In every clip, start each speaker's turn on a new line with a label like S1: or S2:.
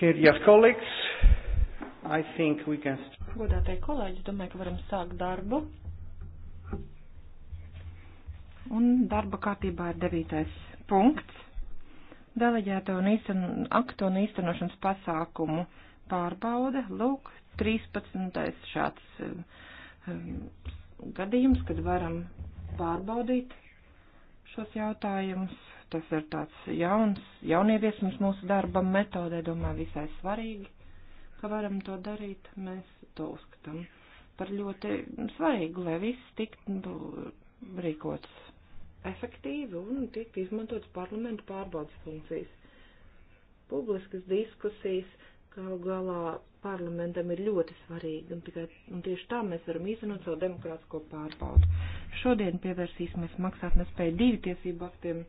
S1: Kirjas kolēģis,
S2: I think we can. Godātie kolēģi, domāju, ka varam sākt darbu. Un darba kārtībā ir devītais punkts. Deleģēto un īsten, aktu un īstenošanas pasākumu pārbaude. Lūk, 13. šāds um, gadījums, kad varam pārbaudīt šos jautājumus Tas ir tāds jauns, jaunieviesums mūsu darba metodē, domāju, visai svarīgi, ka varam to darīt. Mēs to uzskatām par ļoti svarīgu, lai viss tiktu rīkots efektīvi un tiktu izmantots parlamentu pārbaudas funkcijas. Publiskas diskusijas, galu galā parlamentam ir ļoti svarīgi, un, tikai, un tieši tā mēs varam īstenot savu demokrātisko pārbaudu. Šodien pievērsīsimies maksātnespēju divu tiesību aktiem.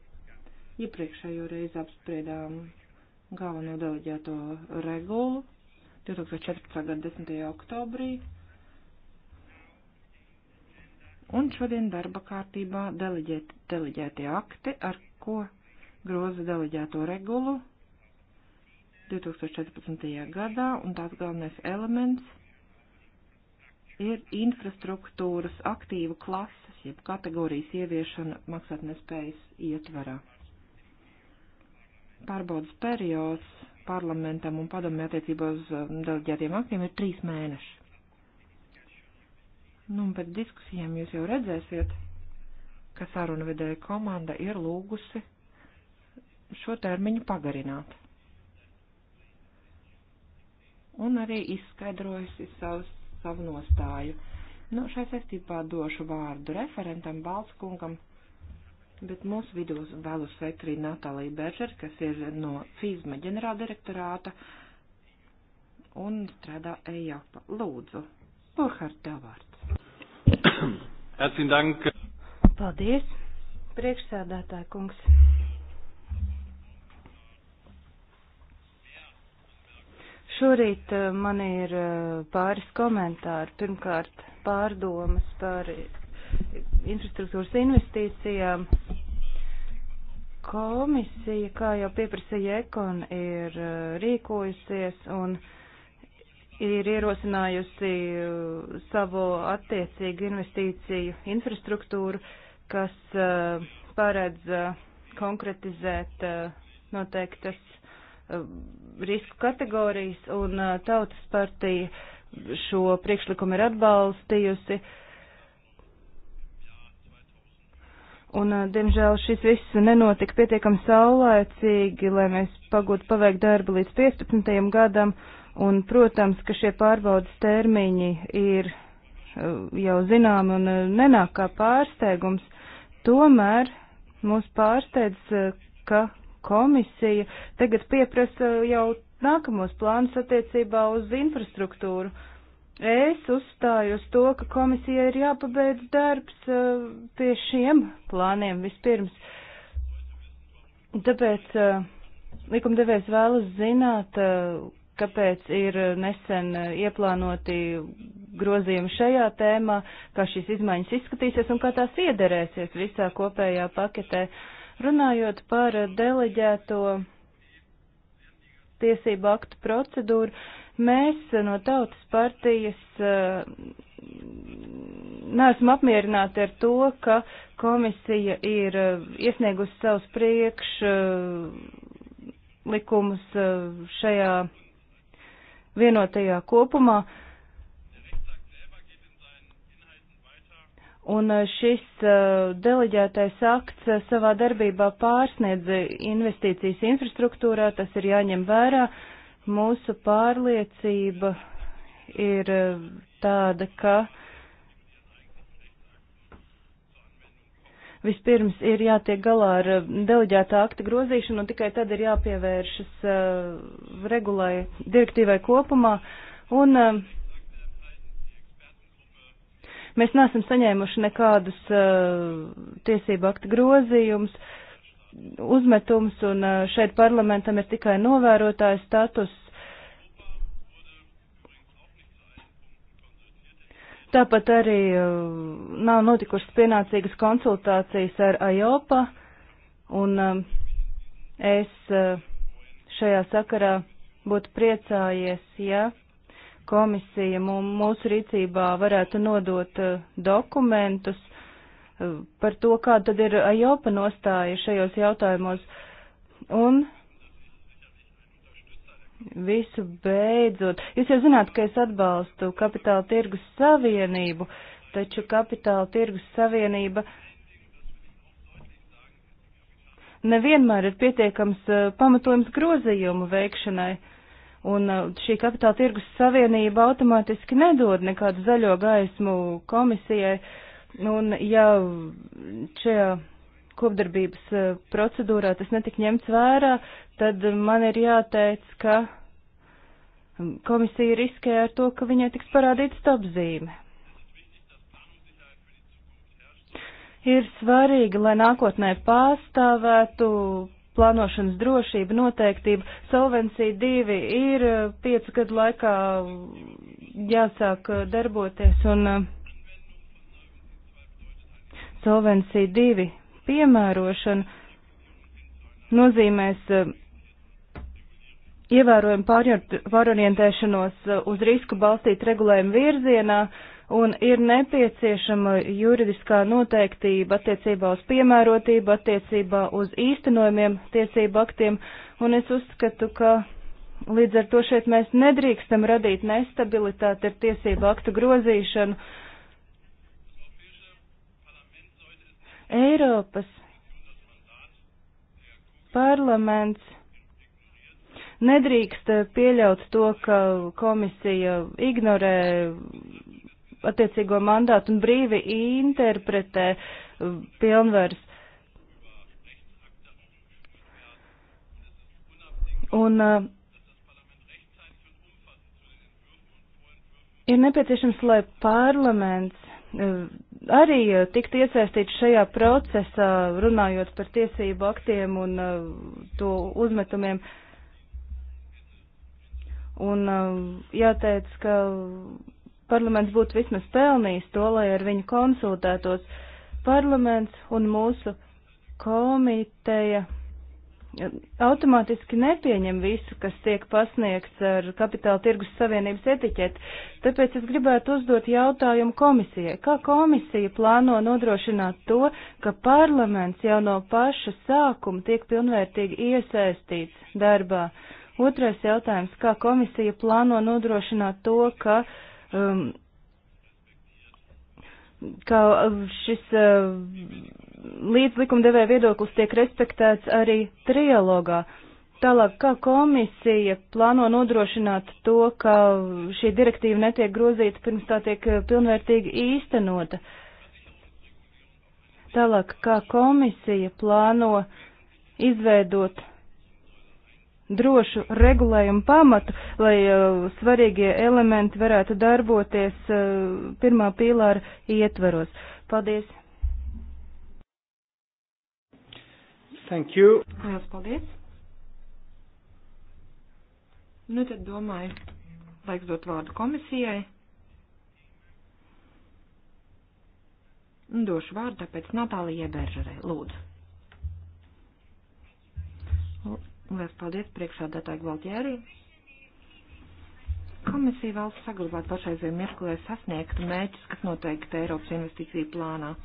S2: Iepriekšējo reizi apspriedām galveno deleģēto regulu 2014. gada 10. oktobrī. Un šodien darba kārtībā deleģēt, deleģētie akti, ar ko groza deleģēto regulu 2014. gadā, un tās galvenais elements ir infrastruktūras aktīvu klases, jeb kategorijas ieviešana maksātnespējas ietvarā pārbaudas periods parlamentam un padomē attiecībā uz um, deleģētiem aktiem ir trīs mēneši. Nu, un pēc diskusijām jūs jau redzēsiet, ka saruna vedēja komanda ir lūgusi šo termiņu pagarināt. Un arī izskaidrojusi savu, savu nostāju. Nu, šai saistībā došu vārdu referentam Balskungam. kungam bet mūsu vidū vēlos sveikt arī Natāliju Beržer, kas ir no FIZMA ģenerāldirektorāta un strādā EJAPA. Lūdzu, Burhard, tev vārds.
S3: Paldies, priekšsēdētāja kungs. Šorīt eh, man ir eh, pāris komentāri. Pirmkārt, pārdomas par infrastruktūras investīcijām. Komisija, kā jau pieprasīja Ekon, ir uh, rīkojusies un ir ierosinājusi uh, savu attiecīgu investīciju infrastruktūru, kas uh, paredz konkretizēt noteiktas risku kategorijas, un Tautas partija šo priekšlikumu ir atbalstījusi. Uh, Un, diemžēl, šis viss nenotika pietiekami saulēcīgi, lai mēs pagūtu paveikt darbu līdz 15. gadam, un, protams, ka šie pārbaudas termiņi ir jau zināmi un nenāk kā pārsteigums. Tomēr mūs pārsteidz, ka komisija tagad pieprasa jau nākamos plānus attiecībā uz infrastruktūru. Uh, Es uzstāju uz to, ka komisijai ir jāpabeidz darbs uh, pie šiem plāniem vispirms. Tāpēc uh, likumdevējs vēlas zināt, uh, kāpēc ir nesen ieplānoti grozījumi šajā tēmā, kā šīs izmaiņas izskatīsies un kā tās iederēsies visā kopējā paketē. Runājot par deleģēto tiesību aktu procedūru, Mēs no tautas partijas eh, neesam apmierināti ar to, ka komisija ir eh, iesniegusi savus priekš eh, likumus šajā vienotajā kopumā. Un šis deleģētais akts savā darbībā pārsniedz investīcijas infrastruktūrā, tas ir jāņem vērā. Uh, Mūsu pārliecība ir eh, tāda, ka vispirms ir jātiek galā ar eh, deleģētā akta grozīšanu un tikai tad ir jāpievēršas uh, regulai direktīvai kopumā. Un, uh, mēs neesam saņēmuši nekādus uh, tiesību akta grozījumus. Uh, uzmetums, un šeit parlamentam ir tikai novērotāja status. Tāpat arī nav notikušas pienācīgas konsultācijas ar AJOPA, un es šajā sakarā būtu priecājies, ja komisija mūsu rīcībā varētu nodot dokumentus, par to, kāda tad ir Ajopa nostāja šajos jautājumos. Un visu beidzot, jūs jau zināt, ka es atbalstu kapitāla tirgus savienību, taču kapitāla tirgus savienība nevienmēr ir pietiekams eh, pamatojums grozījumu veikšanai. Un eh, šī kapitāla tirgus savienība automātiski nedod nekādu zaļo gaismu komisijai uh, Un ja šajā kopdarbības eh, procedūrā tas netika ņemts vērā, tad man ir jāteic, ka mm, komisija riskē ar to, ka viņai tiks parādīta stopzīme. Ir svarīgi, lai nākotnē pārstāvētu plānošanas drošība, noteiktība. Solvencija 2 ir eh, piecu gadu laikā jāsāk eh, darboties un uh, Solvency 2 piemērošana nozīmēs eh, ievērojumu pārorientēšanos eh, uz risku balstīt regulējumu virzienā un ir nepieciešama juridiskā noteiktība attiecībā uz piemērotību, attiecībā uz īstenojumiem tiesību aktiem, un es uzskatu, ka līdz ar to šeit mēs nedrīkstam radīt nestabilitāti ar tiesību aktu grozīšanu Eiropas parlaments nedrīkst pieļaut to, ka komisija ignorē attiecīgo mandātu un brīvi interpretē uh, pilnvars. Un uh, ir nepieciešams, lai parlaments uh, arī eh, tikt iesaistīts šajā procesā, runājot par tiesību aktiem un eh, to uzmetumiem. Un eh, jāteic, ka parlaments būtu vismaz pelnījis to, lai ar viņu konsultētos parlaments un mūsu komiteja automātiski nepieņem visu, kas tiek pasniegts ar kapitāla tirgus savienības etiķeti. Tāpēc es gribētu uzdot jautājumu komisijai. Kā komisija plāno nodrošināt to, ka parlaments jau no paša sākuma tiek pilnvērtīgi iesaistīts darbā? Otrais jautājums. Kā komisija plāno nodrošināt to, ka. Um, ka šis uh, līdz likumdevēja viedoklis tiek respektēts arī trialogā. Tālāk, kā komisija plāno nodrošināt to, ka šī direktīva netiek grozīta pirms tā tiek eh, pilnvērtīgi īstenota? Tālāk, kā komisija plāno izveidot drošu regulējumu pamatu, lai uh, svarīgie elementi varētu darboties uh, pirmā pīlāra ietveros. Paldies! Thank you. Lielas paldies.
S2: Nu tad domāju, laiks dot vārdu komisijai. Došu vārdu tāpēc Natālijai Beržerai. Lūdzu. Lielas paldies priekšādātāju Gvaltjērī. Komisija valsts saglabāt pašreizēju mirklē sasniegtu mērķus, kas noteikti Eiropas investīciju plānā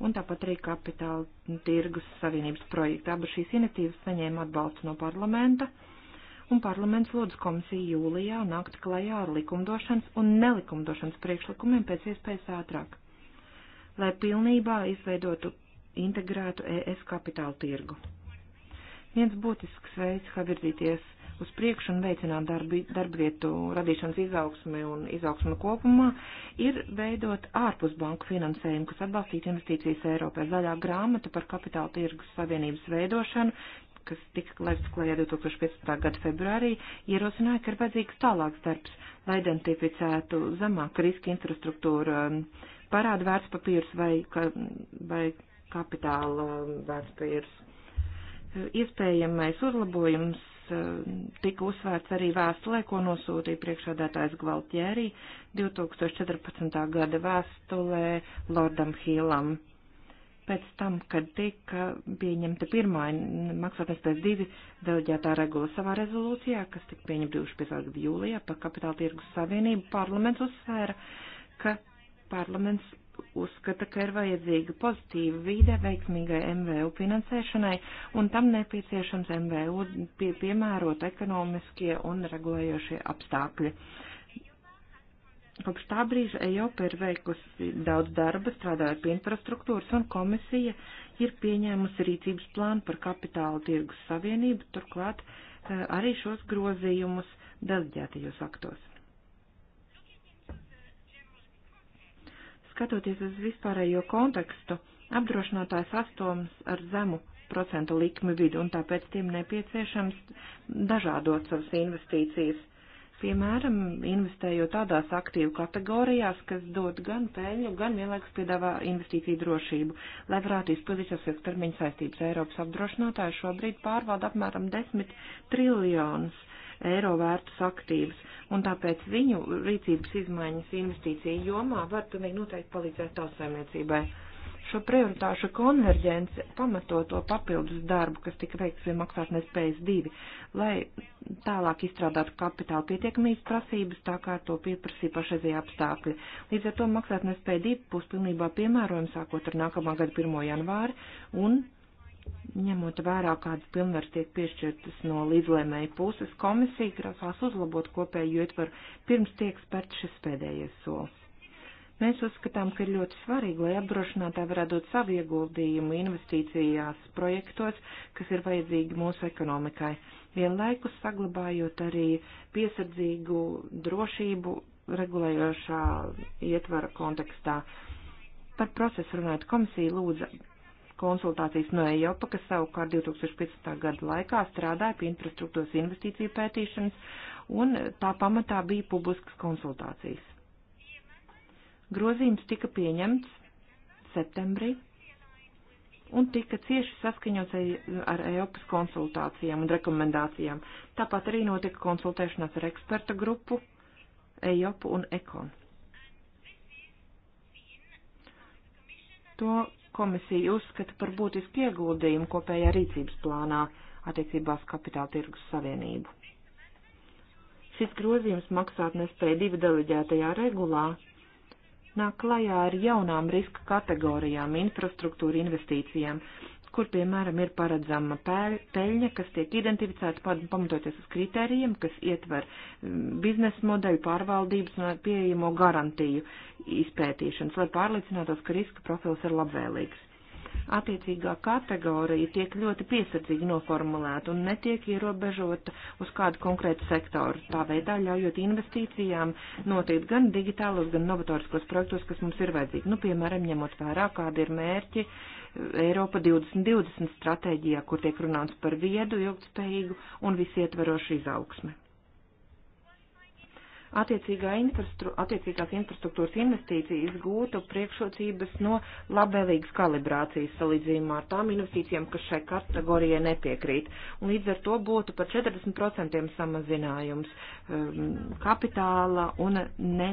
S2: un tāpat arī kapitāla tirgus savienības projekta. Abas šīs iniciatīvas saņēma atbalstu no parlamenta, un parlaments lūdz komisiju jūlijā nākt klajā ar likumdošanas un nelikumdošanas priekšlikumiem pēc iespējas ātrāk, lai pilnībā izveidotu integrētu ES kapitāla tirgu. Viens būtisks veids, kā virzīties uz priekšu un veicināt darbi, darbvietu radīšanas izaugsmi un izaugsmu kopumā, ir veidot ārpus banku finansējumu, kas atbalstītu investīcijas Eiropā. Zaļā grāmata par kapitāla tirgus savienības veidošanu, kas tika laists klajā 2015. gada februārī, ierosināja, ka ir vajadzīgs tālāks darbs, lai identificētu zemāku riska infrastruktūru um, parādu vērtspapīrus vai, ka, vai kapitāla um, vērtspapīrus iespējamais uzlabojums Eh, tika uzsvērts arī vēstulē, ko nosūtīja priekšādātājs Gvaltjērī 2014. gada vēstulē Lordam Hīlam. Pēc tam, kad tika pieņemta pirmā maksātnes pēc divi deleģētā regula savā rezolūcijā, kas tika pieņemta 25. gada jūlijā par kapitāla tirgus savienību, parlaments uzsvēra, ka parlaments uzskata, ka ir vajadzīga pozitīva vide veiksmīgai MVU finansēšanai, un tam nepieciešams MVU pie, piemērot ekonomiskie un regulējošie apstākļi. Kopš tā brīža Eiropa ir veikusi daudz darba, strādājot pie infrastruktūras, un komisija ir pieņēmusi rīcības plānu par kapitāla tirgus savienību, turklāt eh, arī šos grozījumus deleģētajos aktos. Skatoties uz vispārējo kontekstu, apdrošinātājs astoms ar zemu procentu likmi vidu un tāpēc tiem nepieciešams dažādot savas investīcijas. Piemēram, investējot tādās aktīvu kategorijās, kas dod gan peļņu, gan vienlaikus piedāvā investīciju drošību. Lai varētu izpildīt savas ilgtermiņa saistības, Eiropas apdrošinātāji šobrīd pārvalda apmēram 10 triljonus eiro vērtus aktīvus, un tāpēc viņu rīcības izmaiņas investīciju jomā var pilnīgi noteikti palīdzēt tautsēmniecībai. Šo prioritāšu konverģence pamato to papildus darbu, kas tika veikts pie maksātnespējas divi, lai tālāk izstrādātu kapitāla pietiekamības prasības, tā kā to pieprasīja pašreizie apstākļi. Līdz ar to maksātnespēja divi būs pilnībā piemērojama sākot ar nākamā gada 1. janvāri, un ņemot vērā, kādas pilnvaras tiek piešķirtas no līdzlēmēja puses, komisija grasās uzlabot kopēju ietvaru pirms tiek spērts šis pēdējais solis. Mēs uzskatām, ka ir ļoti svarīgi, lai apdrošinātāji varētu dot savu ieguldījumu investīcijās projektos, kas ir vajadzīgi mūsu ekonomikai, vienlaikus saglabājot arī piesardzīgu drošību regulējošā ietvara kontekstā. Par procesu runājot, komisija lūdza konsultācijas no EIOPA, kas savukārt 2015. gada laikā strādāja pie infrastruktūras investīciju pētīšanas, un tā pamatā bija publiskas konsultācijas. Grozījums tika pieņemts septembrī un tika cieši saskaņots ar EIOPAS konsultācijām un rekomendācijām. Tāpat arī notika konsultēšanās ar eksperta grupu, EIOPU un EKONU. to komisija uzskata par būtisku ieguldījumu kopējā rīcības plānā attiecībās kapitāla tirgus savienību. Šis grozījums maksāt nespēja divi deleģētajā regulā nāk klajā ar jaunām riska kategorijām, infrastruktūra investīcijām, kur, piemēram, ir paredzama peļņa, kas tiek identificēta pamatoties uz kritērijiem, kas ietver mm, biznesa modeļu pārvaldības un pieejamo garantiju izpētīšanas, lai pārliecinātos, ka riska profils ir labvēlīgs attiecīgā kategorija tiek ļoti piesardzīgi noformulēta un netiek ierobežota uz kādu konkrētu sektoru, tā veidā ļaujot investīcijām notikt gan digitālos, gan novatoriskos projektos, kas mums ir vajadzīgi. Nu, piemēram, ņemot vērā, kādi ir mērķi eh, Eiropa 2020 stratēģijā, kur tiek runāts par viedu, ilgtspējīgu un visietverošu izaugsmi attiecīgā infrastru, attiecīgās infrastruktūras investīcijas gūtu priekšrocības no labvēlīgas kalibrācijas salīdzinājumā ar tām investīcijām, kas šai kategorijai nepiekrīt. Un līdz ar to būtu par 40% samazinājums um, kapitāla un ne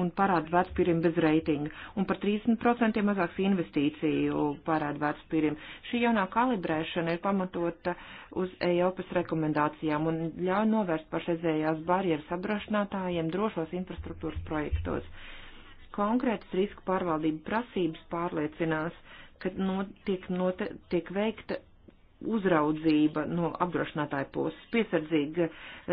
S2: un parādu vecpīriem bez reitinga, un par 30% mazāks investīciju parādu vecpīriem. Šī jaunā kalibrēšana ir pamatota uz Eiropas rekomendācijām un ļauj novērst pašreizējās barjeras apdrošinātājiem drošos infrastruktūras projektos. Konkrētas risku pārvaldību prasības pārliecinās, ka no, tiek, note, tiek veikta uzraudzība no apdrošinātāja puses, piesardzīga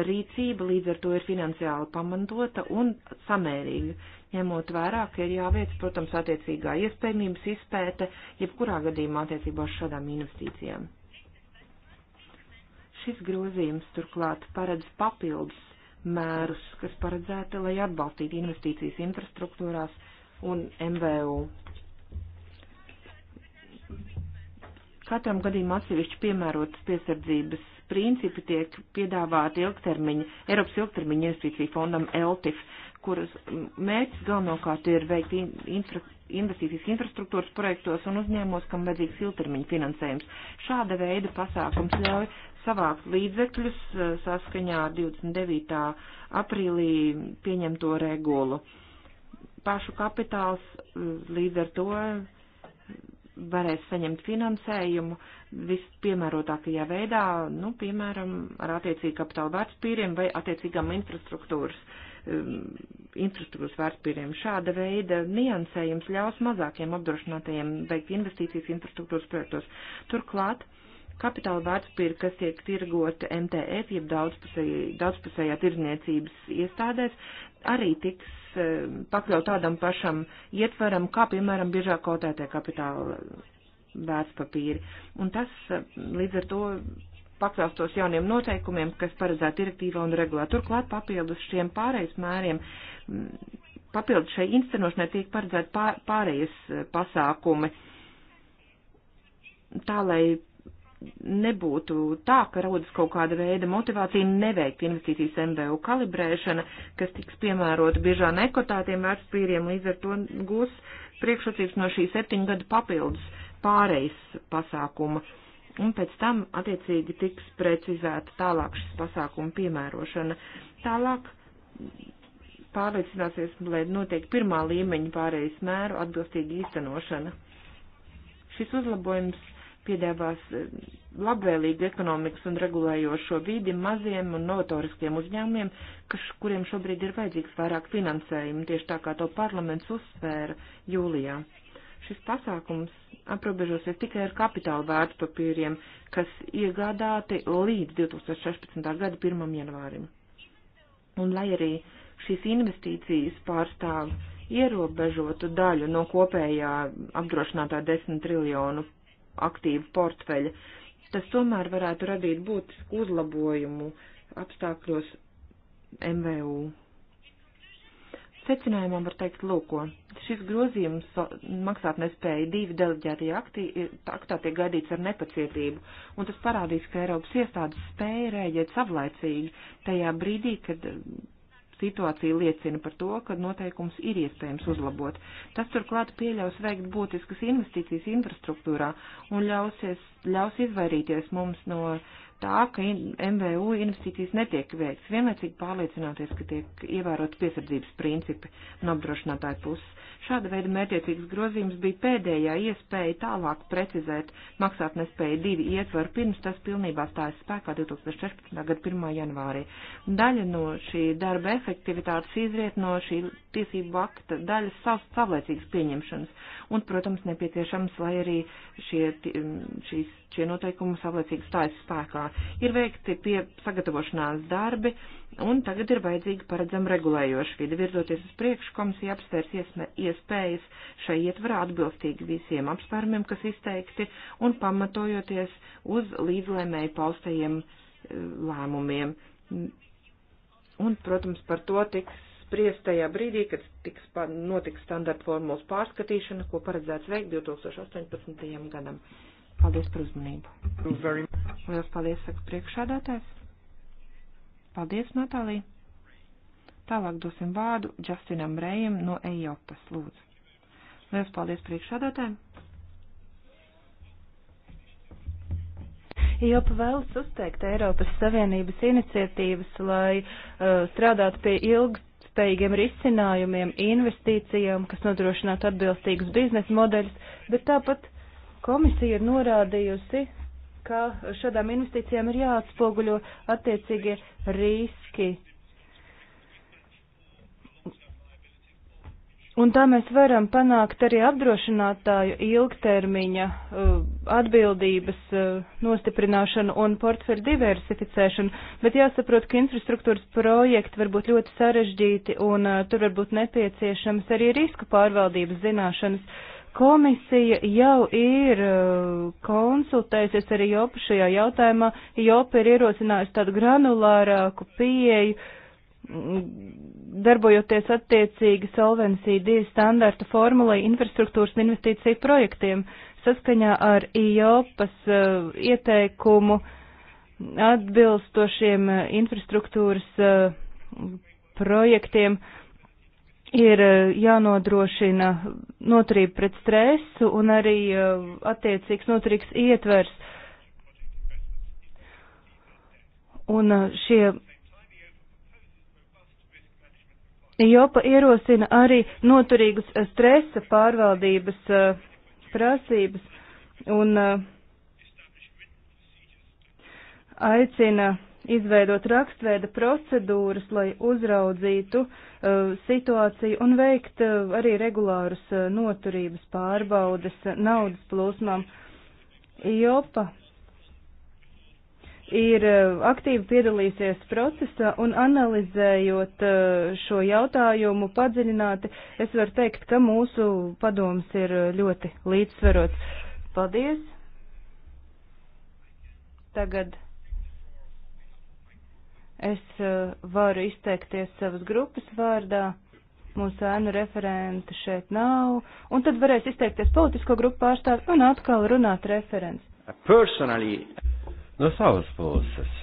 S2: rīcība līdz ar to ir finansiāli pamatota un samērīga, ņemot vērā, ka ir jāveic, protams, attiecīgā iespējamības izpēte, jebkurā gadījumā attiecībā uz šādām investīcijām. Šis grozījums turklāt paredz papildus mērus, kas paredzēti, lai atbalstītu investīcijas infrastruktūrās un MVU Katram gadījumam atsevišķi piemērotas piesardzības principi tiek piedāvāti ilgtermiņa, Eiropas ilgtermiņa investīciju fondam LTIF, kuras mērķis galvenokārt ir veikt infra, investīcijas infrastruktūras projektos un uzņēmos, kam vajadzīgs ilgtermiņa finansējums. Šāda veida pasākums ļauj savākt līdzekļus eh, saskaņā ar 29. aprīlī pieņemto regulu. Pašu kapitāls eh, līdz ar to varēs saņemt finansējumu vispiemērotākajā veidā, nu, piemēram, ar attiecīgi kapitāla vērtspīriem vai attiecīgām infrastruktūras, um, infrastruktūras vērtspīriem. Šāda veida niansējums ļaus mazākiem apdrošinātajiem veikt investīcijas infrastruktūras projektos. Turklāt, kapitāla vērtspīri, kas tiek tirgoti MTF, jeb daudzpusējā tirzniecības iestādēs, arī tiks e, pakļaut tādam pašam ietveram, kā, piemēram, biežāk kotētie kapitāla vērtspapīri. Un tas e, līdz ar to pakļaustos jauniem noteikumiem, kas paredzēta direktīvā un regulā. Turklāt papildus šiem pārējais mēriem papildus šai instenošanai tiek paredzēti pārējas e, pasākumi, tā lai nebūtu tā, ka rodas kaut kāda veida motivācija neveikt investīcijas MBU kalibrēšana, kas tiks piemērota biežā nekotātiem vērtspīriem, līdz ar to gūs priekšrocības no šī septiņu gadu papildus pārejas pasākuma. Un pēc tam, attiecīgi, tiks precizēta tālāk šis pasākuma piemērošana. Tālāk pārliecināsies, lai notiek pirmā līmeņa pārejas mēru atbilstīga īstenošana. Šis uzlabojums piedāvās eh, labvēlīgu ekonomikas un regulējošo vīdi maziem un novatoriskiem uzņēmumiem, kas, kuriem šobrīd ir vajadzīgs vairāk finansējumu, tieši tā kā to parlaments uzsvēra jūlijā. Šis pasākums aprobežosies tikai ar kapitāla vērtspapīriem, kas iegādāti līdz 2016. gada 1. janvārim. Un lai arī šīs investīcijas pārstāv ierobežotu daļu no kopējā apdrošinātā 10 triljonu aktīvu portfeļa. Tas tomēr varētu radīt būtisku uzlabojumu apstākļos MVU. Secinājumam var teikt, lūko, šis grozījums maksātnespēja divi deleģētie aktī, aktā tiek gaidīts ar nepacietību, un tas parādīs, ka Eiropas iestādes spēja rēģēt savlaicīgi tajā brīdī, kad situācija liecina par to, ka noteikums ir iespējams uzlabot. Tas turklāt pieļaus veikt būtiskas investīcijas infrastruktūrā un ļausies, ļaus izvairīties mums no uh, tā, ka MVU investīcijas netiek veikts, vienlaicīgi pārliecinoties, ka tiek ievērots piesardzības principi no apdrošinātāja puses. Šāda veida mērķiecīgs grozījums bija pēdējā iespēja tālāk precizēt maksātnespēju divi ietvaru, pirms tas pilnībā stājas spēkā 2016. gada 1. janvārī. Daļa no šī darba efektivitātes izriet no šī tiesību akta daļas savs savlaicīgas pieņemšanas un, protams, nepieciešams, lai arī šie, šīs šie noteikumi savlaicīgi stājas spēkā. Ir veikti pie sagatavošanās darbi, un tagad ir vajadzīgi paredzam regulējoši vidi. Virdoties uz priekšu, komisija apsvērs iespējas šai ietvarā atbilstīgi visiem apsvērumiem, kas izteikti, un pamatojoties uz līdzlēmēju paustajiem eh, lēmumiem. Un, protams, par to tiks spriest tajā brīdī, kad tiks notiks standarta formulas pārskatīšana, ko paredzēts veikt 2018. gadam. Paldies par uzmanību. Lielas paldies, saka priekšādātājs. Paldies, Natālija. Tālāk dosim vārdu Justinam Rējam no Ejopas, lūdzu. Lielas paldies priekšādātājiem.
S3: Jopa vēlas uzteikt Eiropas Savienības iniciatīvas, lai uh, strādātu pie ilgspējīgiem risinājumiem, investīcijām, kas nodrošinātu atbilstīgus biznesa modeļus, bet tāpat Komisija ir norādījusi, ka šādām investīcijām ir jāatspoguļo attiecīgie riski. Un tā mēs varam panākt arī apdrošinātāju ilgtermiņa uh, atbildības uh, nostiprināšanu un portfeļu diversificēšanu, bet jāsaprot, ka infrastruktūras projekti var būt ļoti sarežģīti un uh, tur var būt nepieciešams arī risku pārvaldības zināšanas Komisija jau ir uh, konsultējusies ar JOPU šajā jautājumā. JOPU ir ierosinājusi tādu granulārāku pieeju, mm, darbojoties attiecīgi solvencija divi standarta formulai infrastruktūras un investīciju projektiem. Saskaņā ar IOPAS uh, ieteikumu atbilstošiem uh, infrastruktūras projektiem uh, ir eh, jānodrošina noturība pret stresu un arī eh, attiecīgs noturīgs ietvers. Un eh, šie Jopa ierosina arī noturīgus stresa pārvaldības prasības un aicina izveidot rakstveida procedūras, lai uzraudzītu uh, situāciju un veikt uh, arī regulārus uh, noturības pārbaudes uh, naudas plūsmām. Jopa ir uh, aktīvi piedalīsies procesā un analizējot uh, šo jautājumu padziļināti, es varu teikt, ka mūsu padoms ir uh, ļoti līdzsvarots. Paldies! Tagad Es eh, varu izteikties savas grupas vārdā, mūsu ēnu referenta šeit nav, un tad varēs izteikties politisko grupu pārstāvi un atkal runāt referents.
S1: Personally. No savas puses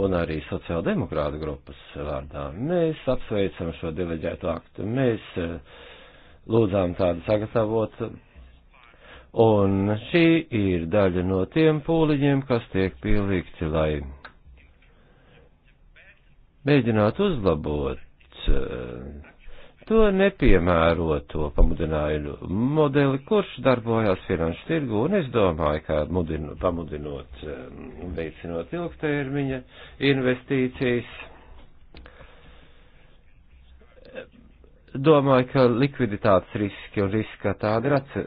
S1: un arī sociāldemokrāta grupas vārdā. Mēs apsveicam šo deleģētu aktu, mēs eh, lūdzām tādu sagatavot, un šī ir daļa no tiem pūliņiem, kas tiek pielikti, lai mēģināt uzlabot eh, to nepiemēroto pamudinājumu modeli, kurš darbojās finanšu tirgu, un es domāju, ka mudinu, pamudinot, eh, veicinot ilgtermiņa investīcijas, domāju, ka likviditātes riski un riska tādi ir eh,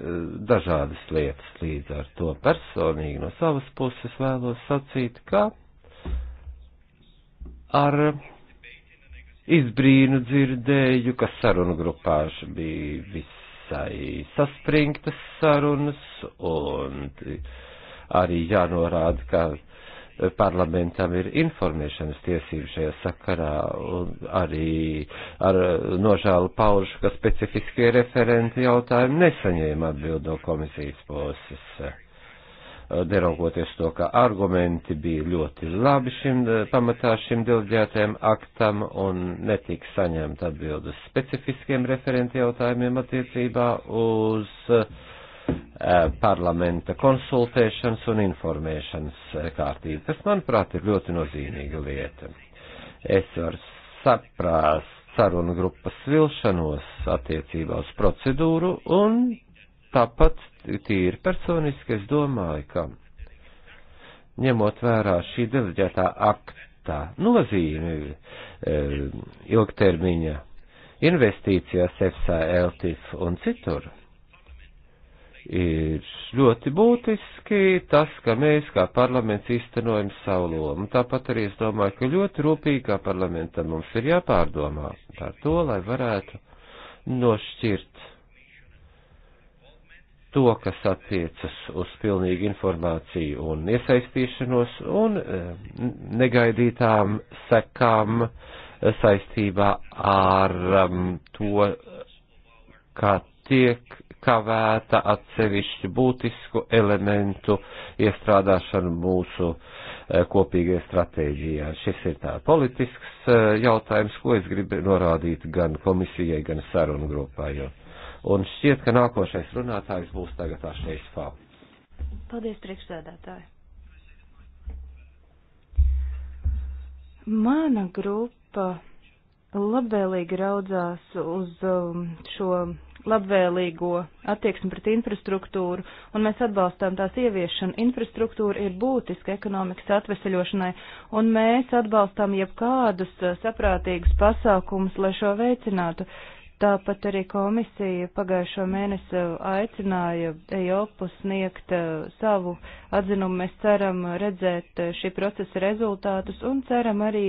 S1: dažādas lietas līdz ar to personīgi no savas puses vēlos sacīt, ka ar izbrīnu dzirdēju, ka sarunu grupās bija visai saspringtas sarunas, un arī jānorāda, ka parlamentam ir informēšanas tiesības šajā sakarā, un arī ar nožēlu paužu, ka specifiskie referenti jautājumi nesaņēma atbildo komisijas puses. Eh, neraugoties to, ka argumenti bija ļoti labi šim eh, pamatā šim dilģētajam aktam un netika saņemta atbildes specifiskiem referenti jautājumiem attiecībā uz eh, parlamenta konsultēšanas un informēšanas kārtību. Tas, manuprāt, ir ļoti nozīmīga lieta. Es varu saprast sarunu grupas vilšanos attiecībā uz procedūru un tāpat tīri personiski, es domāju, ka ņemot vērā šī deleģētā aktā nozīmi e, ilgtermiņa investīcijās EFSA, LTIF un citur, ir ļoti būtiski tas, ka mēs kā parlaments īstenojam savu lomu. Tāpat arī es domāju, ka ļoti rūpīgi kā parlamentam mums ir jāpārdomā par to, lai varētu nošķirt to, kas attiecas uz pilnīgu informāciju un iesaistīšanos un eh, negaidītām sekām eh, saistībā ar um, to, kā tiek kavēta atsevišķu būtisku elementu iestrādāšanu mūsu eh, kopīgajā stratēģijā. Šis ir tā politisks jautājums, ko es gribu norādīt gan komisijai, gan sarunu grupā, jo Un šķiet, ka nākošais runātājs būs tagad Ašnēs Fā.
S3: Paldies, priekšsēdētāji. Mana grupa labvēlīgi raudzās uz um, šo labvēlīgo attieksmi pret infrastruktūru, un mēs atbalstām tās ieviešanu. Infrastruktūra ir būtiska ekonomikas atveseļošanai, un mēs atbalstām jebkādus saprātīgus pasākumus, lai šo veicinātu. Uh, Tāpat arī komisija pagājušo mēnesi aicināja EIOPU sniegt e, savu atzinumu. Mēs ceram redzēt e, šī procesa rezultātus un ceram arī,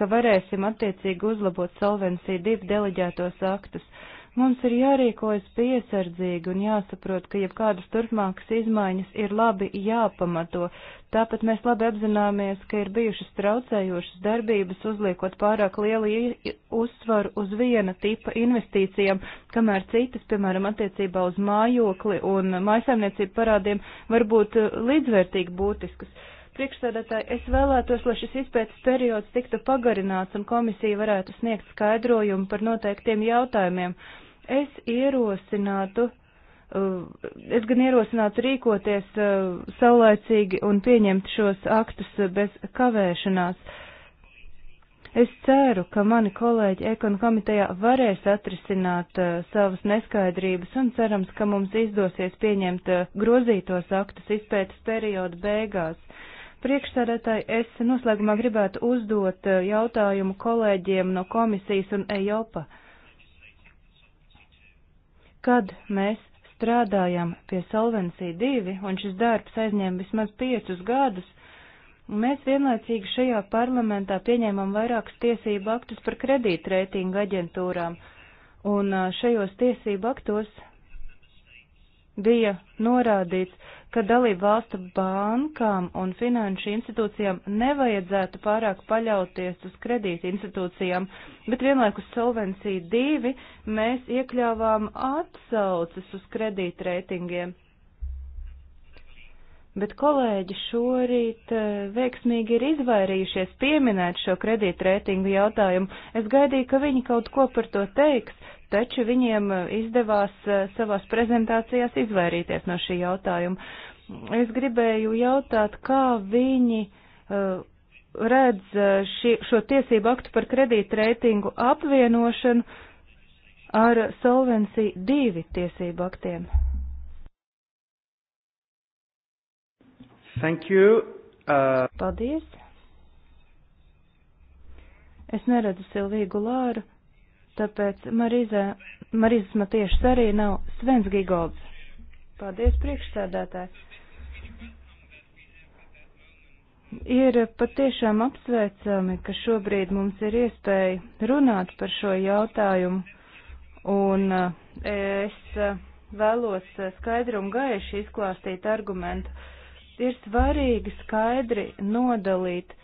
S3: ka varēsim attiecīgi uzlabot Solvency 2 deleģētos aktus. Uh, Mums ir jārīkojas piesardzīgi un jāsaprot, ka jebkādas turpmākas izmaiņas ir labi jāpamato. Tāpat mēs labi apzināmies, ka ir bijušas traucējošas darbības, uzliekot pārāk lielu uzsvaru uz viena tipa investīcijām, kamēr citas, piemēram, attiecībā uz mājokli un maisaimniecību parādiem, var būt uh, līdzvērtīgi būtiskas priekšsēdētāji, es vēlētos, lai šis izpētes periods tiktu pagarināts un komisija varētu sniegt skaidrojumu par noteiktiem jautājumiem. Es ierosinātu, uh, es gan ierosinātu rīkoties uh, saulēcīgi un pieņemt šos aktus bez kavēšanās. Es ceru, ka mani kolēģi Ekonu komitejā varēs atrisināt uh, savas neskaidrības un cerams, ka mums izdosies pieņemt uh, grozītos aktus izpētes perioda beigās. Priekšsēdētāji, es noslēgumā gribētu uzdot uh, jautājumu kolēģiem no komisijas un EJOPA. Uh, Kad mēs strādājam pie Solvency 2, un šis darbs aizņēma vismaz piecus gadus, mēs vienlaicīgi šajā parlamentā pieņēmām vairākus tiesību aktus par kredītreitingu aģentūrām, un šajos tiesību aktos bija norādīts, ka dalību valstu bankām un finanšu institūcijām nevajadzētu pārāk paļauties uz kredīti institūcijām, bet vienlaikus solvencija divi mēs iekļāvām atsauces uz kredīti reitingiem. Bet kolēģi šorīt eh, veiksmīgi ir izvairījušies pieminēt šo kredītreitingu jautājumu. Es gaidīju, ka viņi kaut ko par to teiks, taču viņiem eh, izdevās eh, savās prezentācijās izvairīties no šī jautājuma. Es gribēju jautāt, kā viņi eh, redz šī, šo tiesību aktu par kredītreitingu apvienošanu ar Solvency 2 tiesību aktiem. Thank you. Uh... Paldies. Es neredzu Silviju Gulāru. Tāpēc Mariza, Marizas Matiešas arī nav Svens Gigolds. Paldies, priekšsēdētāji. Ir patiešām apsveicami, ka šobrīd mums ir iespēja runāt par šo jautājumu, un e, es e, vēlos skaidru un gaiši izklāstīt argumentu. Ir svarīgi skaidri nodalīt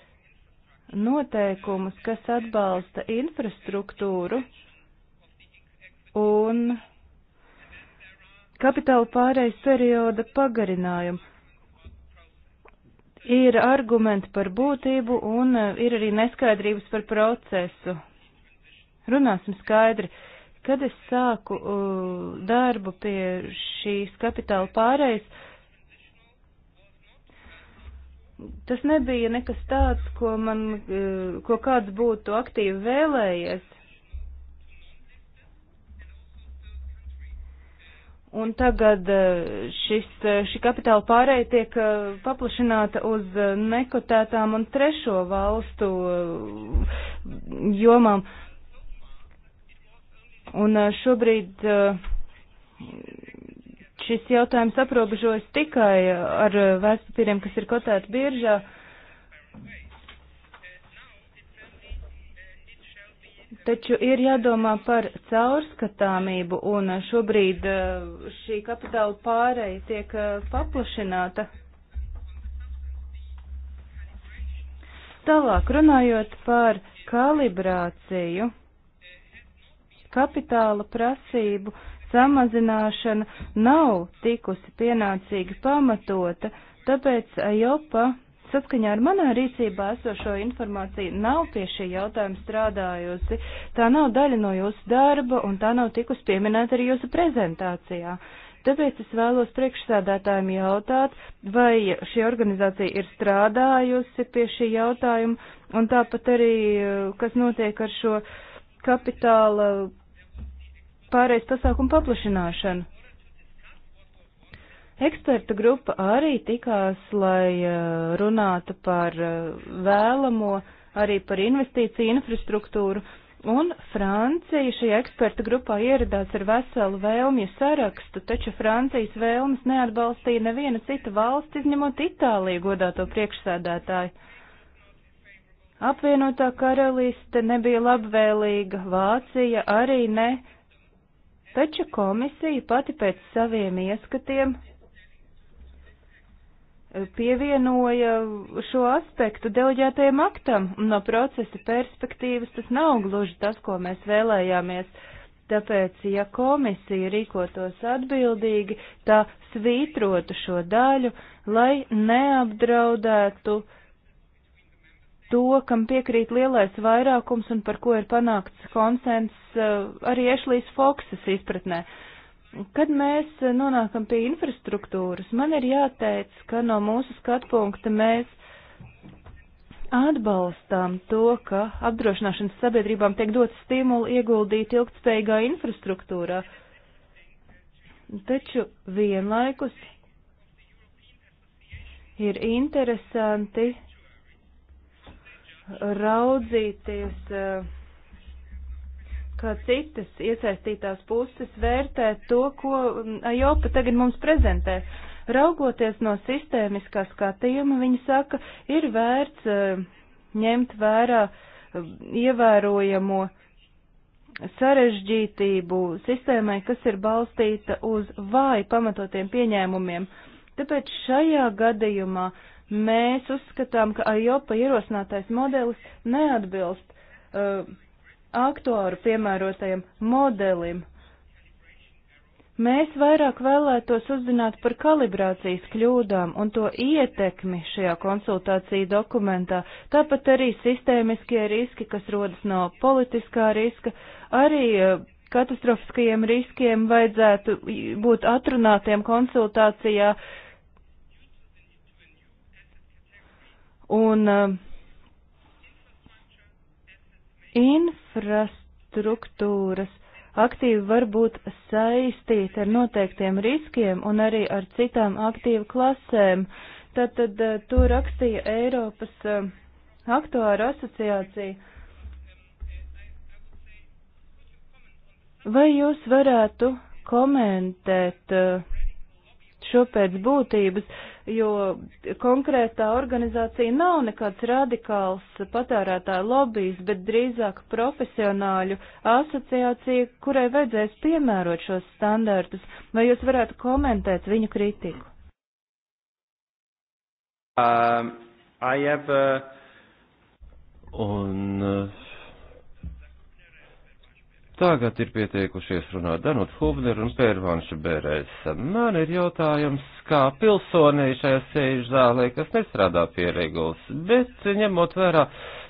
S3: noteikumus, kas atbalsta infrastruktūru un kapitāla pārējais perioda pagarinājumu. Ir argumenti par būtību un eh, ir arī neskaidrības par procesu. Runāsim skaidri. Kad es sāku uh, darbu pie šīs kapitāla pārējas, tas nebija nekas tāds, ko man, uh, ko kāds būtu aktīvi vēlējies. Un tagad eh, šis, eh, šī kapitāla pārēja tiek eh, paplašināta uz nekotētām un trešo valstu jomām. Un šobrīd šis jautājums aprobežojas tikai ar vērtspapīriem, kas ir kotēti biržā. taču ir jādomā par caurskatāmību, un šobrīd eh, šī kapitāla pārēja tiek eh, paplašināta. Tālāk runājot par kalibrāciju, kapitāla prasību samazināšana nav tikusi pienācīgi pamatota, tāpēc AJOPA Saskaņā ar manā rīcībā esošo informāciju nav pie šī jautājuma strādājusi. Tā nav daļa no jūsu darba un tā nav tikus pieminēta arī jūsu prezentācijā. Tāpēc es vēlos priekšsēdētājiem jautāt, vai šī organizācija ir strādājusi pie šī jautājuma un tāpat arī, eh, kas notiek ar šo kapitāla pārējais pasākumu paplašināšanu. Eksperta grupa arī tikās, lai eh, runātu par eh, vēlamo, arī par investīciju infrastruktūru, un Francija šajā eksperta grupā ieradās ar veselu vēlmju sarakstu, taču Francijas vēlmes neatbalstīja neviena cita valsts, izņemot Itāliju godāto priekšsēdētāju. Apvienotā karaliste nebija labvēlīga, Vācija arī ne, taču komisija pati pēc saviem ieskatiem pievienoja šo aspektu deleģētajam aktam, un no procesa perspektīvas tas nav gluži tas, ko mēs vēlējāmies. Tāpēc, ja komisija rīkotos atbildīgi, tā svītrotu šo daļu, lai neapdraudētu to, kam piekrīt lielais vairākums un par ko ir panākts konsens uh, arī Ešlīs Foksas izpratnē. Uh, Kad mēs nonākam pie infrastruktūras, man ir jāteic, ka no mūsu skatu punkta mēs atbalstām to, ka apdrošināšanas sabiedrībām tiek dot stimulu ieguldīt ilgtspējīgā infrastruktūrā. Taču vienlaikus ir interesanti raudzīties uh, ka citas iesaistītās puses vērtē to, ko mm, Ajopa tagad mums prezentē. Raugoties no sistēmiskā skatījuma, viņi saka, ir vērts eh, ņemt vērā eh, ievērojamo sarežģītību sistēmai, kas ir balstīta uz vāji pamatotiem pieņēmumiem. Tāpēc šajā gadījumā mēs uzskatām, ka AIOPA ierosinātais modelis neatbilst uh, aktuāru piemērotajam modelim. Mēs vairāk vēlētos uzzināt par kalibrācijas kļūdām un to ietekmi šajā konsultāciju dokumentā, tāpat arī sistēmiskie riski, kas rodas no politiskā riska, arī eh, katastrofiskajiem riskiem vajadzētu būt atrunātiem konsultācijā. Un uh, infrastruktūras aktīvi var būt saistīti ar noteiktiem riskiem un arī ar citām aktīvu klasēm. Tātad eh, to rakstīja Eiropas eh, aktuāra asociācija. Vai jūs varētu komentēt eh, šo pēc būtības? jo konkrētā organizācija nav nekāds radikāls patērētāju lobbyis, bet drīzāk profesionāļu asociācija, kurai vajadzēs piemērot šos standartus. Vai jūs varētu komentēt viņu kritiku?
S1: Um, I have, uh... Un uh, Tagad ir pieteikušies runāt Danut Hubner un Pērvanša Bērēs. Man ir jautājums, kā pilsonei šajā sēžu zālē, kas nestrādā pie regulas, bet ņemot vērā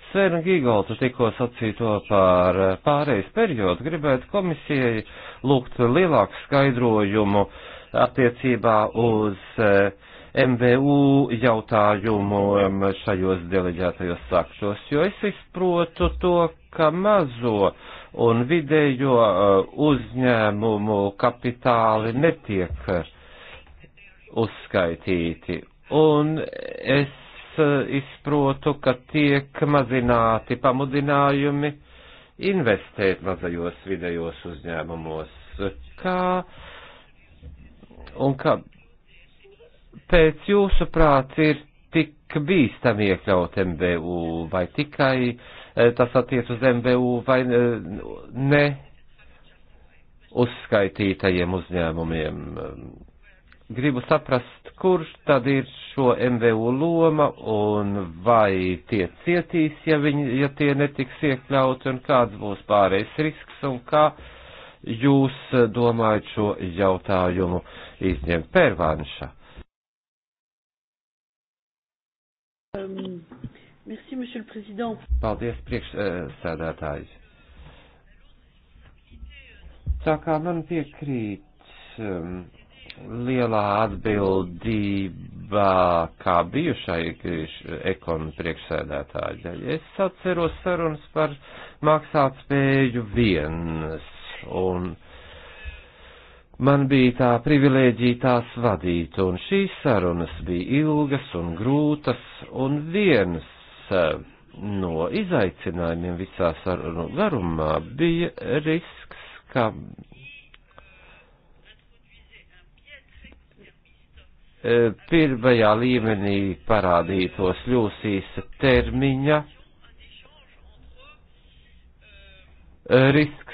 S1: Svena Gigalta tikko sacīto par pārejas periodu, gribētu komisijai lūgt lielāku skaidrojumu attiecībā uz uh, MVU jautājumu šajos deleģētajos saktos, jo es izprotu to, ka mazo un vidējo uh, uzņēmumu kapitāli netiek uzskaitīti. Un es uh, izprotu, ka tiek mazināti pamudinājumi investēt mazajos vidējos uzņēmumos. Kā un kā pēc jūsu prāts ir tik bīstami iekļaut MBU vai tikai eh, tas attiec uz MBU vai eh, ne uzskaitītajiem uzņēmumiem? Gribu saprast, kurš tad ir šo MVU loma un vai tie cietīs, ja, viņi, ja tie netiks iekļauti un kāds būs pārējais risks un kā jūs eh, domājat šo jautājumu izņemt pērvānšā.
S4: Um, merci, monsieur le président.
S1: Paldies, priekšsēdētājs. Tā kā man piekrīt um, lielā atbildībā kā bijušai ekonu priekšsēdētāji, es atceros sarunas par maksātspēju viens un. Uh, man bija tā privilēģija tās vadīt, un šīs sarunas bija ilgas un grūtas, un viens eh, no izaicinājumiem visā sarunu garumā bija risks, ka eh, pirmajā līmenī parādītos ļūsīs termiņa eh, risks,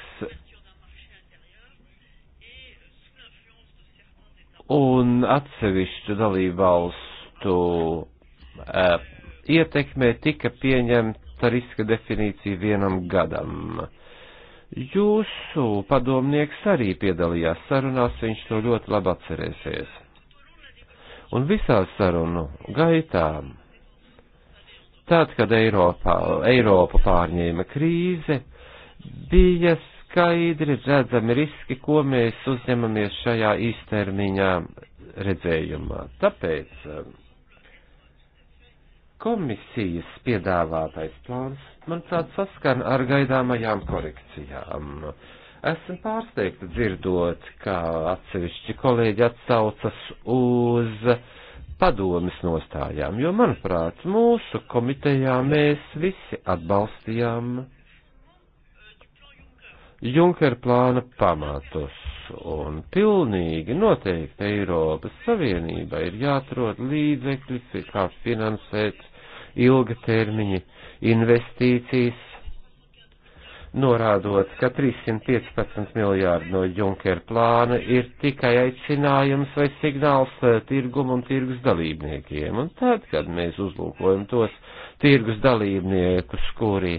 S1: un atsevišķu dalībvalstu ietekmē tika pieņemta riska definīcija vienam gadam. Jūsu padomnieks arī piedalījās sarunās, viņš to ļoti labi atcerēsies. Un visā sarunu gaitā, tad, kad Eiropā, Eiropu pārņēma krīze, bija skaidri redzami riski, ko mēs uzņemamies šajā īstermiņā redzējumā. Tāpēc um, komisijas piedāvātais plāns, manuprāt, saskan ar gaidāmajām korekcijām. Esmu pārsteigta dzirdot, ka atsevišķi kolēģi atsaucas uz padomis nostājām, jo, manuprāt, mūsu komitejā mēs visi atbalstījām Junker plāna pamatus, un pilnīgi noteikti Eiropas Savienībai ir jāatrod līdzekļi, kā finansēt ilgatermiņa investīcijas, norādot, ka 315 miljārdi no Junker plāna ir tikai aicinājums vai signāls eh, tirgumu un tirgus dalībniekiem, un tad, kad mēs uzlūkojam tos tirgus dalībniekus, kuri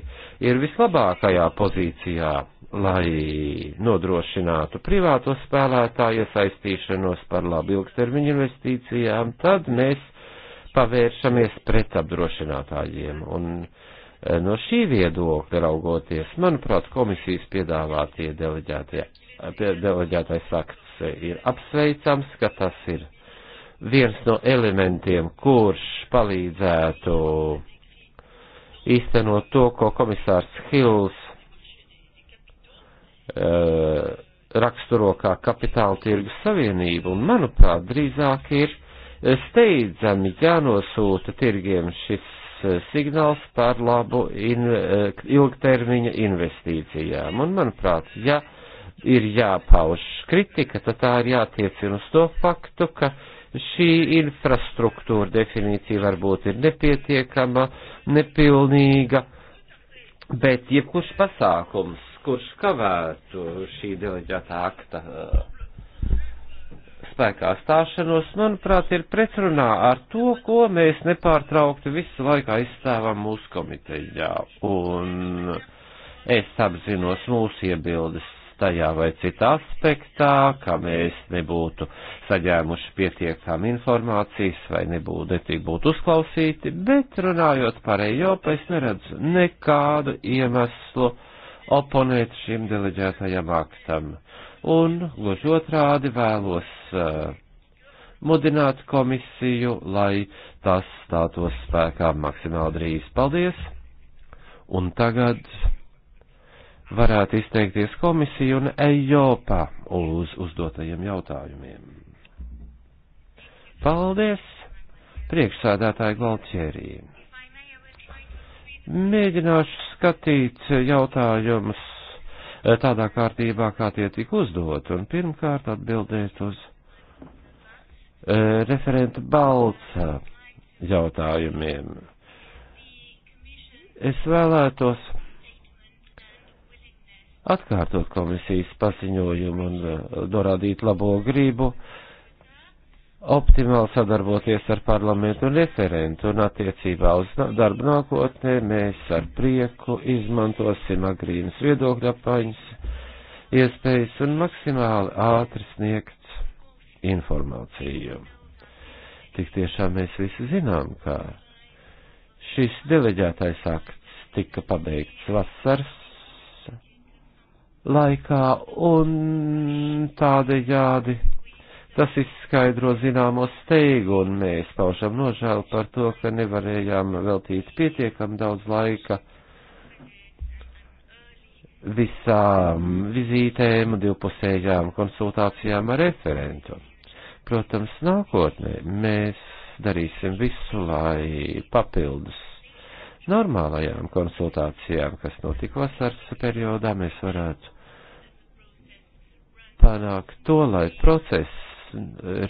S1: ir vislabākajā pozīcijā, lai nodrošinātu privāto spēlētāju iesaistīšanos par labu ilgstermiņu investīcijām, tad mēs pavēršamies pret apdrošinātājiem. Un e, no šī viedokļa raugoties, manuprāt, komisijas piedāvātie deleģētais akts ir apsveicams, ka tas ir viens no elementiem, kurš palīdzētu īstenot to, ko komisārs Hills Uh, raksturo kā kapitāla tirgus savienību, un manuprāt, drīzāk ir steidzami jānosūta tirgiem šis uh, signāls par labu in, uh, ilgtermiņa investīcijām. Un, manuprāt, ja ir jāpauž kritika, tad tā ir jātiecina uz to faktu, ka šī infrastruktūra definīcija varbūt ir nepietiekama, nepilnīga, bet jebkurš pasākums, kurš kavētu šī deleģēta akta eh, spēkā stāšanos, manuprāt, ir pretrunā ar to, ko mēs nepārtraukti visu laiku aizstāvam mūsu komitejā. Un es apzinos mūsu iebildes tajā vai citā aspektā, ka mēs nebūtu saģēmuši pietiekām informācijas vai nebūtu netīgi būt uzklausīti, bet runājot par Eiropu, es neredzu nekādu iemeslu oponēt šim deleģētajam aktam. Un, gluži otrādi, vēlos uh, mudināt komisiju, lai tas stātos spēkā maksimāli drīz. Paldies! Un tagad varētu izteikties komisija un Eijopa uz uzdotajiem jautājumiem. Paldies! Priekšsādātāji Gvaltierīna. Mēģināšu skatīt jautājumus eh, tādā kārtībā, kā tie tika uzdot, un pirmkārt atbildēt uz eh, referenta balca jautājumiem. Es vēlētos atkārtot komisijas paziņojumu un eh, norādīt labo gribu. Uh, optimāli sadarboties ar parlamentu un referentu, un attiecībā uz darbu nākotnē mēs ar prieku izmantosim agrīnas viedokļa apaņas iespējas un maksimāli ātri sniegt informāciju. Tik tiešām mēs visi zinām, ka šis deleģētais akts tika pabeigts vasaras laikā un tādējādi Tas izskaidro zināmo steigu, un mēs paužam nožēlu par to, ka nevarējām veltīt pietiekam daudz laika visām vizītēm, divpusējām konsultācijām ar referentu. Protams, nākotnē mēs darīsim visu, lai papildus normālajām konsultācijām, kas notika vasaras periodā, mēs varētu panākt to, lai process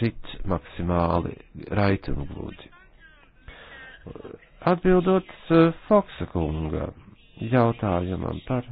S1: rit maksimāli raiti un glūdi. Atbildot eh, Foksa kunga jautājumam par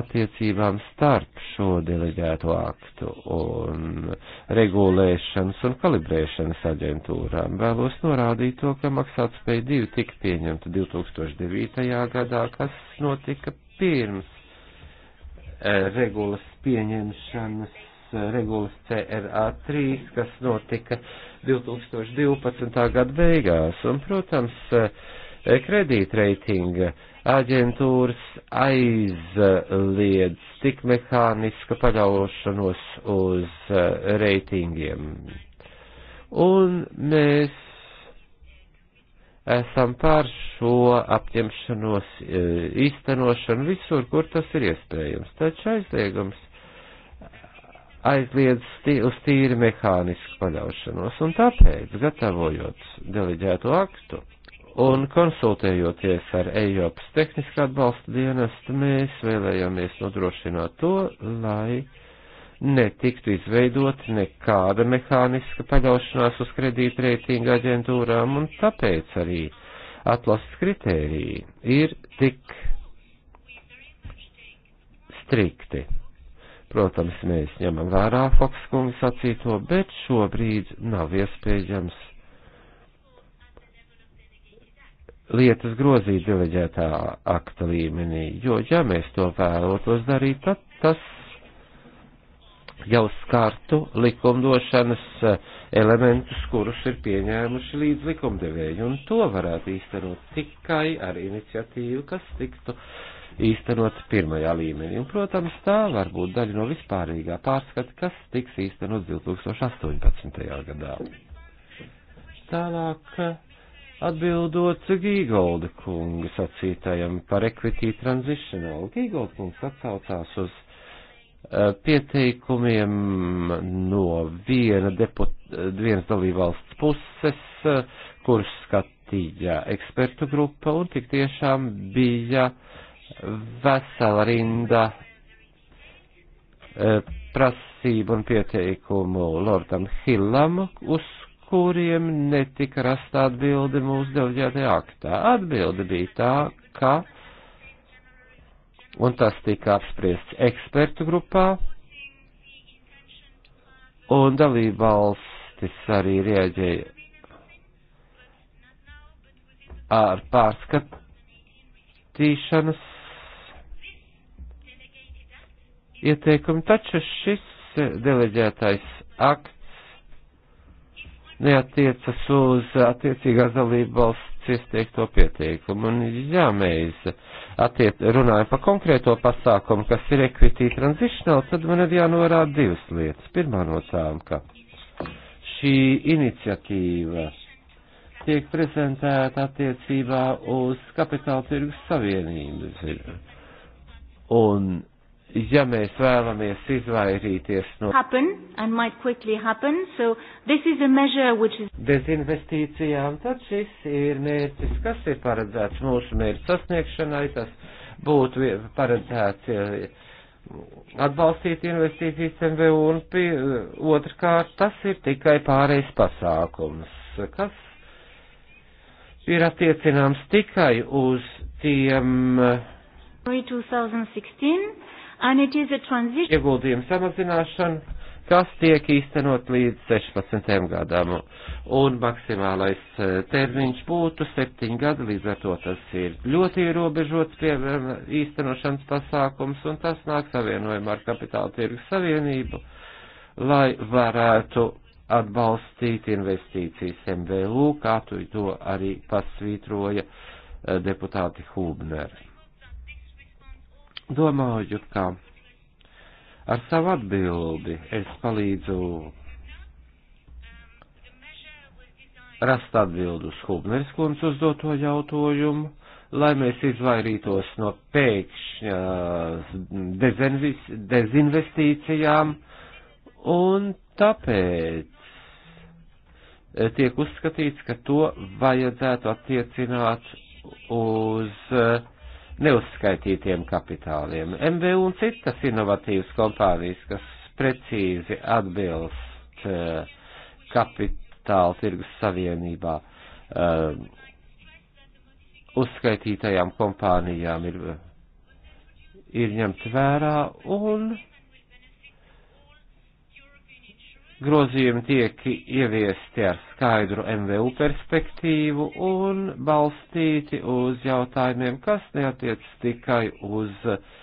S1: attiecībām starp šo deleģēto aktu un regulēšanas un kalibrēšanas aģentūrām. Vēlos norādīt to, ka maksātspēja 2 tika pieņemta 2009. gadā, kas notika pirms eh, regulas pieņemšanas regulas CRA3, kas notika 2012. gada beigās. Un, protams, eh, kredītreitinga aģentūras aizliedz tik mehāniska paļaušanos uz eh, reitingiem. Un mēs esam pār šo apņemšanos eh, īstenošanu visur, kur tas ir iespējams. Taču aizliegums aizliedz tī, uz tīri mehānisku paļaušanos, un tāpēc, gatavojot deleģēto aktu un konsultējoties ar Eiropas tehniskā atbalsta dienestu, mēs vēlējāmies nodrošināt to, lai netiktu izveidot nekāda mehāniska paļaušanās uz kredītreitinga aģentūrām, un tāpēc arī atlases kritēriji ir tik strikti Protams, mēs ņemam vērā Fokskunga sacīto, bet šobrīd nav iespējams lietas grozīt deleģētā akta līmenī, jo, ja mēs to vēlotos darīt, tad tas jau skartu likumdošanas eh, elementus, kurus ir pieņēmuši līdz likumdevēju, un to varētu īstenot tikai ar iniciatīvu, kas tiktu uh, īstenots pirmajā līmenī. Un, protams, tā var būt daļa no vispārīgā pārskata, kas tiks īstenots 2018. gadā. Tālāk atbildot Gīgolda kunga sacītajam par equity transitional. Gīgolda kungs atsaucās uz uh, pieteikumiem no viena deput, vienas dalībvalsts puses, uh, kurus skatīja ekspertu grupa, un tik tiešām bija uh, vesela rinda eh, prasību un pieteikumu Lordam Hillam, uz kuriem netika rasta atbildi mūsu delģētajā aktā. Atbildi bija tā, ka, un tas tika apspriests ekspertu grupā, un dalībvalstis arī rieģēja ar pārskatīšanas ieteikumi, taču šis e, deleģētais akts neatiecas uz attiecīgās dalību valsts iesteikto pieteikumu. Un, jā, mēs attiec, runājam par konkrēto pasākumu, kas ir equity transitional, tad man ir jānorāda divas lietas. Pirmā no tām, ka šī iniciatīva tiek prezentēta attiecībā uz kapitāla tirgus savienības. Un ja mēs vēlamies izvairīties no
S3: happen, happen, so is...
S1: dezinvestīcijām, tad šis ir mērķis, kas ir paredzēts mūsu mērķu sasniegšanai, tas būtu paredzēts atbalstīt investīcijas MVU un pie, otrkārt tas ir tikai pārējais pasākums, kas ir attiecināms tikai uz tiem
S3: 2016 ieguldījumu
S1: samazināšanu, kas tiek īstenot līdz 16 gadam, un maksimālais eh, termiņš būtu 7 gadi, līdz ar to tas ir ļoti ierobežots pie īstenošanas pasākums, un tas nāk savienojumā ar kapitāla tirgus savienību, lai varētu atbalstīt investīcijas MVU, kā tu to arī pasvītroja eh, deputāti Hūbneri. Domāju, ka ar savu atbildi es palīdzu rast atbildu uz Hubneris kundz uzdoto jautājumu, lai mēs izvairītos no pēkšņas dezinvestīcijām, un tāpēc tiek uzskatīts, ka to vajadzētu attiecināt uz uh, neuzskaitītiem kapitāliem. MVU un citas inovatīvas kompānijas, kas precīzi atbilst eh, kapitāla tirgus savienībā um, uzskaitītajām kompānijām ir, eh, ir ņemt vērā un grozījumi tiek ieviesti ar skaidru MVU perspektīvu un balstīti uz jautājumiem, kas neatiec tikai uz uh,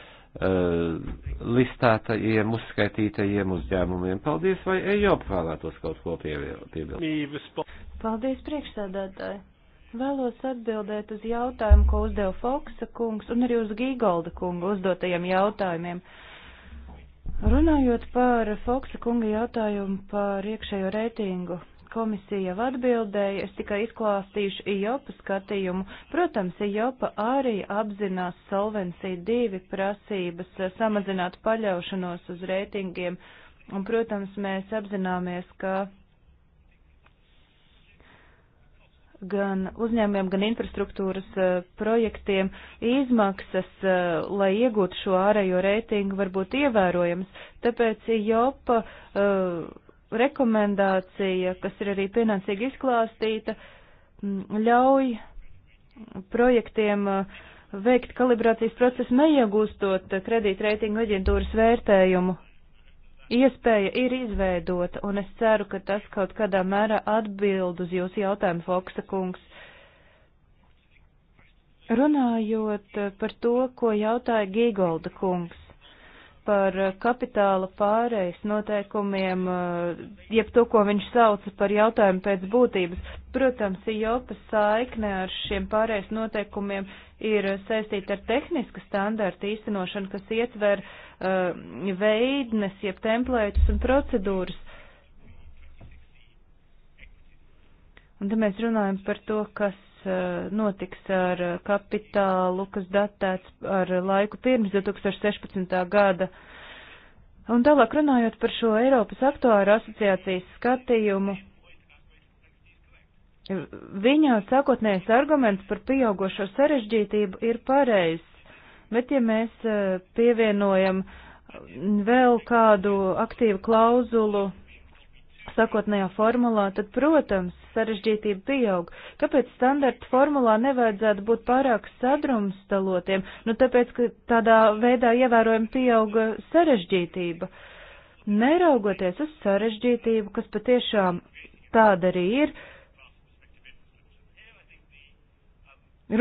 S1: listētajiem, uzskaitītajiem uzņēmumiem. Paldies, vai Ejop vēlētos kaut ko piebilst?
S3: Paldies, priekšsēdētāji. Vēlos atbildēt uz jautājumu, ko uzdeva Foksa kungs un arī uz Gīgolda kunga uzdotajiem jautājumiem. Uh, Runājot par Foksa kunga jautājumu par iekšējo reitingu, komisija jau atbildēja, es tikai izklāstīšu IOPA skatījumu. Protams, IOPA arī apzinās solvencija divi prasības samazināt paļaušanos uz reitingiem, un, protams, mēs apzināmies, ka gan uzņēmumiem, gan infrastruktūras eh, projektiem izmaksas, eh, lai iegūtu šo ārējo reitingu, var būt ievērojams. Tāpēc JOPA eh, rekomendācija, kas ir arī pienācīgi izklāstīta, mm, ļauj projektiem veikt kalibrācijas procesu, neiegūstot kredītreitingu aģentūras vērtējumu iespēja ir izveidota, un es ceru, ka tas kaut kādā mērā atbild uz jūsu jautājumu, Foksa kungs. Runājot par to, ko jautāja Gīgolda kungs par kapitāla pārejas noteikumiem, jeb to, ko viņš sauca par jautājumu pēc būtības. Protams, Jopas saikne ar šiem pārejas noteikumiem ir saistīta ar tehniska standarta īstenošanu, kas ietver uh, Uh, veidnes, jeb templētus un procedūras. Un te mēs runājam par to, kas uh, notiks ar kapitālu, kas datēts ar laiku pirms 2016. gada. Un tālāk runājot par šo Eiropas aktuāru asociācijas skatījumu, viņa sākotnējais arguments par pieaugošo sarežģītību ir pareizs. Bet ja mēs eh, pievienojam vēl kādu aktīvu klauzulu sakotnējā formulā, tad, protams, sarežģītība pieaug. Kāpēc standarta formulā nevajadzētu būt pārāk sadrumstalotiem? Nu, tāpēc, ka tādā veidā ievērojami pieauga sarežģītība. Neraugoties uz sarežģītību, kas patiešām tāda arī ir,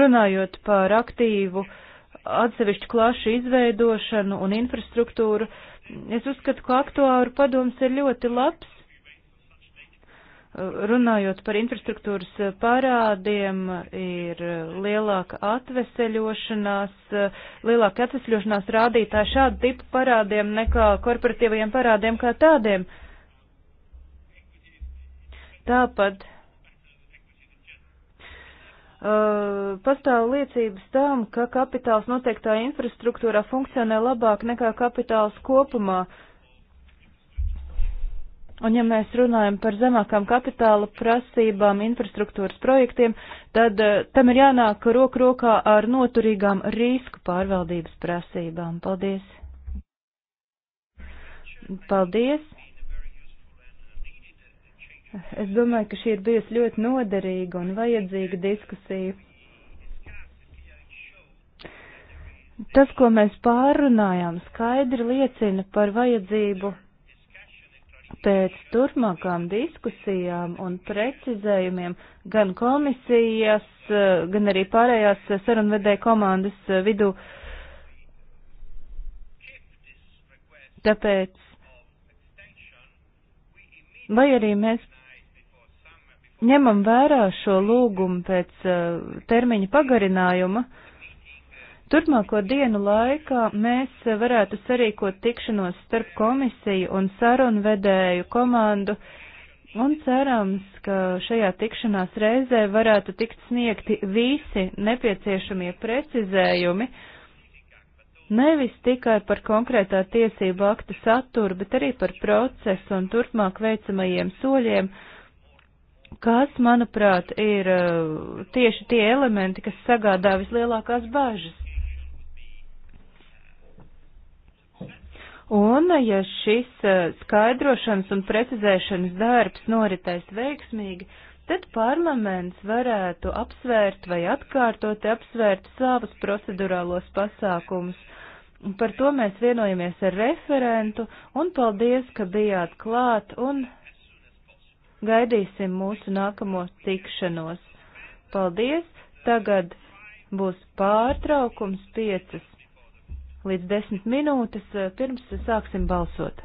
S3: runājot par aktīvu uh, atsevišķu klašu izveidošanu un infrastruktūru. Es uzskatu, ka aktuāru padoms ir ļoti labs, runājot par infrastruktūras parādiem, ir lielāka atveseļošanās, lielāka atveseļošanās rādītāja šādu tipu parādiem nekā korporatīvajiem parādiem kā tādiem. Tāpat Uh, pastāv liecības tam, ka kapitāls noteiktā infrastruktūrā funkcionē labāk nekā kapitāls kopumā. Un ja mēs runājam par zemākām kapitāla prasībām infrastruktūras projektiem, tad uh, tam ir jānāk roku rokā ar noturīgām risku pārvaldības prasībām. Paldies! Paldies! Es domāju, ka šī ir bijusi ļoti noderīga un vajadzīga diskusija. Tas, ko mēs pārunājām, skaidri liecina par vajadzību pēc turpmākām diskusijām un precizējumiem gan komisijas, gan arī pārējās sarunvedēja komandas vidū. Tāpēc vai arī mēs ņemam vērā šo lūgumu pēc uh, termiņa pagarinājuma, turpmāko dienu laikā mēs uh, varētu sarīkot tikšanos starp komisiju un sarunvedēju komandu, un cerams, ka šajā tikšanās reizē varētu tikt sniegti visi nepieciešamie precizējumi, nevis tikai par konkrētā tiesību akta saturu, bet arī par procesu un turpmāk veicamajiem soļiem, uh, kas, manuprāt, ir uh, tieši tie elementi, kas sagādā vislielākās bāžas. Un, ja šis uh, skaidrošanas un precizēšanas darbs noritēs veiksmīgi, tad parlaments varētu apsvērt vai atkārtot apsvērt savus procedurālos pasākumus. Par to mēs vienojamies ar referentu, un paldies, ka bijāt klāt, un Gaidīsim mūsu nākamo tikšanos. Paldies! Tagad būs pārtraukums piecas līdz desmit minūtes, eh, pirms sāksim balsot.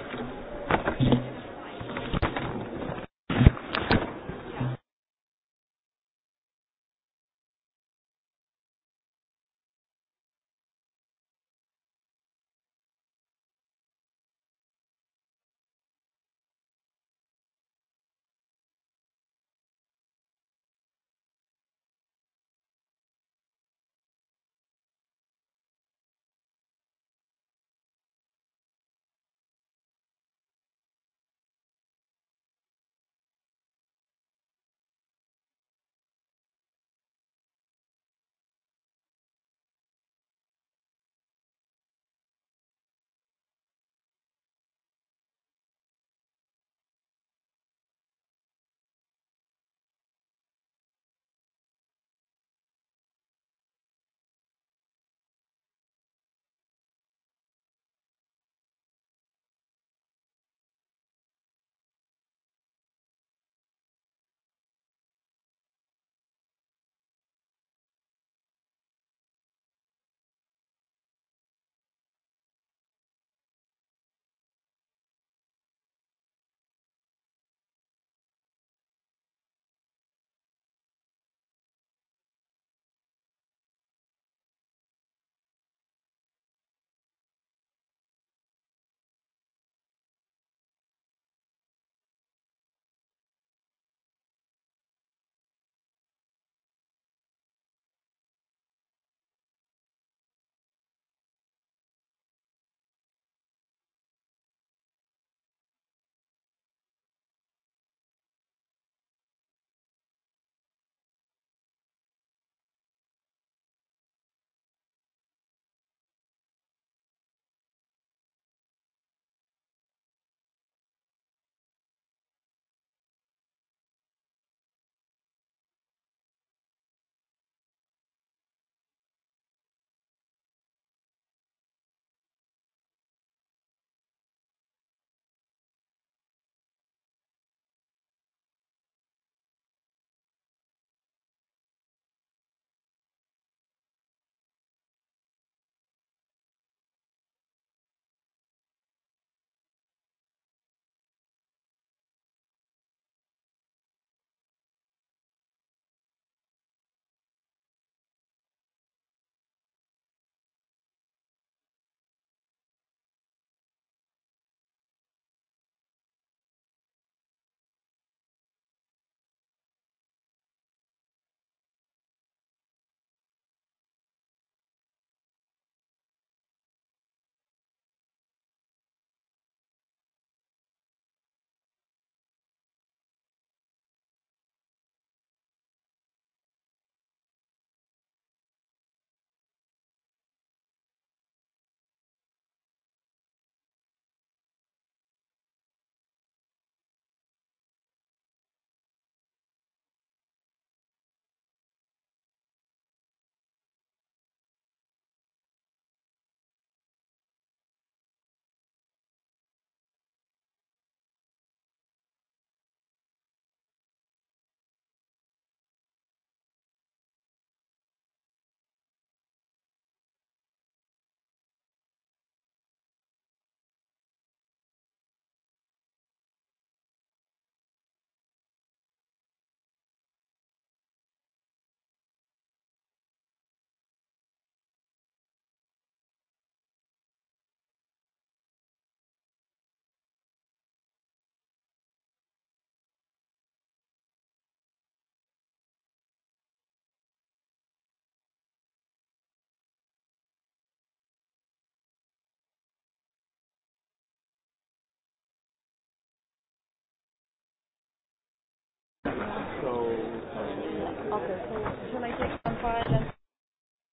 S4: Okay, so shall I take some file and...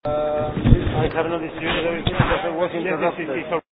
S4: Uh, um, I have not distributed everything because I was interrupted.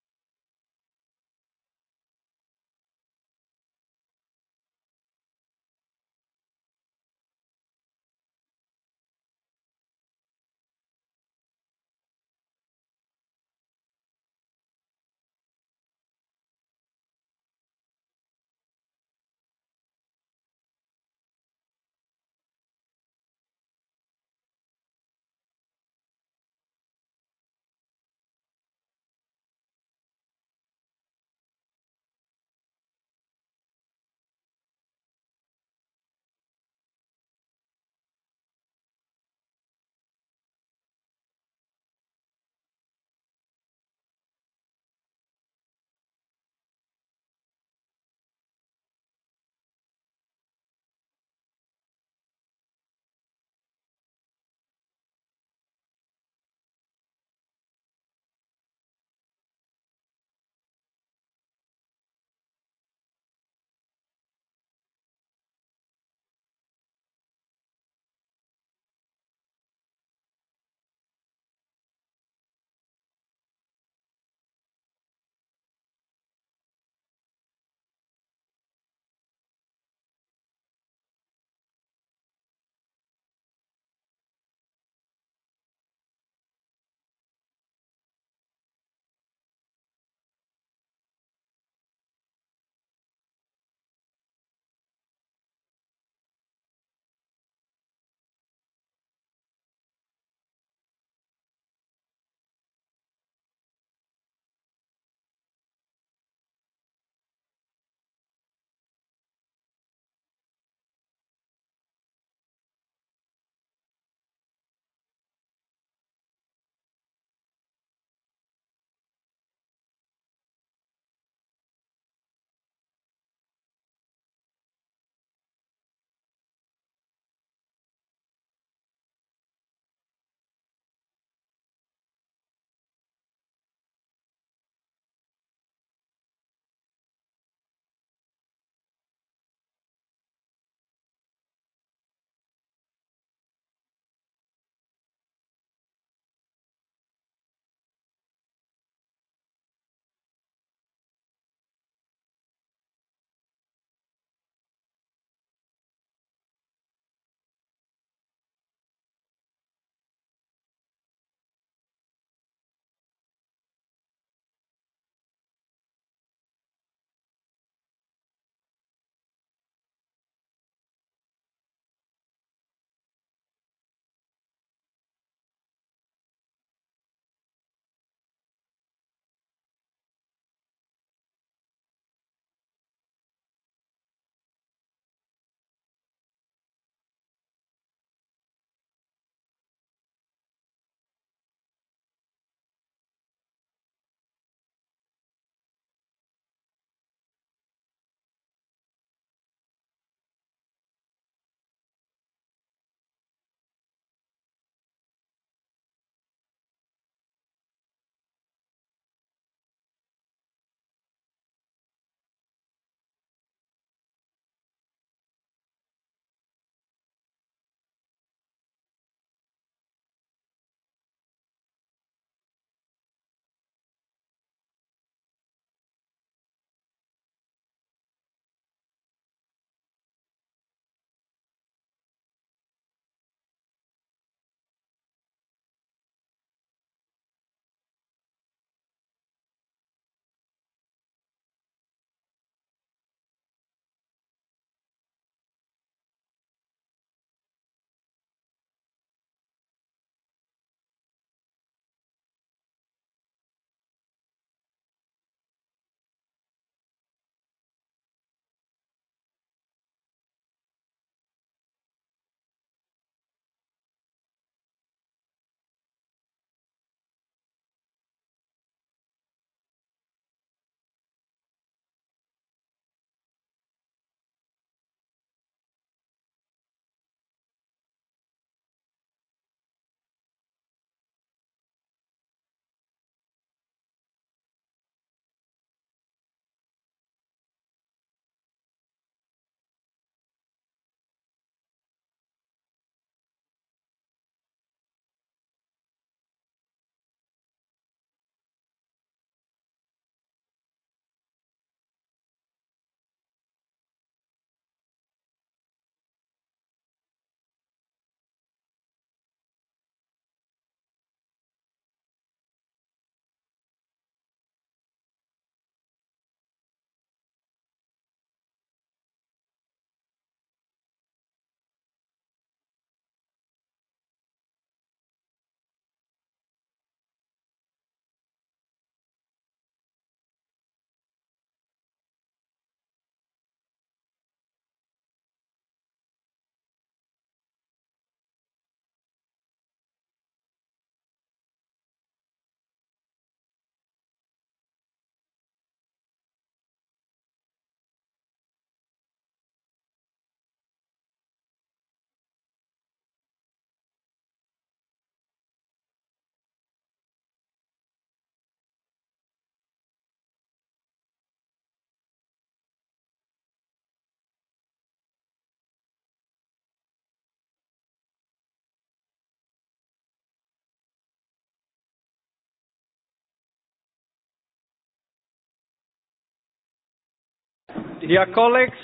S1: Dear colleagues,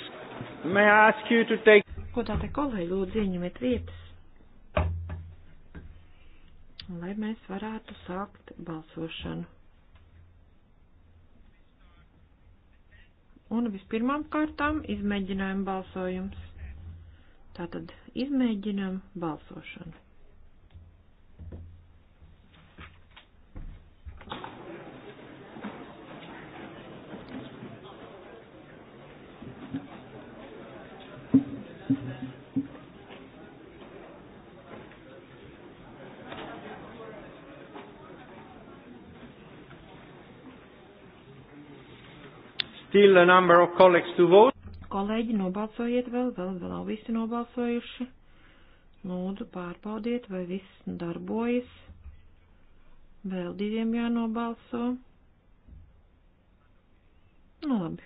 S2: may I ask you to take... Ko tā te kolēģi lūdzu ieņemiet vietas, lai mēs varētu sākt balsošanu. Un vispirmām kārtām izmēģinājuma balsojums. Tātad izmēģinām balsošanu.
S1: Still a number of colleagues to vote.
S2: Kolēģi, nobalsojiet vēl, vēl, vēl nav visi nobalsojuši. Lūdzu, pārbaudiet, vai viss darbojas. Vēl diviem jānobalso. Nu, labi.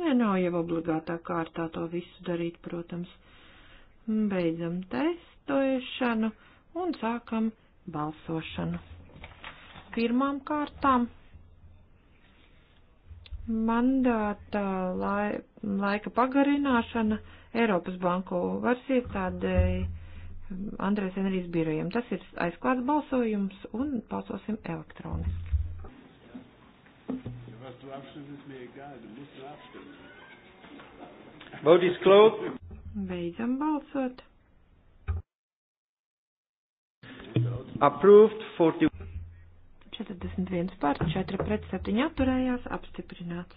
S2: Nē, nav jau obligātā kārtā to visu darīt, protams. Beidzam testošanu un sākam balsošanu. Pirmām kārtām mandāta lai, laika pagarināšana Eiropas Banku varas iestādēji Andrēs Enrijas birojiem. Tas ir aizklāts balsojums un balsosim elektroniski.
S4: Vote is closed.
S2: Beidzam balsot. Approved 40. 41 par, 4 pret 7 atturējās, apstiprināts.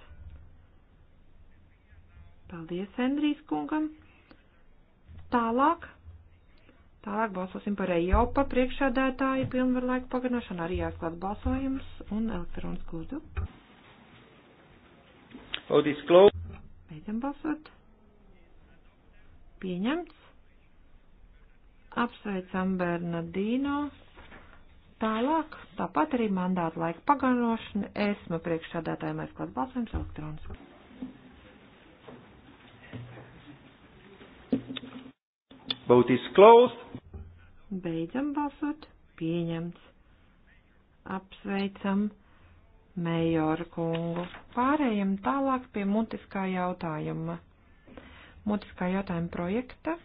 S2: Paldies Endrijs kungam. Tālāk. Tālāk balsosim par EIOPA priekšādētāju pilnvarlaiku pagarināšanu. Arī jāsklāt balsojums un elektronisku lūdzu. Audis Klaus. Beidzam balsot. Pieņemts. Apsveicam Bernardīno. Tālāk, tāpat arī mandāta laika pagarnošana, esmu priekšsādātājiem aizklāt balsojums elektroniski. Vote is closed. Beidzam balsot. Pieņemts. Apsveicam Mejoru kungu. Pārējam tālāk pie mutiskā jautājuma. Mutiskā jautājuma projekta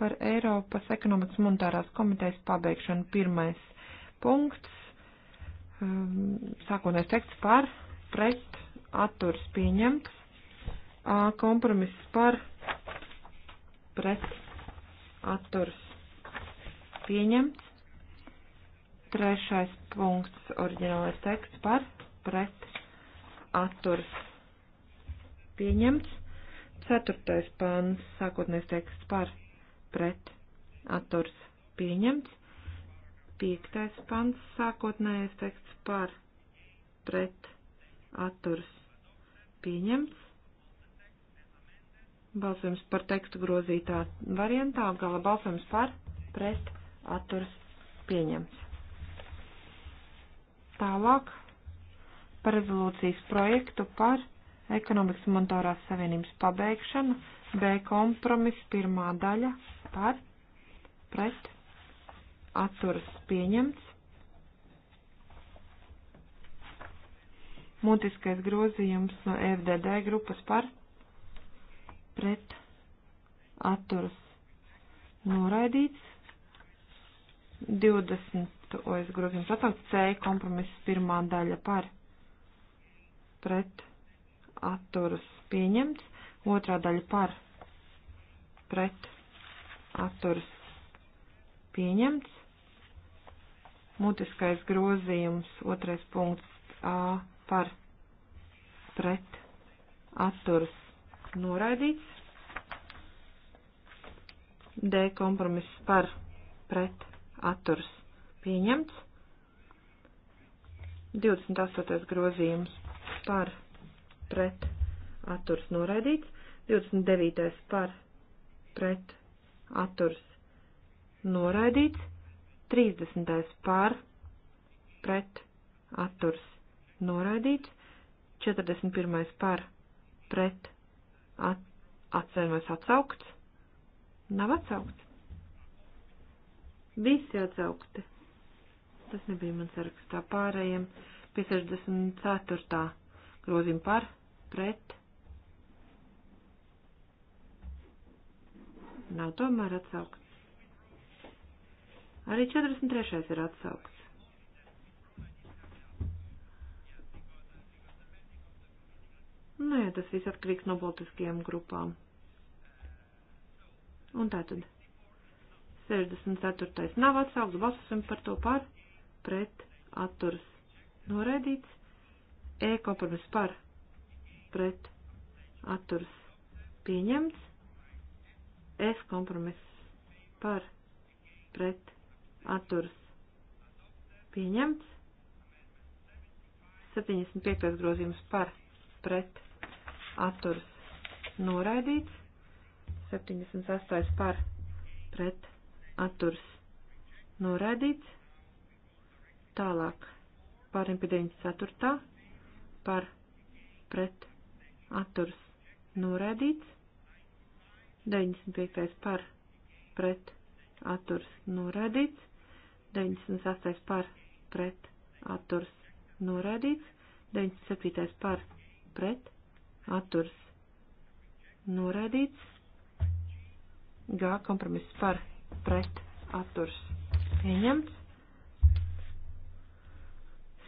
S2: par Eiropas ekonomikas monetārās komitejas pabeigšanu. Pirmais punkts, um, sākotnēs teksts par, pret, atturs pieņemts, A kompromiss par, pret, atturs pieņemts, trešais punkts, oriģinālais teksts par, pret, atturs pieņemts, ceturtais pāns, sākotnēs teksts par, pret atturs pieņemts. Piektais pants sākotnējais teksts par pret atturs pieņemts. Balsojums par tekstu grozītā variantā, gala balsojums par pret atturs pieņemts. Tālāk par rezolūcijas projektu par ekonomikas un monetārās savienības pabeigšana, B kompromiss pirmā daļa par, pret, atturas pieņemts. Mutiskais grozījums no FDD grupas par, pret, atturas noraidīts. 20. grozījums atsaukts C kompromiss pirmā daļa par, pret, atturas pieņemts, otrā daļa par pret atturas pieņemts, mutiskais grozījums, otrais punkts A par pret atturas noraidīts, D kompromiss par pret atturas pieņemts, 28. grozījums par pret pret atturs noraidīts, 29. par pret atturs noraidīts, 30. par pret atturs noraidīts, 41. par pret at, atcerēmais atsaukts, nav atsaukts. Visi atsaukti. Tas nebija mans sarakstā pārējiem pie 64. grozījuma par pret. Nav tomēr atsaukts. Arī 43. ir atsaukts. Nē, nu tas viss atkarīgs no politiskajām grupām. Un tātad 64. nav atsaukts, balsosim par to par, pret, atturs, noraidīts, e kompromiss par, pret atturs pieņemts. F kompromiss par pret atturs pieņemts. 75. grozījums par pret atturs noraidīts. 78. par pret atturs noraidīts. Tālāk pārim pie 94. par pret atturs noraidīts, 95. par pret atturs noraidīts, 98. par pret atturs noraidīts, 97. par pret atturs noraidīts, G kompromiss par pret atturs pieņemts,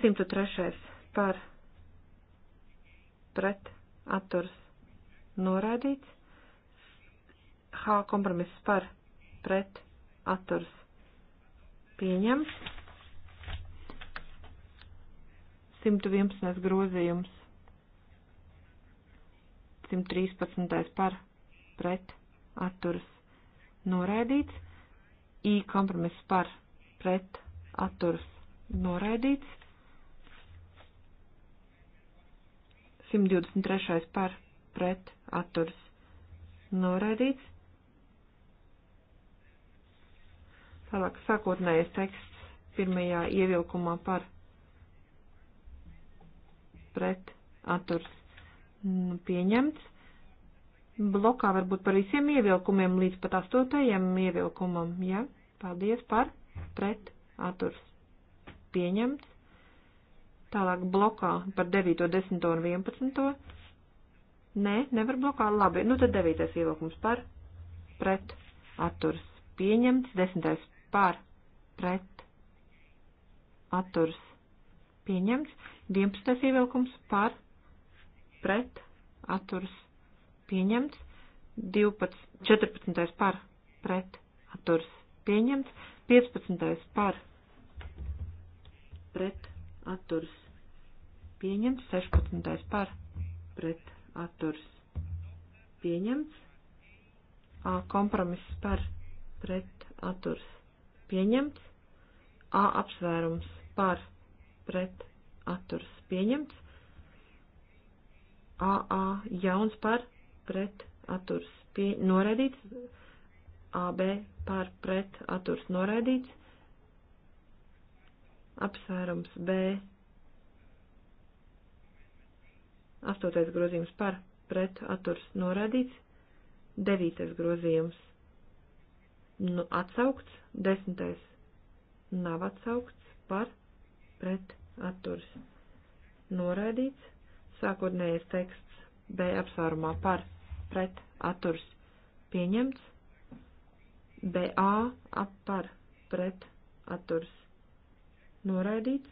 S2: 103. par pret atturs noraidīts. H kompromiss par pret atturs pieņemts. 111. grozījums. 113. par pret atturs noraidīts. I kompromiss par pret atturs noraidīts. 123. par pret atturs noraidīts. Tālāk sākotnējais teksts pirmajā ievilkumā par pret atturs nu, pieņemts. Blokā varbūt par visiem ievilkumiem līdz pat astotajam ievilkumam, ja? Paldies par pret atturs pieņemts. Tālāk blokā par 9, 10 un 11. Nē, nevar blokā. Labi, nu tad 9. ievilkums par pret atturs pieņemts, 10. par pret atturs pieņemts, 11. ievilkums par pret atturs pieņemts, 12, 14. par pret atturs pieņemts, 15. par pret atturs Pieņemts 16. par pret atturs. Pieņemts. A kompromiss par pret atturs. Pieņemts. A apsvērums par pret atturs. Pieņemts. AA jauns par pret atturs. Pie, noraidīts. AB par pret atturs noraidīts. Apsvērums B Astotais grozījums par pret atturs norādīts. Devītais grozījums nu, atsaukts. Desmitais nav atsaukts par pret atturs norādīts. Sākotnējais teksts B apsvērumā par pret atturs pieņemts. BA ap par pret atturs noraidīts.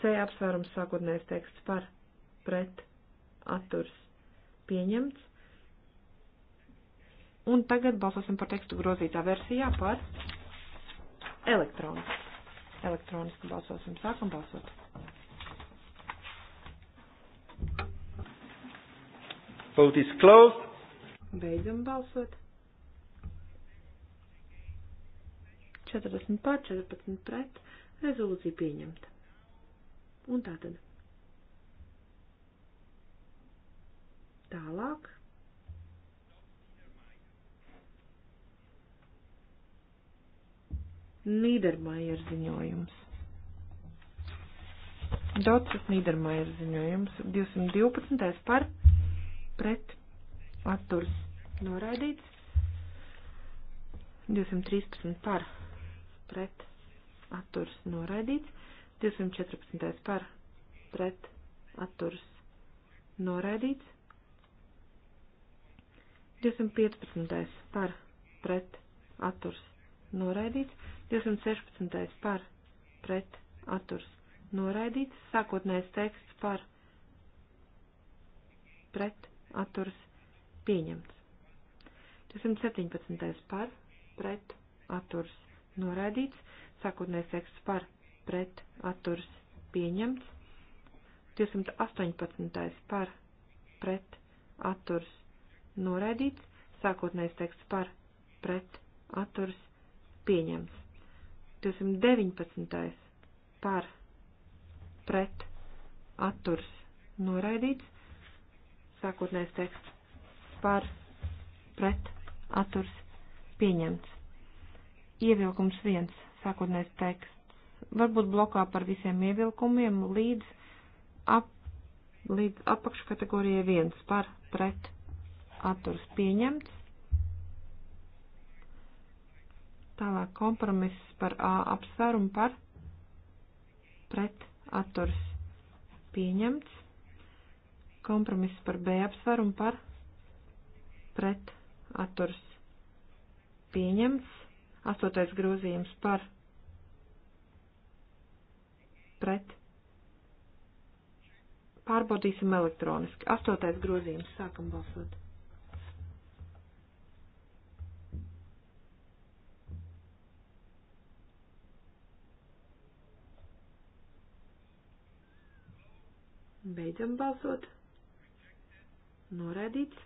S2: C apsvērums sākotnējais teksts par pret atturs pieņemts. Un tagad balsosim par tekstu grozītā versijā par elektronisku. Elektroniski balsosim. Sākam balsot.
S1: Vote is closed.
S2: Beidzam balsot. 40 pār 14 pret. Rezolūcija pieņemta. Un tā tad. Tālāk. Nīdermajer ziņojums. Dotsas Nīdermajer ziņojums 212. par pret atturs noraidīts. 213 par pret atturs noraidīts, 214 par pret atturs noraidīts, 215. par pret atturs noraidīts, 216. par pret atturs noraidīts, sākotnējais teksts par pret atturs pieņemts. 217. par pret atturs noraidīts, sākotnējais teksts par pret atturs pieņemts, 218. par pret atturs noraidīts, sākotnējais teksts par, pret, atturs, pieņemts. 219. par, pret, atturs, noraidīts, sākotnējais teksts par, pret, atturs, pieņemts. Ievilkums 1, sākotnējais teksts, varbūt blokā par visiem ievilkumiem līdz, ap, līdz apakškategorijai 1 par, pret, atturs pieņemts. Tālāk kompromiss par A apsvērumu par pret atturs pieņemts. Kompromiss par B apsvērumu par pret atturs pieņemts. Astotais grozījums par pret. Pārbaudīsim elektroniski. Astotais grozījums. Sākam balsot. Beidzam balsot. Noraidīts.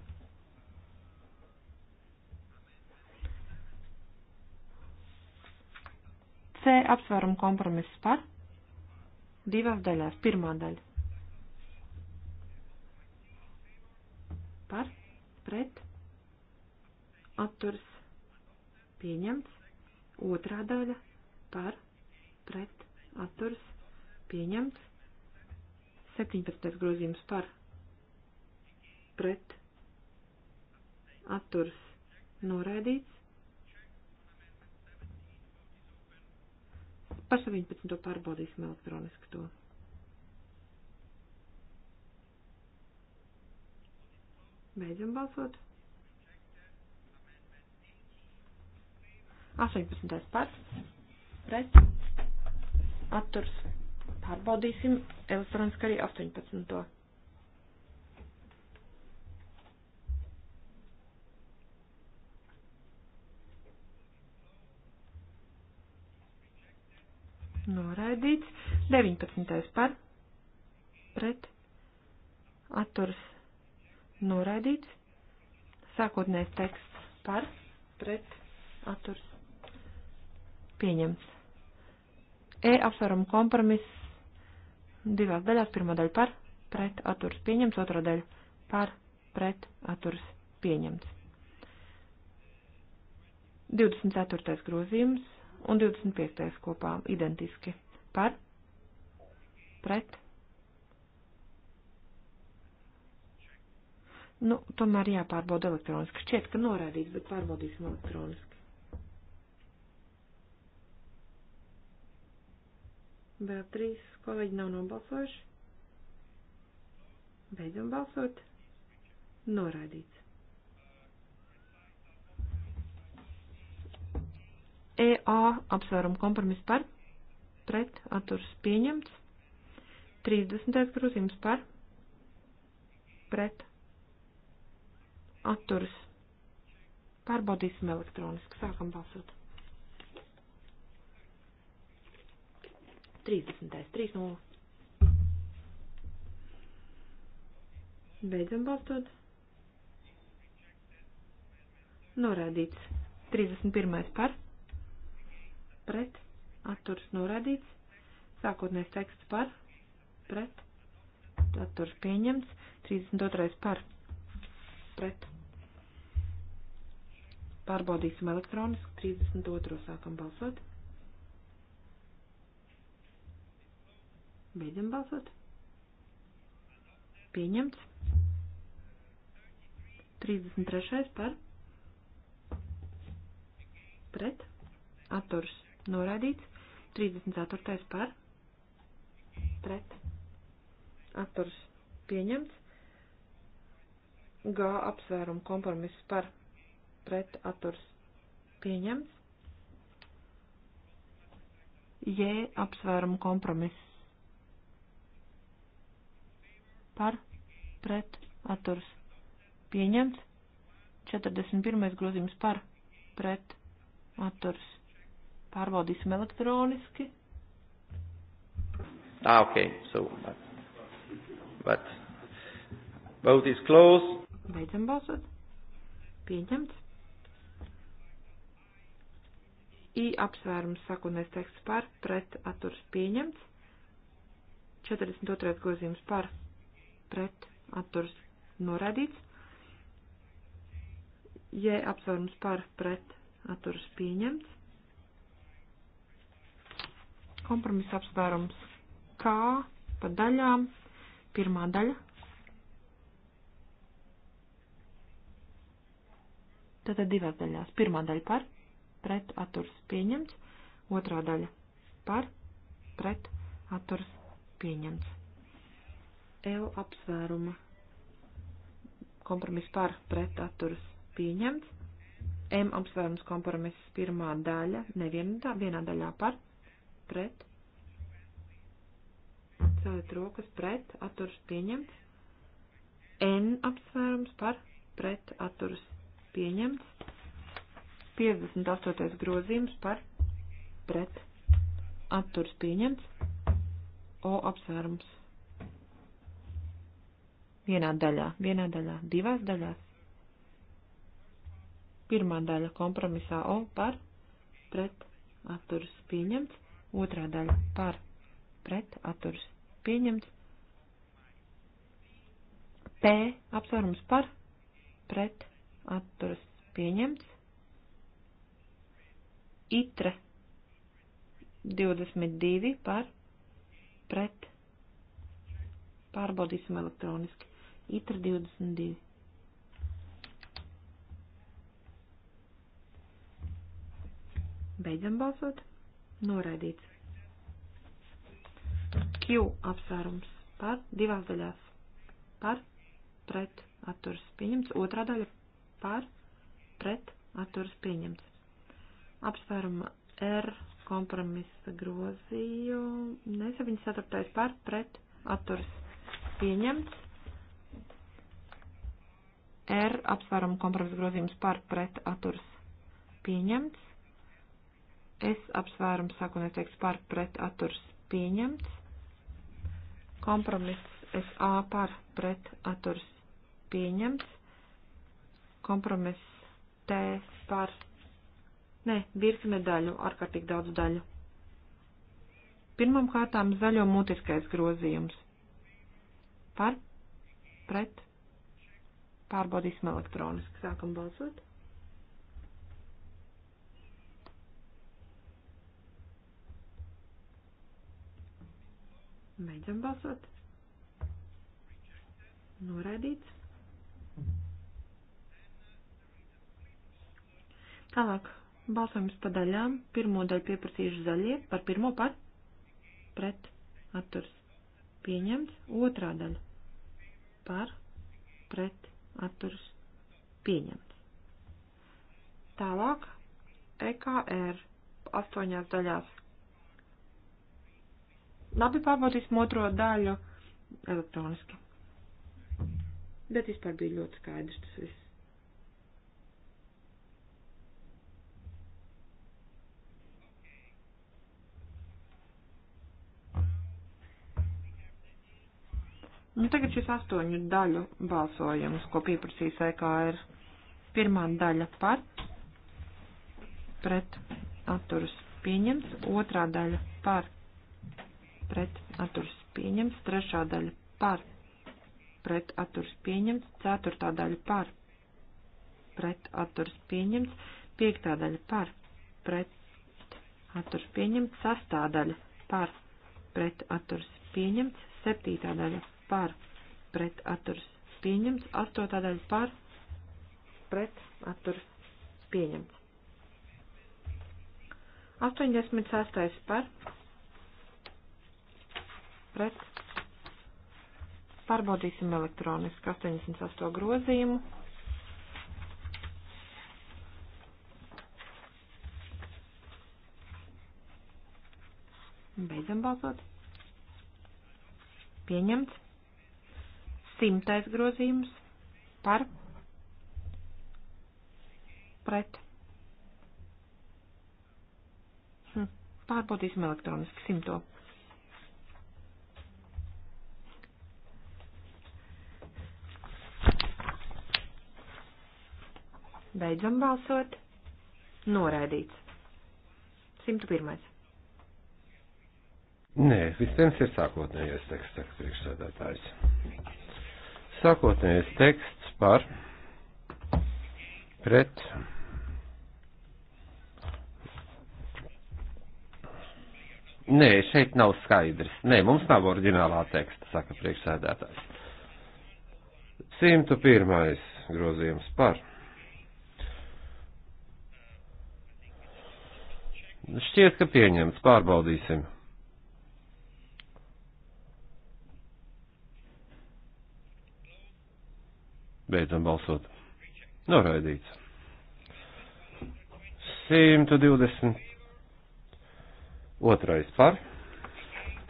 S2: C apsvērumu kompromiss par divās daļās. Pirmā daļa. Par, pret, atturs, pieņemts. Otrā daļa. Par, pret, atturs, pieņemts. 17. grozījums par pret atturs noraidīts. Par 17. pārbaudīsim elektroniski to. Beidzam balsot. 18. par pret atturs Pārbaudīsim elektroniski arī 18. Noraidīts. 19. par. Pret. Atturs. Noraidīts. Sākotnējais teksts par. Pret. Atturs. Pieņemts. E apsvaram kompromiss divās daļās, pirmā daļa par, pret, atturs pieņemts, otrā daļa par, pret, atturs pieņemts. 24. grozījums un 25. kopā identiski par, pret. Nu, tomēr jāpārbauda elektroniski. Šķiet, ka noraidīts, bet pārbaudīsim elektroniski. Vēl trīs kolēģi nav nobalsojuši. Beidzam balsot. Noraidīts. EA apsvērumu kompromiss par, pret, atturs pieņemts, 30. grozījums par, pret, atturs. Pārbaudīsim elektroniski, sākam balsot. 30. 3-0. Beidzam balstot. Norādīts. 31. par. Pret. Atturs norādīts. Sākotnēs teksts par. Pret. Atturs pieņemts. 32. par. Pret. Pārbaudīsim elektroniski. 32. sākam balsot. Beidzam balsot. Pieņemts. 33. par. Pret. Atturs. Noraidīts. 34. par. Pret. Atturs. Pieņemts. G apsvērumu kompromiss par. Pret. Atturs. Pieņemts. J apsvērumu kompromiss par pret atturs pieņemts. 41. grozījums par pret atturs. Pārbaudīsim elektroniski.
S1: Ah, ok. So, but, but vote is closed.
S2: Beidzam balsot. Pieņemts. I apsvērums sākotnēs teksts par pret atturs pieņemts. 42. grozījums par pret atturs norādīts. J apsvērums par pret atturs pieņemts. Kompromiss apsvērums K pa daļām. Pirmā daļa. Tātad divās daļās. Pirmā daļa par pret atturs pieņemts. Otrā daļa par pret atturs pieņemts. L e apsvēruma kompromiss par pret atturas pieņemts. M apsvērums kompromiss pirmā daļa, nevienā vienā daļā par pret. Celiet rokas pret atturas pieņemts. N apsvērums par pret atturas pieņemts. 58. grozījums par pret atturas pieņemts. O apsvērums Vienā daļā, vienā daļā, divās daļās. Pirmā daļa kompromisā O par, pret, atturas pieņemts, otrā daļa par, pret, atturas pieņemts, P apsvērums par, pret, atturas pieņemts, itre 22 par, pret, pārbaudīsim elektroniski. Itra 22. Beidzam balsot. Noraidīts. Q apsvērums par divās daļās. Par, pret, atturs pieņemts. Otrā daļa par, pret, atturs pieņemts. Apsvēruma R kompromisa grozījumu. Nesa viņa saturtais par, pret, atturs pieņemts. R apsvērumu kompromisa grozījums par pret atturas pieņemts. S apsvērums sākotnēs teiks par pret atturas pieņemts. Kompromiss SA par pret atturas pieņemts. Kompromiss T par, ne, virkne daļu, ārkārtīgi daudz daļu. Pirmam kārtām zaļo mutiskais grozījums. Par pret Pārbaudīsim elektroniski. Sākam balsot. Beidzam balsot. Noraidīts. Tālāk balsojums pa daļām. Pirmo daļu pieprasījuši zaļie, par pirmo par, pret, atturs, pieņemts. Otrā daļa par, pret, atturas pieņemts. Tālāk EKR astoņās daļās. Labi, pārbaudīsim otro daļu elektroniski. Bet vispār bija ļoti skaidrs tas viss. Nu, tagad šis astoņu daļu balsojums, ko pieprasīs EKR. Pirmā daļa par, pret, atturas pieņemts, otrā daļa par, pret, atturas pieņemts, trešā daļa par, pret, atturas pieņemts, ceturtā daļa par, pret, atturas pieņemts, piektā daļa par, pret, atturas pieņemts, sastā daļa par, pret, atturas pieņemts, septītā daļa par pret atturas pieņemts, 8. daļa par pret atturas pieņemts. 86. par pret pārbaudīsim elektroniski 88 grozījumu. Beidzam balsot. Pieņemts. Simtais grozījums par pret. Hm. Pārbaudīsim elektroniski simto. Beidzam balsot. Noraidīts. 101.
S1: Nē, vispirms ir sākotnējais teksts, saka priekšsēdētājs. Sākotnējais teksts par pret Nē, šeit nav skaidrs. Nē, mums nav oriģinālā teksta, saka priekšsēdētājs. 101. grozījums par. Šķiet, ka pieņemts. Pārbaudīsim. Beidzam balsot. Noraidīts. 120. Otrais par.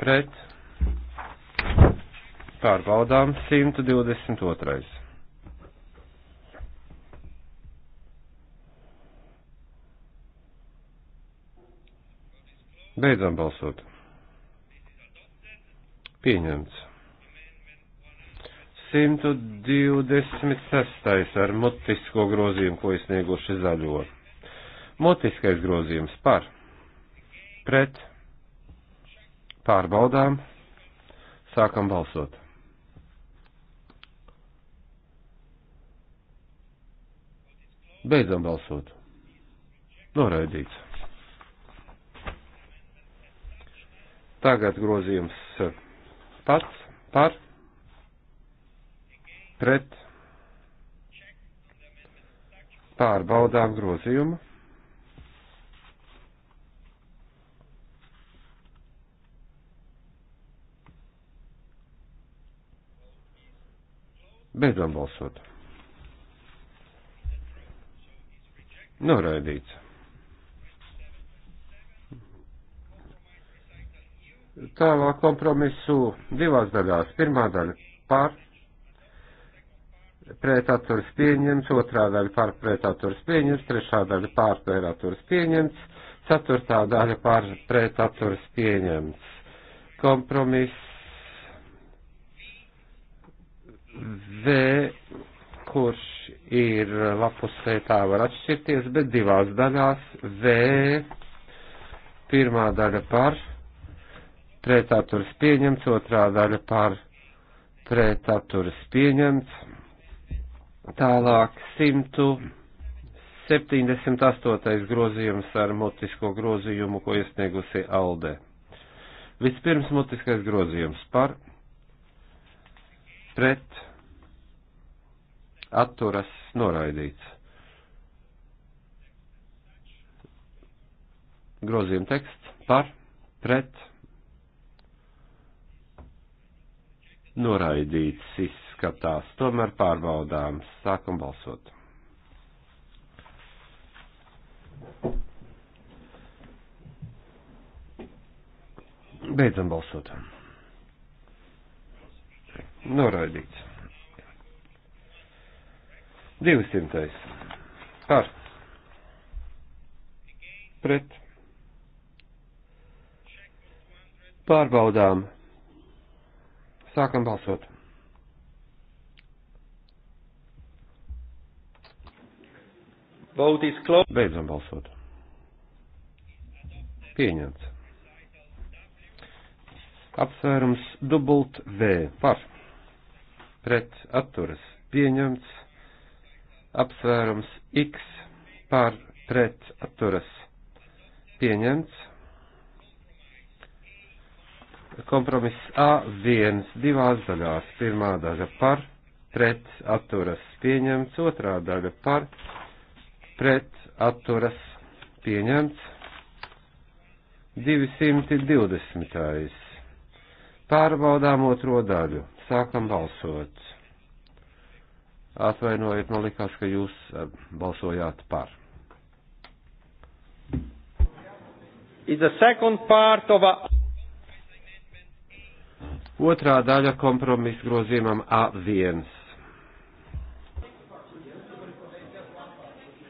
S1: Pret. Pārbaudām 122. Beidzam balsot. Pieņemts. 126. ar mutisko grozījumu, ko izsnieguši zaļo. Mutiskais grozījums par, pret, pārbaudām, sākam balsot. Beidzam balsot. Noraidīts. Tagad grozījums pats par pret pārbaudām grozījumu. Beidzam balsot. Noraidīts. Tālāk kompromisu divās daļās. Pirmā daļa pār pretaturs pieņemts, otrā daļa par pretaturs pieņemts, trešā daļa pār pretaturs pieņemts, ceturtā daļa par pretaturs pieņemts. Kompromiss V, kurš ir lapusē tā var atšķirties, bet divās daļās V, pirmā daļa par pretaturs pieņemts, otrā daļa par pretaturs pieņemts Tālāk 178. grozījums ar mutisko grozījumu, ko iesniegusi Alde. Vispirms mutiskais grozījums par pret atturas noraidīts. Grozījuma teksts par pret noraidīts izskatās, tomēr pārbaudām. Sākam balsot. Beidzam balsot. Noraidīts. 200. Par. Pret. Pārbaudām. Sākam balsot. Vote is closed. Beidzam balsot. Pieņemts. Apsvērums dubult V par. Pret atturas pieņemts. Apsvērums X par pret atturas pieņemts. Kompromiss A1 divās daļās. Pirmā daļa par pret atturas pieņemts, otrā daļa par pret pret atturas pieņemts 220. Pārbaudām otro daļu. Sākam balsot. Atvainojiet, man likās, ka jūs eh, balsojāt par. A... Otrā daļa kompromisa grozījumam A1.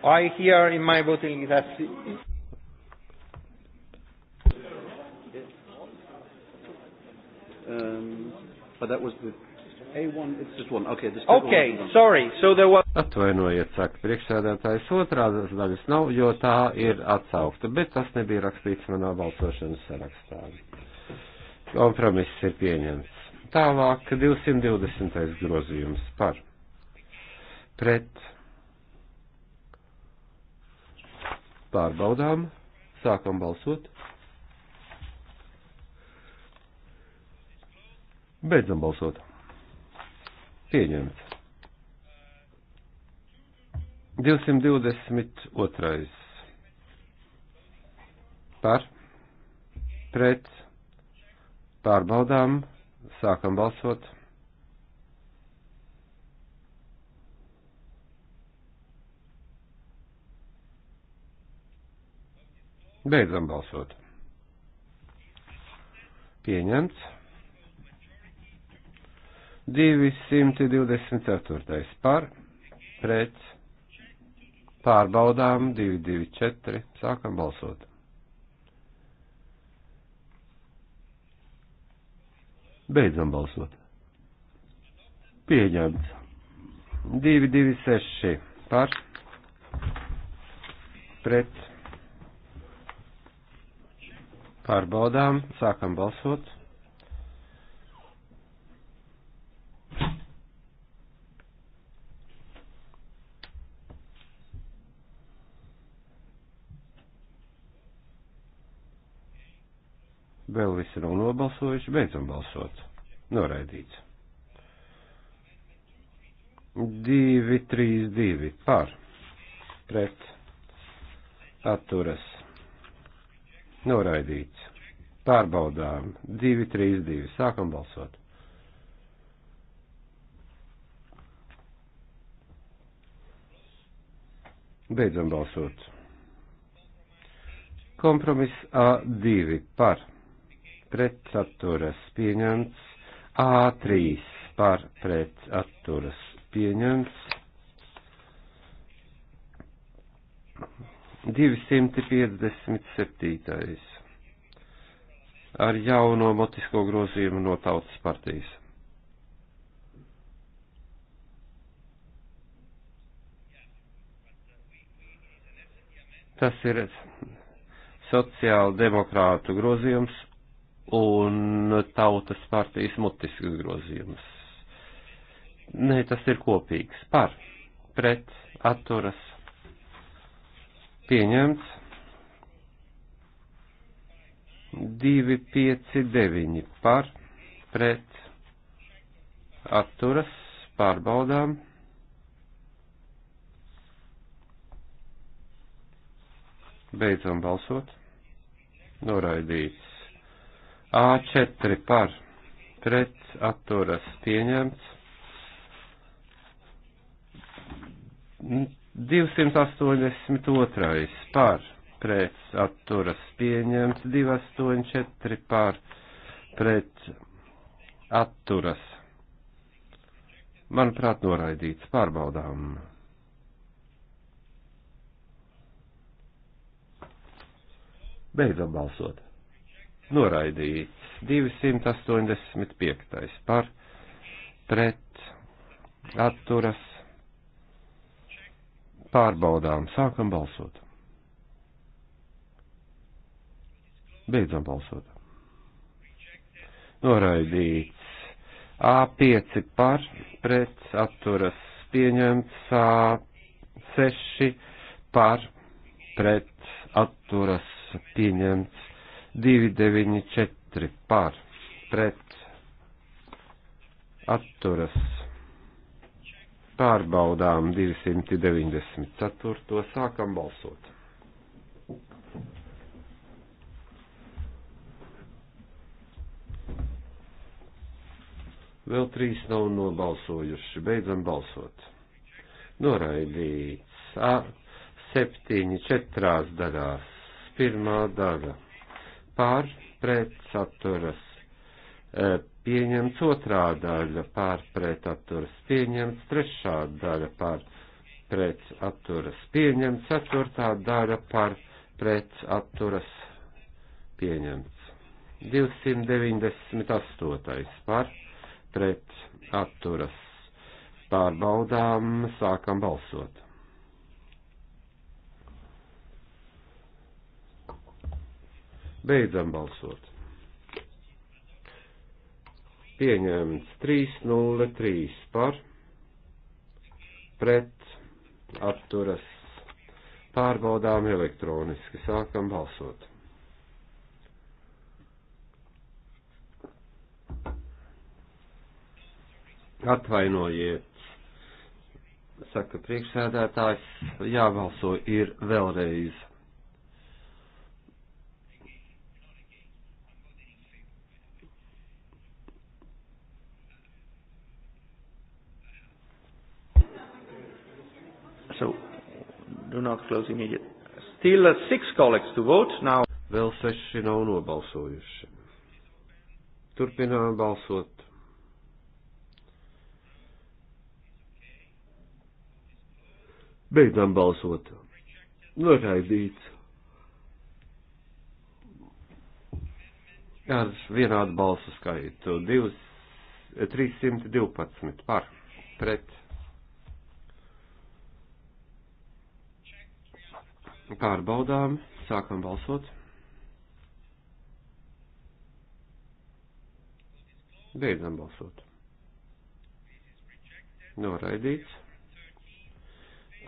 S4: I hear in my voting that. Um, but that was the A1, it's just one. Okay, this okay one.
S1: sorry. So there was... Atvainojiet, saka priekšsēdētājs, otrā daļas nav, jo tā ir atsaukta, bet tas nebija rakstīts manā balsošanas sarakstā. Kompromiss ir pieņemts. Tālāk 220. grozījums par pret Pārbaudām, sākam balsot. Beidzam balsot. Pieņemts. 222. Par, pret, pārbaudām, sākam balsot. Beidzam balsot. Pieņemts. 224. par, pret, pārbaudām, 224, sākam balsot. Beidzam balsot. Pieņemts. 226 par, pret, Pārbaudām, sākam balsot. Vēl visi nav nobalsojuši, beidzam balsot. Noraidīts. 2, 3, 2 par pret atturas Noraidīts. Pārbaudām. 2, 3, 2. Sākam balsot. Beidzam balsot. Kompromiss A2 par pret atturas pieņemts. A3 par pret atturas pieņemts. 257. ar jauno motisko grozījumu no tautas partijas. Tas ir sociāla demokrātu grozījums un tautas partijas mutisks grozījums. Nē, tas ir kopīgs par, pret, atturas, pieņemts 259 par pret atturas pārbaudām. Beidzam balsot. Noraidīts. A4 par pret atturas pieņemts. 282 par pret atturas pieņemts, 284 par pret atturas. Manuprāt, noraidīts pārbaudām. Beidzam balsot. Noraidīts 285 par pret atturas Pārbaudām, sākam balsot. Beidzam balsot. Noraidīts. A5 par, pret, atturas pieņemts, A6 par, pret, atturas pieņemts, 294 par, pret, atturas pieņemts pārbaudām 294. sākam balsot. Vēl trīs nav nobalsojuši. Beidzam balsot. Noraidīts. A, septiņi četrās daļās. Pirmā daļa. Pār pret saturas. E, pieņemts, otrā daļa pār pret atturas pieņemts, trešā daļa pār pret atturas pieņemts, ceturtā daļa pār pret atturas pieņemts. 298. par pret atturas pārbaudām sākam balsot. Beidzam balsot pieņemts 303 par, pret atturas pārbaudām elektroniski, sākam balsot. Atvainojiet, saka priekšsēdētājs, jābalso ir vēlreiz. do not close immediately. Still uh, six colleagues to vote now. Vēl seši nav nobalsojuši. Turpinām balsot. Beidzām balsot. Noraidīts. Ar vienādu balsu skaitu. 2, 312 eh, par. Pret Pārbaudām, sākam balsot. Beidzam balsot. Noraidīts.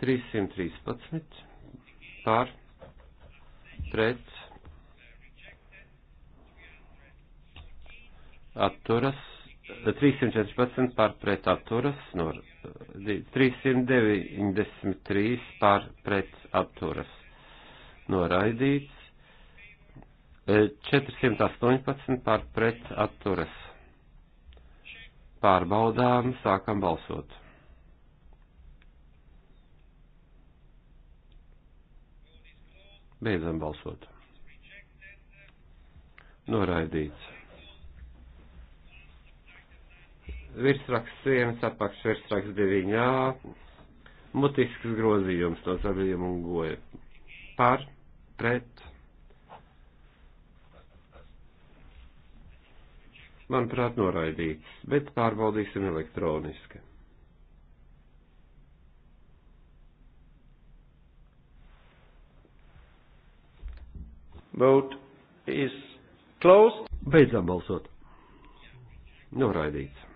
S1: 313 pār pret atturas 314 pār pret atturas, no 393 pār pret atturas noraidīts. 418 e, par pret atturas. Pārbaudām, sākam balsot. Beidzam balsot. Noraidīts. Virsraksts 1, apakšvirsraksts 9, mutisks grozījums no zaļajiem un goja par pret. Manuprāt, noraidīts, bet pārbaudīsim elektroniski. Vote is closed. Beidzam balsot. Noraidīts.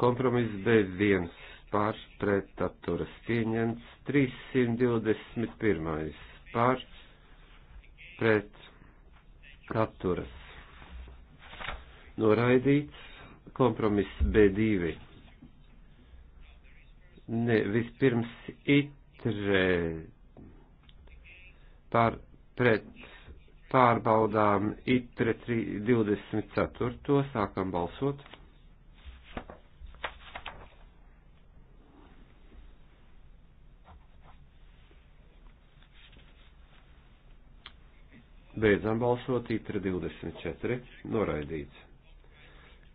S1: Kompromiss B1 par pretaturas pieņemts, 321. par pretaturas noraidīts, kompromiss B2. Ne, vispirms itre par pret pārbaudām itre 24. sākam balsot. Beidzam balsot, itra 24, noraidīts.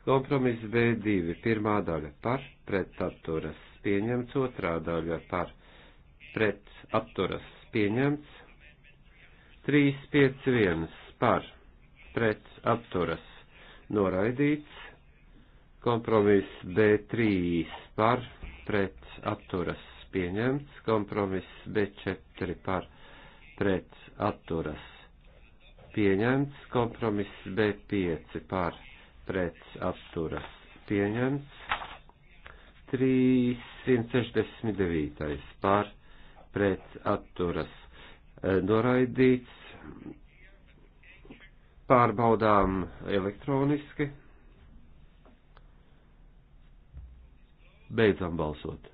S1: Kompromiss B2, pirmā daļa par, pret apturas, pieņemts, otrā daļa par, pret apturas, pieņemts, 351 par, pret apturas, noraidīts, kompromiss B3 par, pret apturas, pieņemts, kompromiss B4 par, pret apturas, pieņemts, kompromiss B5 par pret atturas pieņemts, 369 par pret atturas e, noraidīts, pārbaudām elektroniski, beidzam balsot.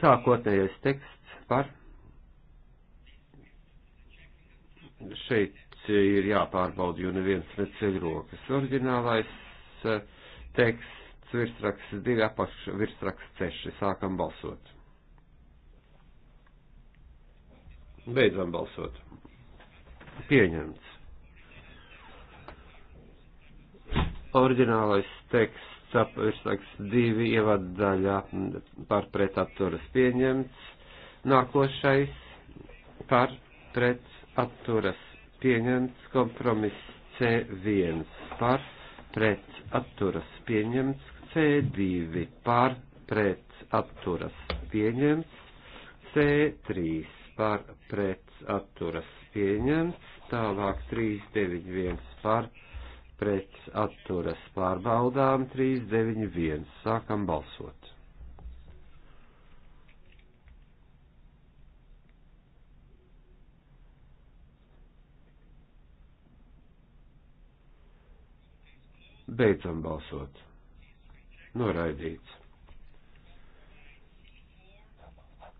S1: sākotnējais teksts par. Šeit ir jāpārbauda, jo neviens neceļ rokas. Orģinālais eh, teksts virsraksts 2 apakš virsraksts 6. Sākam balsot. Beidzam balsot. Pieņemts. Orģinālais teksts virsraksts 2 ievaddaļā par pretatturas pieņemts. Nākošais par pret atturas pieņemts kompromiss C1 par pret atturas pieņemts C2 par pret atturas pieņemts C3 par pret atturas pieņemts tālāk 391 par pret atturas pārbaudām 391 sākam balsot. Beidzam balsot. Noraidīts.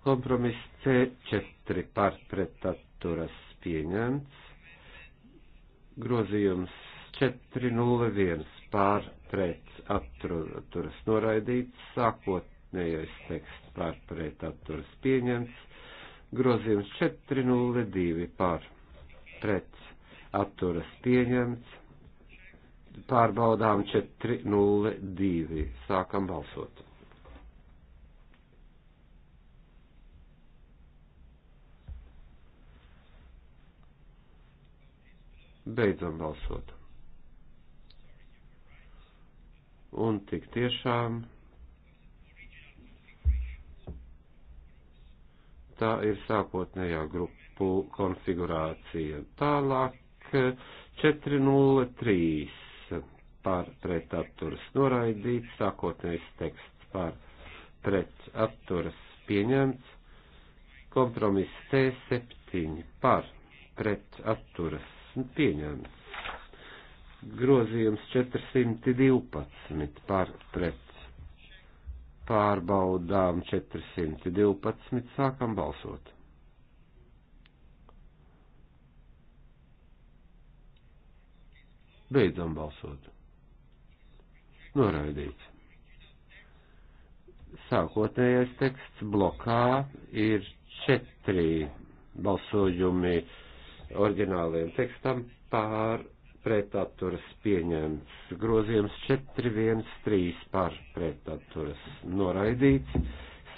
S1: Kompromiss C4 par pretaturas pieņemts. Grozījums 401 pār pret atturas noraidīts. Sākotnējais teksts pār pret atturas pieņemts. Grozījums 402 pār pret atturas pieņemts pārbaudām 402. Sākam balsot. Beidzam balsot. Un tik tiešām tā ir sākotnējā grupu konfigurācija. Tālāk 403 par pret atturas noraidīts, sākotnējs teksts par pret atturas pieņemts, kompromiss T7 par pret atturas pieņemts, grozījums 412 par pret pārbaudām 412, sākam balsot. Beidzam balsot noraidīts. Sākotnējais teksts blokā ir četri balsojumi oriģināliem tekstam pār pretaturas pieņemts. Grozījums 413 par pretaturas noraidīts.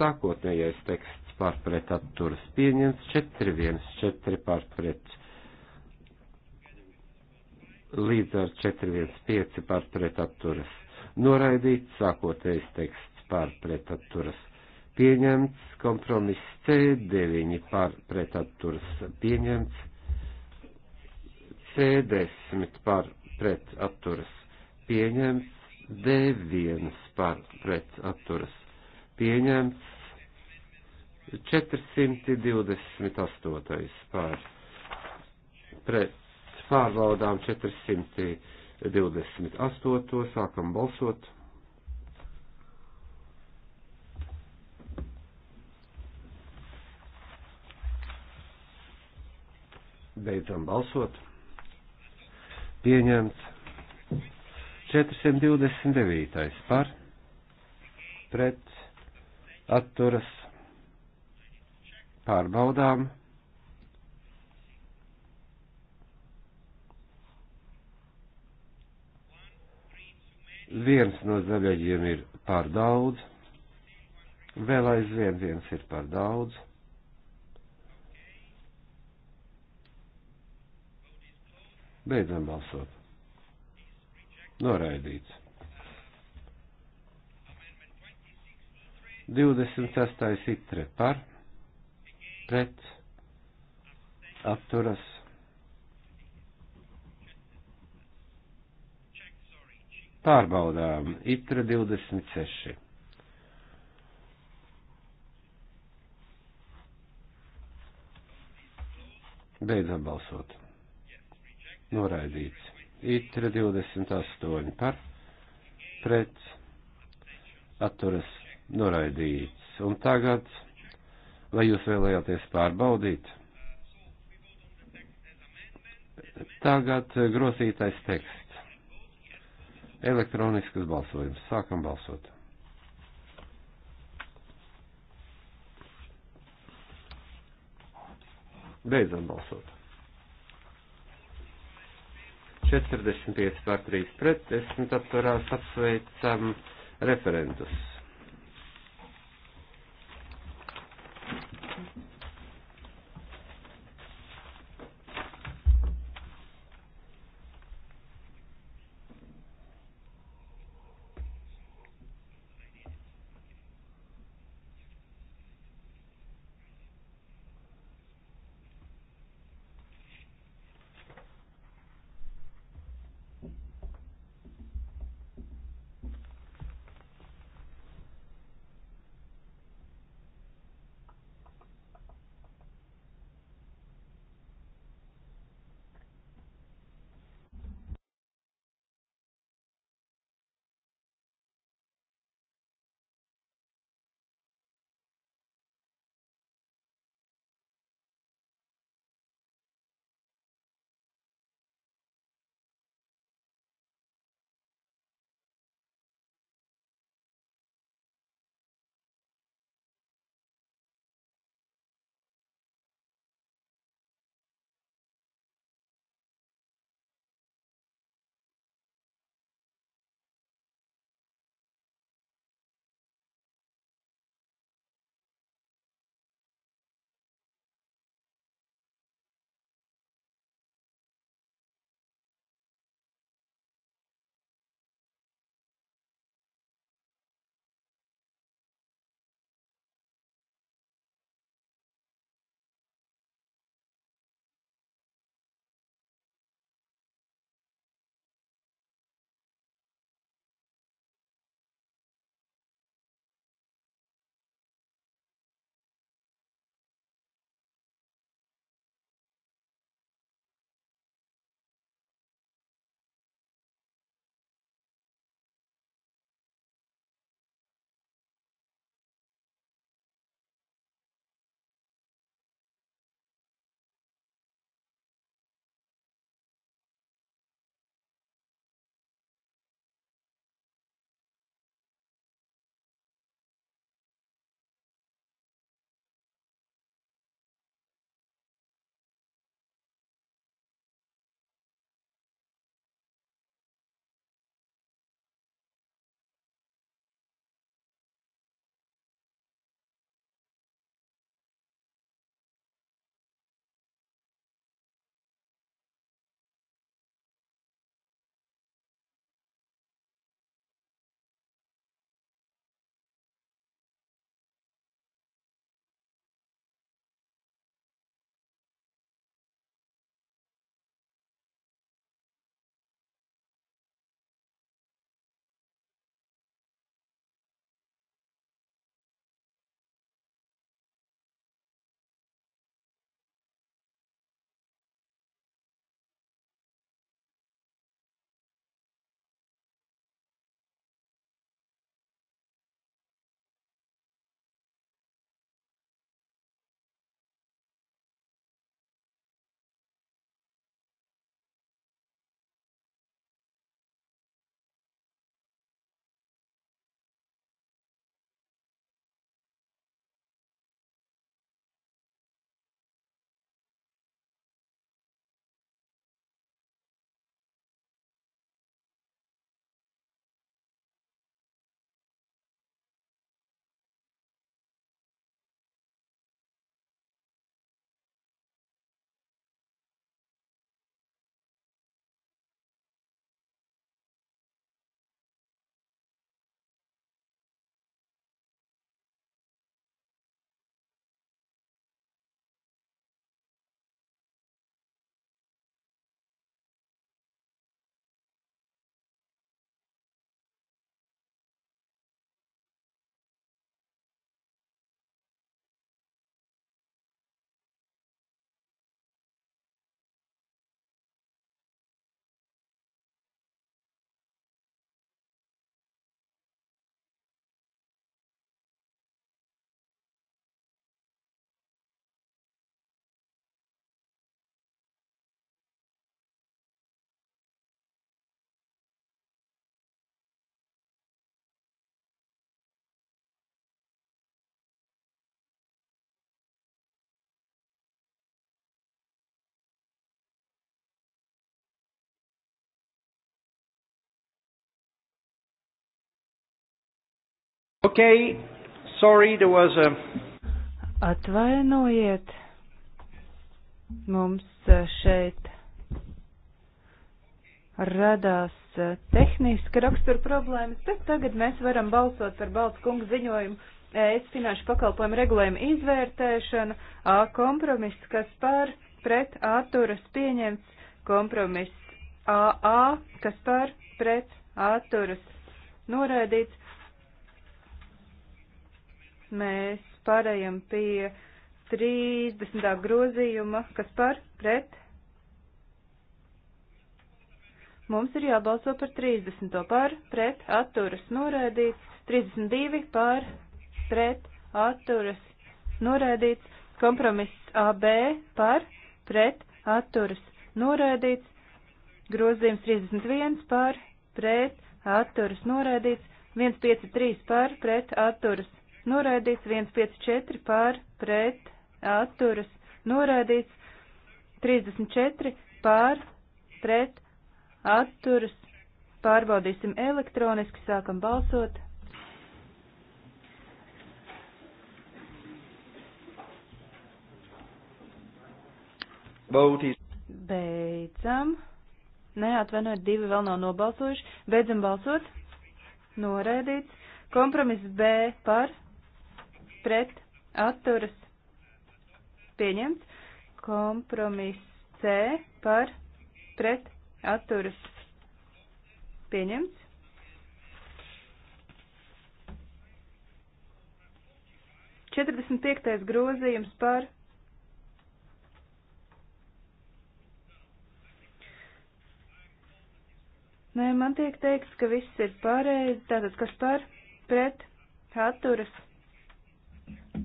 S1: Sākotnējais teksts par pretaturas pieņemts 414 par pret. Līdz ar 415 par pretaturas noraidīts, sākotējs teksts par pretaturas pieņemts, kompromiss C9 par pretaturas pieņemts, C10 par pretaturas pieņemts, D1 par pretaturas pieņemts, 428 par pret pārbaudām 428. 28. sākam balsot. Beidzam balsot. Pieņemts 429. par pret atturas pārbaudām. Viens no zaļajiem ir par daudz, vēl aizvien viens ir par daudz. Beidzam balsot. Noraidīts. 26. itre par, pret, apturas, pārbaudām. Itra 26. Beidzam balsot. Noraidīts. Itra 28 par pret atturas noraidīts. Un tagad, vai jūs vēlējāties pārbaudīt? Tagad grozītais teksts Elektroniskas balsojums. Sākam balsot. Beidzam balsot. 45 pār 3 pret 10 atturās apsveicam referentus.
S3: Okay, sorry, there was a... Atvainojiet, mums eh, šeit radās eh, tehniski rakstura problēmas, bet tagad mēs varam balsot par Balts kunga ziņojumu eh, ES finanšu pakalpojumu regulējumu izvērtēšanu, A kompromiss, kas par pret atturas pieņemts, kompromiss AA, kas par pret atturas noraidīts, mēs pārējam pie 30. grozījuma, kas par pret. Mums ir jābalso par 30. par pret atturas noraidīts, 32 par pret atturas noraidīts, kompromiss AB par pret atturas noraidīts, grozījums 31 par pret atturas noraidīts, 153 par pret atturas noraidīts 154 par pret atturas noraidīts 34 par pret atturas pārbaudīsim elektroniski sākam balsot. Bautīs. Beidzam. Neatvainojiet, divi vēl nav nobalsojuši. Beidzam balsot. Noraidīts. Kompromiss B par pret atturas pieņemts. Kompromiss C par pret atturas pieņemts. Četrdesmit piektais grozījums par Nē, man tiek teikts, ka viss ir pareizi, tātad kas par, pret, atturas,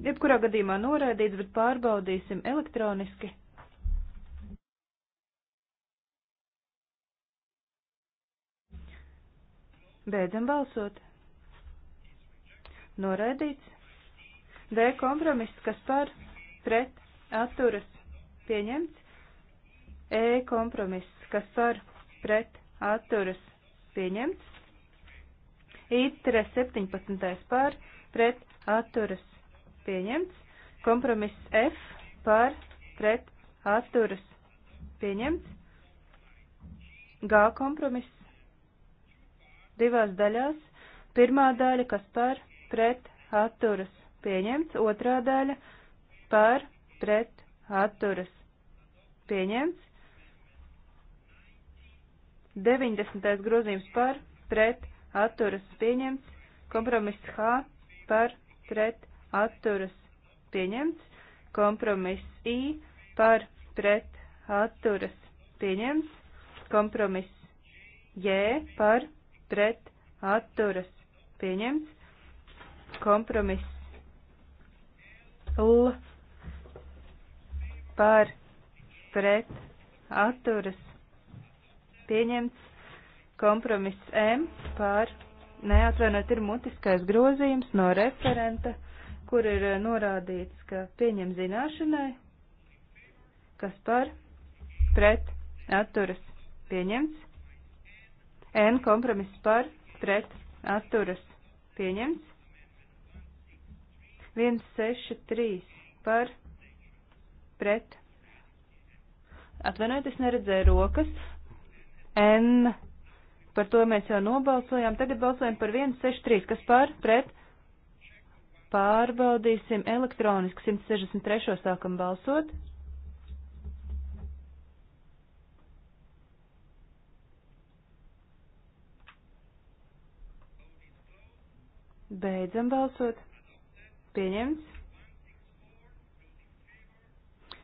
S3: Jebkurā gadījumā noraidīts, bet pārbaudīsim elektroniski. Beidzam balsot. Noraidīts. D kompromiss, kas par pret atturas pieņemts. E kompromiss, kas par pret atturas pieņemts. Itre 17. par pret atturas pieņemts. Kompromiss F par pret atturas pieņemts. G kompromiss divās daļās. Pirmā daļa, kas par pret atturas pieņemts, otrā daļa par pret atturas pieņemts. 90. grozījums par pret atturas pieņemts, kompromiss H par pret atturas pieņemts, kompromiss I par pret atturas pieņemts, kompromiss J par pret atturas pieņemts, kompromiss L par pret atturas pieņemts, kompromiss M par neatvainot ir mutiskais grozījums no referenta kur ir eh, norādīts, ka pieņem zināšanai, kas par pret atturas pieņemts, N kompromiss par pret atturas pieņemts, 163 par pret. Atvainojiet, es neredzēju rokas. N. Par to mēs jau nobalsojām. Tagad balsojam par 163, kas par pret Pārbaudīsim elektroniski 163. sākam balsot. Beidzam balsot. Pieņemts.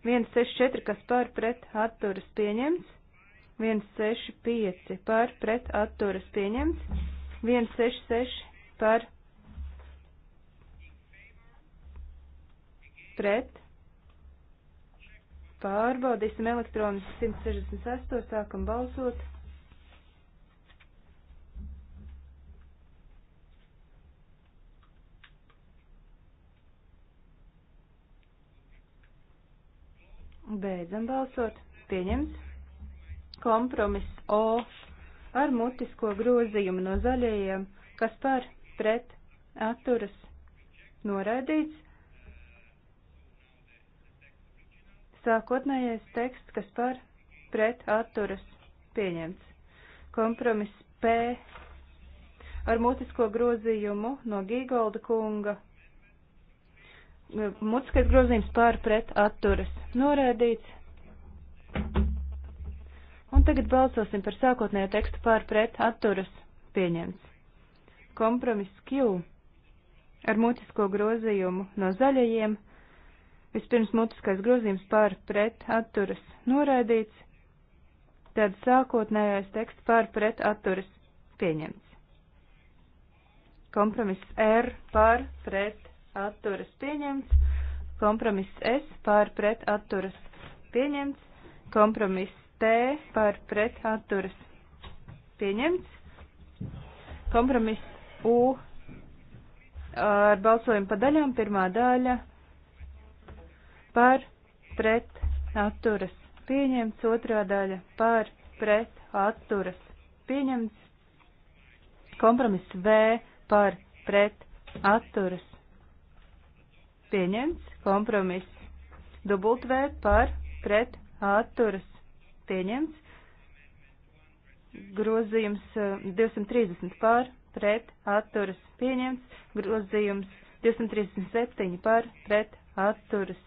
S3: 164, kas par pret atturas pieņemts. 165 par pret atturas pieņemts. 166 par pret. Pārbaudīsim elektroniski 168, sākam balsot. Beidzam balsot. Pieņemts. Kompromiss O ar mutisko grozījumu no zaļajiem, kas par pret atturas noraidīts. Sākotnējais teksts, kas par pret atturas pieņemts. Kompromiss P ar mutisko grozījumu no Gīgolda kunga. Mutiskais grozījums pār pret atturas norēdīts. Un tagad balsosim par sākotnējo tekstu pār pret atturas pieņemts. Kompromiss Q ar mutisko grozījumu no zaļajiem Vispirms mutiskais grozījums pār pret atturas noraidīts, tad sākotnējais teksts pār pret atturas pieņemts. Kompromiss R pār pret atturas pieņemts, kompromiss S pār pret atturas pieņemts, kompromiss T pār pret atturas pieņemts, kompromiss U ar balsojumu pa daļām pirmā daļa par pret atturas. Pieņemts otrā daļa par pret atturas. Pieņemts kompromiss V par pret atturas. Pieņemts kompromiss dubult V par pret atturas. Pieņemts grozījums 230 eh, pār, pret, atturas, pieņemts, grozījums 237 pār, pret, atturas,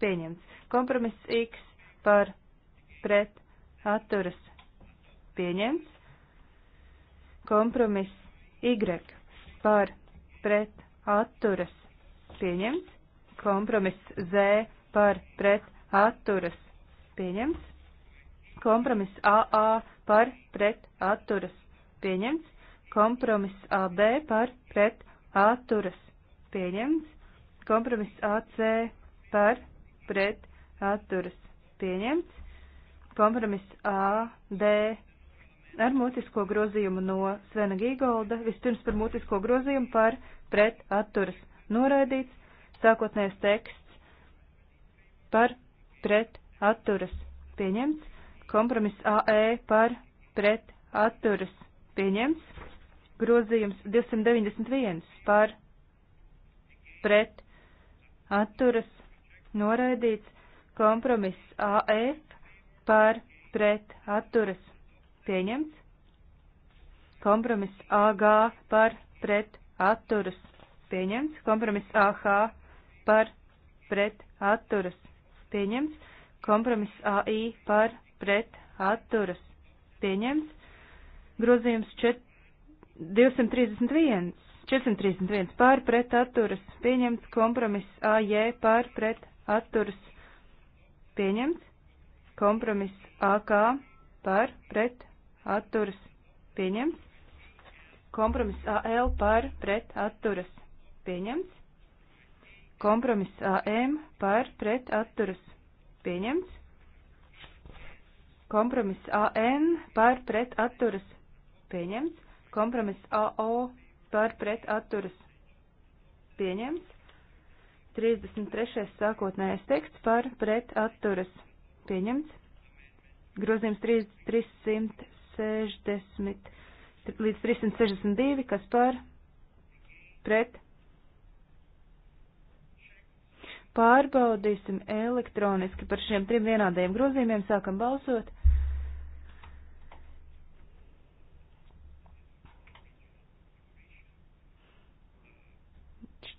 S3: pieņemts. Kompromiss X par pret atturas pieņemts. Kompromiss Y par pret atturas pieņemts. Kompromiss Z par pret atturas pieņemts. Kompromiss AA par pret atturas pieņemts. Kompromiss AB par pret atturas pieņemts. Kompromiss AC par pret atturas pieņemts. Kompromiss A, D ar mutisko grozījumu no Svena Gīgolda, vispirms par mutisko grozījumu par pret atturas noraidīts, sākotnējais teksts par pret atturas pieņemts, kompromiss AE par pret atturas pieņemts, grozījums 291 par pret atturas noraidīts, kompromiss AF e par pret atturas pieņemts, kompromiss AG par pret atturas pieņemts, kompromiss AH par pret atturas pieņemts, kompromiss AI par pret atturas pieņemts, grozījums 4, 231. 431 pār pret atturas, pieņemts kompromiss AJ pār pret atturas pieņemts. Kompromiss AK par pret atturas pieņemts. Kompromiss AL par pret atturas pieņemts. Kompromiss AM par pret atturas pieņemts. Kompromiss AN par pret atturas pieņemts. Kompromiss AO par pret atturas pieņemts. 33. sākotnējais teksts par pret atturas pieņemts. Grozījums 3, 360 līdz 362, kas par pret. Pārbaudīsim elektroniski par šiem trim vienādajiem grozījumiem, sākam balsot.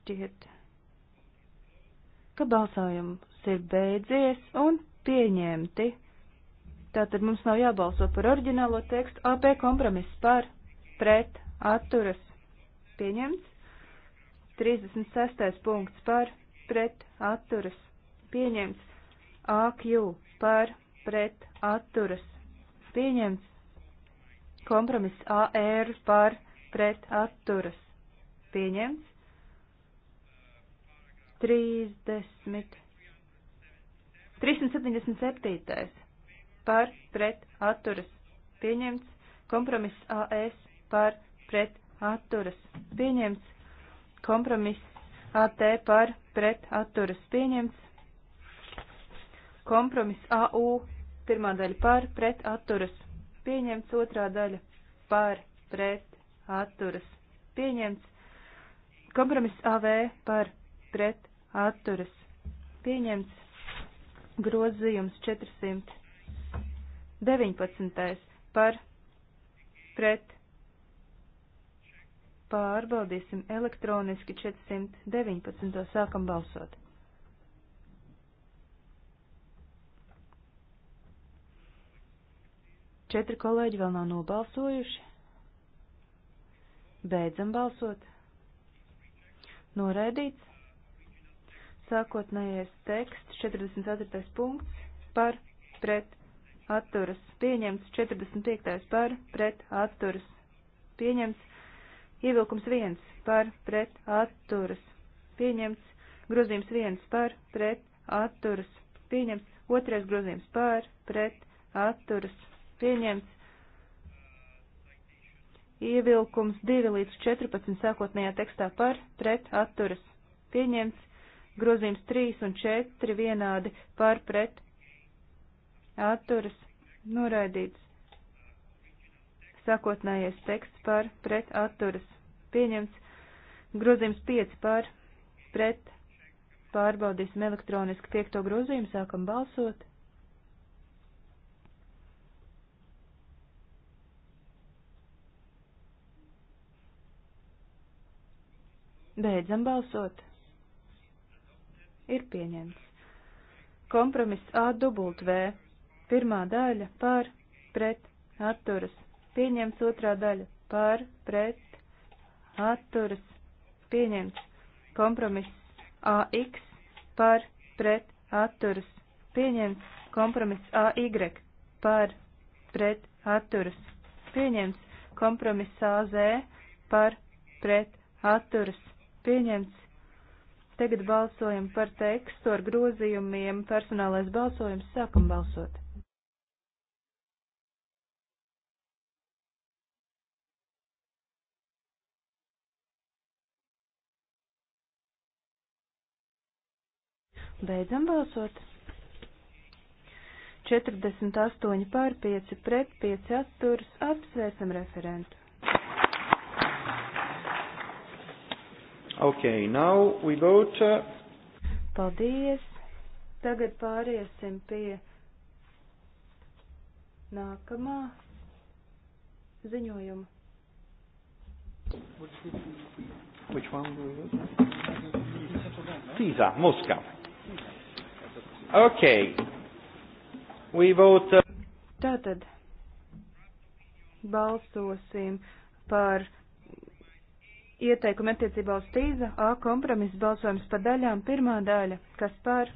S3: Šķiet, ka balsojums ir beidzies un pieņemti. Tātad mums nav jābalso par oriģinālo tekstu. AP kompromiss par, pret, atturas, pieņemts. 36. punkts par, pret, atturas, pieņemts. AQ par, pret, atturas, pieņemts. Kompromiss AR par, pret, atturas, pieņemts. 30. 377. par pret atturas pieņemts. Kompromiss AS par pret atturas pieņemts. Kompromiss AT par pret atturas pieņemts. Kompromiss AU pirmā daļa par pret atturas pieņemts. Otrā daļa par pret atturas pieņemts. Kompromiss AV par pret atturas pieņemts. Grozījums 419. par pret. Pārbaudīsim elektroniski 419. sākam balsot. Četri kolēģi vēl nav nobalsojuši. Beidzam balsot. Noraidīts sākotnējais teksts, 44. punkts par pret atturas pieņemts, 45. par pret atturas pieņemts, ievilkums 1 par pret atturas pieņemts, grozījums 1 par pret atturas pieņemts, otrais grozījums par pret atturas pieņemts, ievilkums 2 līdz 14 sākotnējā tekstā par pret atturas pieņemts, Grozījums 3 un 4 vienādi par pret atturas noraidīts. Sākotnējais teksts par pret atturas pieņemts. Grozījums 5 par pret pārbaudīsim elektroniski piekto grozījumu, sākam balsot. Beidzam balsot ir pieņemts. Kompromiss A dubult V. Pirmā daļa par pret atturas. Pieņemts otrā daļa par pret atturas. Pieņemts. Kompromiss AX par pret atturas. Pieņemts. Kompromiss AY par pret atturas. Pieņemts. Kompromiss AZ par pret atturas. Pieņemts Tagad balsojam par tekstu ar grozījumiem. Personālais balsojums. Sākam balsot. Beidzam balsot. 48 pār 5 pret 5 atturas. Apsveicam referentu.
S1: Okay, now we go to... Uh,
S3: Paldies. Tagad pāriesim pie nākamā ziņojuma.
S4: Which one do we
S3: use?
S4: Pisa, Mosca.
S1: Okay. We vote. Uh...
S3: Tātad balsosim par ieteikumu attiecībā uz tīza A kompromisu balsojums pa daļām. Pirmā daļa, kas par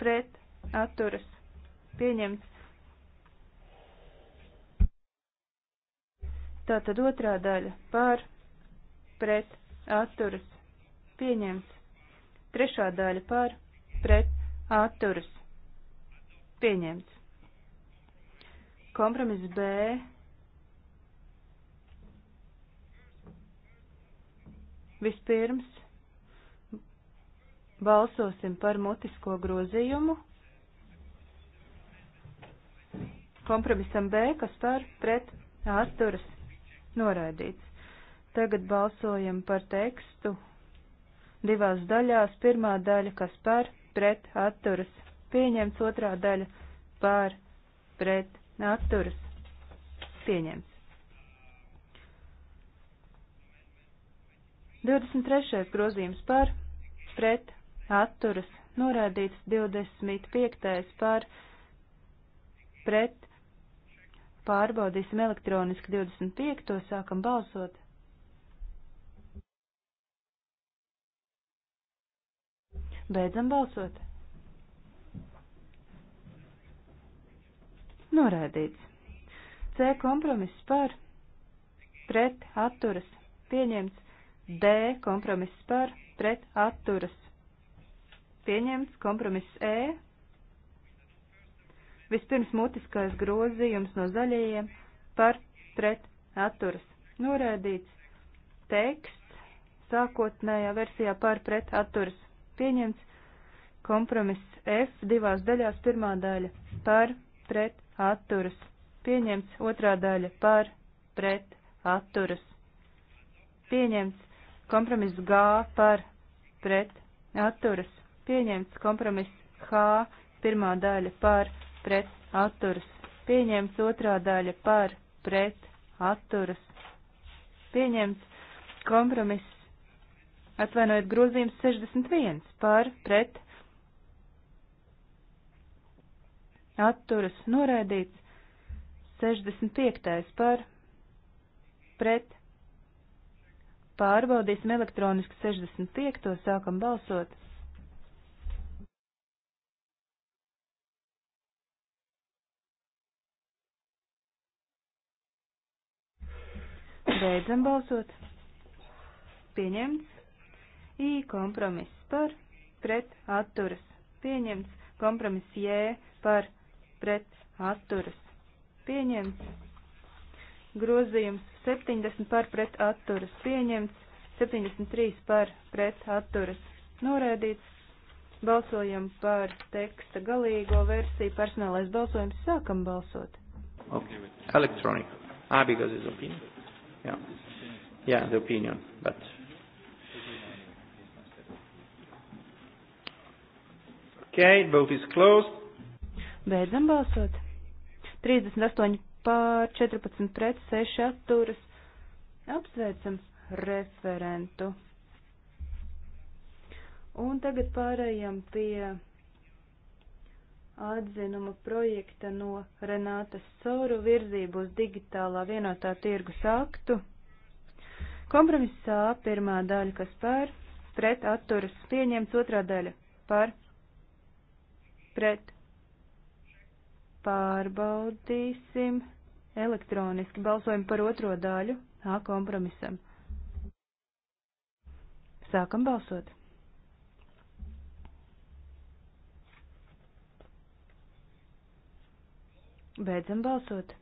S3: pret atturas pieņemts. Tātad otrā daļa par pret atturas pieņemts. Trešā daļa par pret atturas pieņemts. Kompromiss B Vispirms balsosim par mutisko grozījumu. Kompromisam B, kas par pret atturas noraidīts. Tagad balsojam par tekstu divās daļās. Pirmā daļa, kas par pret atturas pieņemts, otrā daļa par pret atturas pieņemts. 23. grozījums par, pret, atturas, norādīts 25. par, pret, pārbaudīsim elektroniski 25. sākam balsot. Beidzam balsot. Norādīts. C kompromiss par, pret, atturas, pieņemts D kompromiss par pret atturas. Pieņemts kompromiss E. Vispirms mutiskais grozījums no zaļajiem par pret atturas. Norēdīts teksts sākotnējā versijā par pret atturas. Pieņemts kompromiss F divās daļās pirmā daļa par pret atturas. Pieņemts otrā daļa par pret atturas. Pieņemts kompromiss G par pret atturas pieņemts, kompromiss H pirmā daļa par pret atturas pieņemts, otrā daļa par pret atturas pieņemts, kompromiss Atvainojiet, grozījums 61 par pret atturas noraidīts, 65 par pret Pārbaudīsim elektroniski 65. To sākam balsot. Beidzam balsot. Pieņemts. I kompromiss par, pret, atturas. Pieņemts. Kompromiss J par, pret, atturas. Pieņemts grozījums 70 par pret atturas pieņemts, 73 par pret atturas norēdīts. Balsojam par teksta galīgo versiju. Personālais balsojums sākam balsot.
S2: Okay. Electronic. Ah, because it's opinion.
S1: Yeah. Yeah, the opinion. But
S4: Okay, vote is closed.
S3: Beidzam balsot. 38 pār 14 pret 6 atturas. Apsveicam referentu. Un tagad pārējām pie atzinuma projekta no Renātas Soru virzību uz digitālā vienotā tirgus aktu. Kompromiss A pirmā daļa, kas pār, pret atturas pieņemts, otrā daļa par, pret pārbaudīsim. Elektroniski balsojam par otro daļu A kompromisam. Sākam balsot. Beidzam balsot.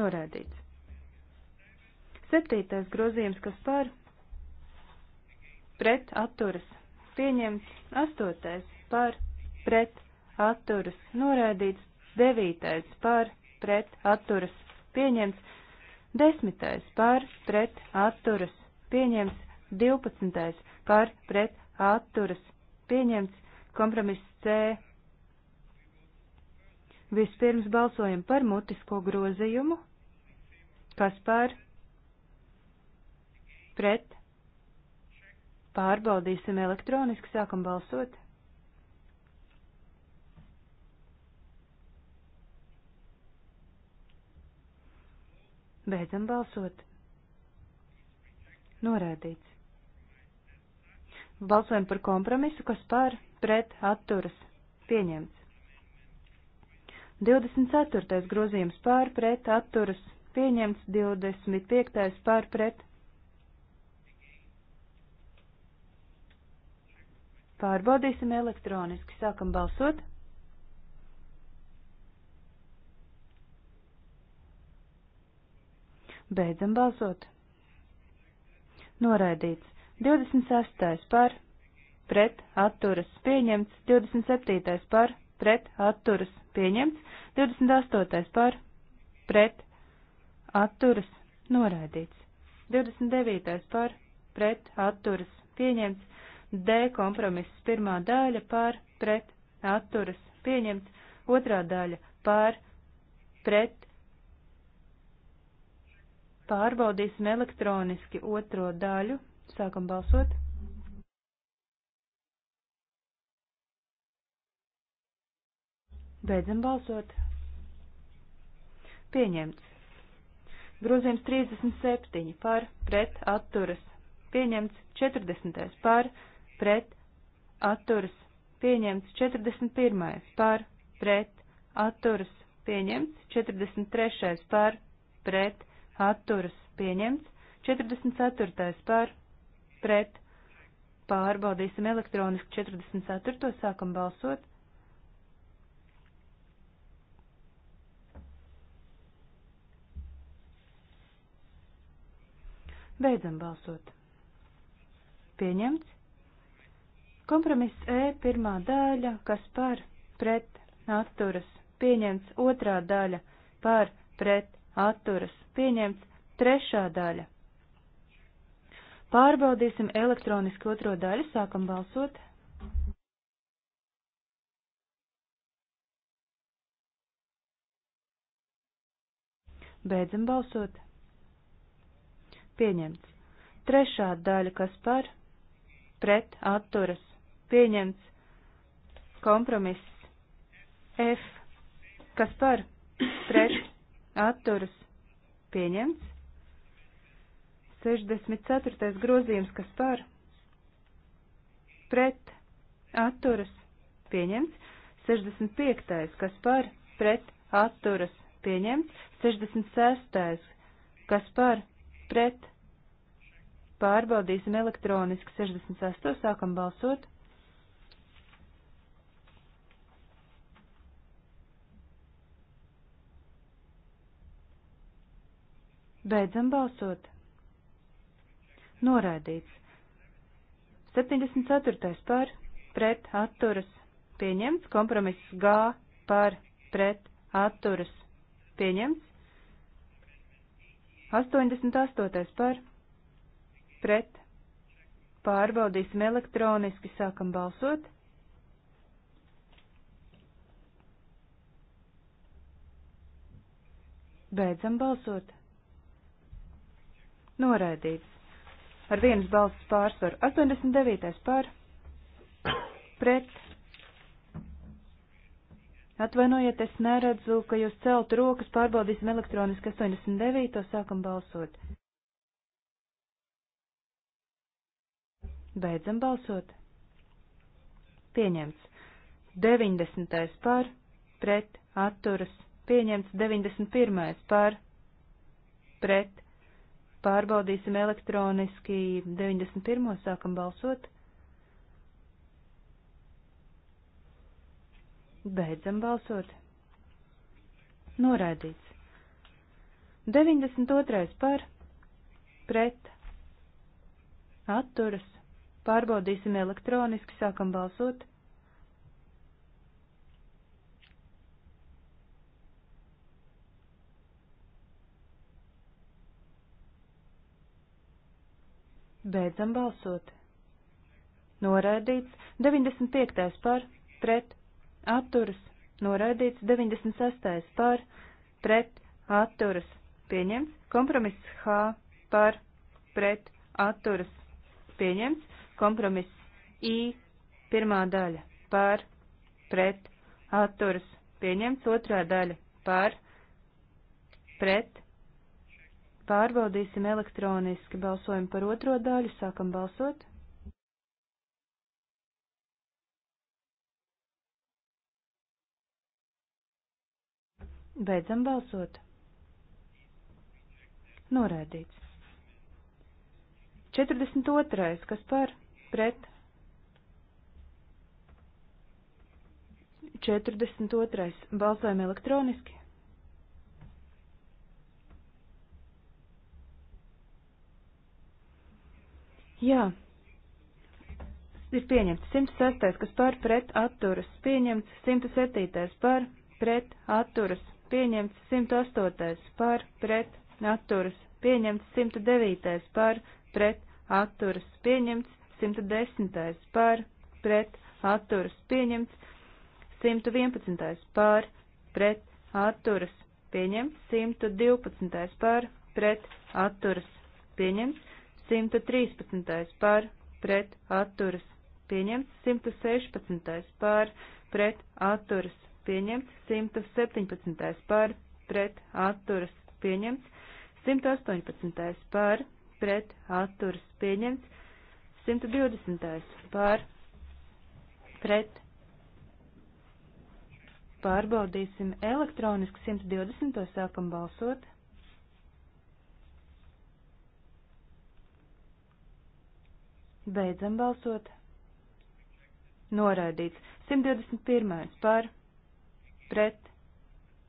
S3: Norādīts. Septītais grozījums, kas par pret atturas. Pieņemts. Astotais par pret atturas. Norādīts. Devītais par pret atturas pieņemts. Desmitais par pret atturas pieņemts. Divpadsmitais par pret atturas pieņemts. Kompromiss C. Vispirms balsojam par mutisko grozījumu. Kas par? Pret. Pārbaudīsim elektroniski, sākam balsot. Beidzam balsot. Norādīts. Balsojam par kompromisu, kas par pret atturas pieņemts. 24. grozījums pār pret atturas pieņemts, 25. pār pret pārbaudīsim elektroniski, sākam balsot. Beidzam balsot. Noraidīts. 26. par, pret, atturas, pieņemts. 27. par, pret, atturas, pieņemts. 28. par, pret, atturas, noraidīts. 29. par, pret, atturas, pieņemts. D kompromiss pirmā daļa par, pret, atturas, pieņemts. Otrā daļa par, pret, Pārbaudīsim elektroniski otro daļu. Sākam balsot. Beidzam balsot. Pieņemts. Grozījums 37 par pret atturas. Pieņemts 40. par pret atturas. Pieņemts 41. par pret atturas. Pieņemts 43. par pret atturas atturas pieņemts, 44. par pret pārbaudīsim elektroniski 44. sākam balsot. Beidzam balsot. Pieņemts. Kompromiss E pirmā daļa, kas par pret atturas. Pieņemts otrā daļa par pret atturas, pieņemts trešā daļa. Pārbaudīsim elektroniski otro daļu, sākam balsot. Beidzam balsot. Pieņemts. Trešā daļa, kas par, pret, atturas, pieņemts, kompromiss, F, kas par, pret, atturas pieņemts. 64. grozījums, kas par pret atturas pieņemts. 65. kas par pret atturas pieņemts. 66. kas par pret pārbaudīsim elektroniski 68. sākam balsot. Beidzam balsot. Noraidīts. 74. par, pret, atturas, pieņemts. Kompromiss G par, pret, atturas, pieņemts. 88. par, pret, pārbaudīsim elektroniski, sākam balsot. Beidzam balsot. Noraidīts. Ar vienas balsts pārsvaru 89. par. Pret. Atvainojiet, es neredzu, ka jūs celt rokas, pārbaudīsim elektroniski 89. sākam balsot. Beidzam balsot. Pieņemts. 90. par, pret, atturas. Pieņemts 91. par, pret, Pārbaudīsim elektroniski 91. sākam balsot. Beidzam balsot. Noraidīts. 92. par, pret, atturas. Pārbaudīsim elektroniski, sākam balsot. Beidzam balsot. Noraidīts 95. par, pret, atturas. Noraidīts 96. par, pret, atturas. Pieņemts. Kompromiss H par, pret, atturas. Pieņemts. Kompromiss I pirmā daļa par, pret, atturas. Pieņemts otrā daļa par, pret, Pārbaudīsim elektroniski balsojumu par otro daļu. Sākam balsot. Beidzam balsot. Norēdīts. 42. Kas par? Pret. 42. Balsojam elektroniski. Jā, ir pieņemts 106. kas par pret atturas, pieņemts 107. par pret atturas, pieņemts 108. par pret atturas, pieņemts 109. par pret atturas, pieņemts 110. par pret atturas, pieņemts 111. par pret atturas, pieņemts 112. par pret atturas, pieņemts 113. par pret atturas pieņemts, 116. par pret atturas pieņemts, 117. par pret atturas pieņemts, 118. par pret atturas pieņemts, 120. par pret pārbaudīsim elektroniski 120. sākam balsot. Beidzam balsot. Noraidīts. 121. par, pret,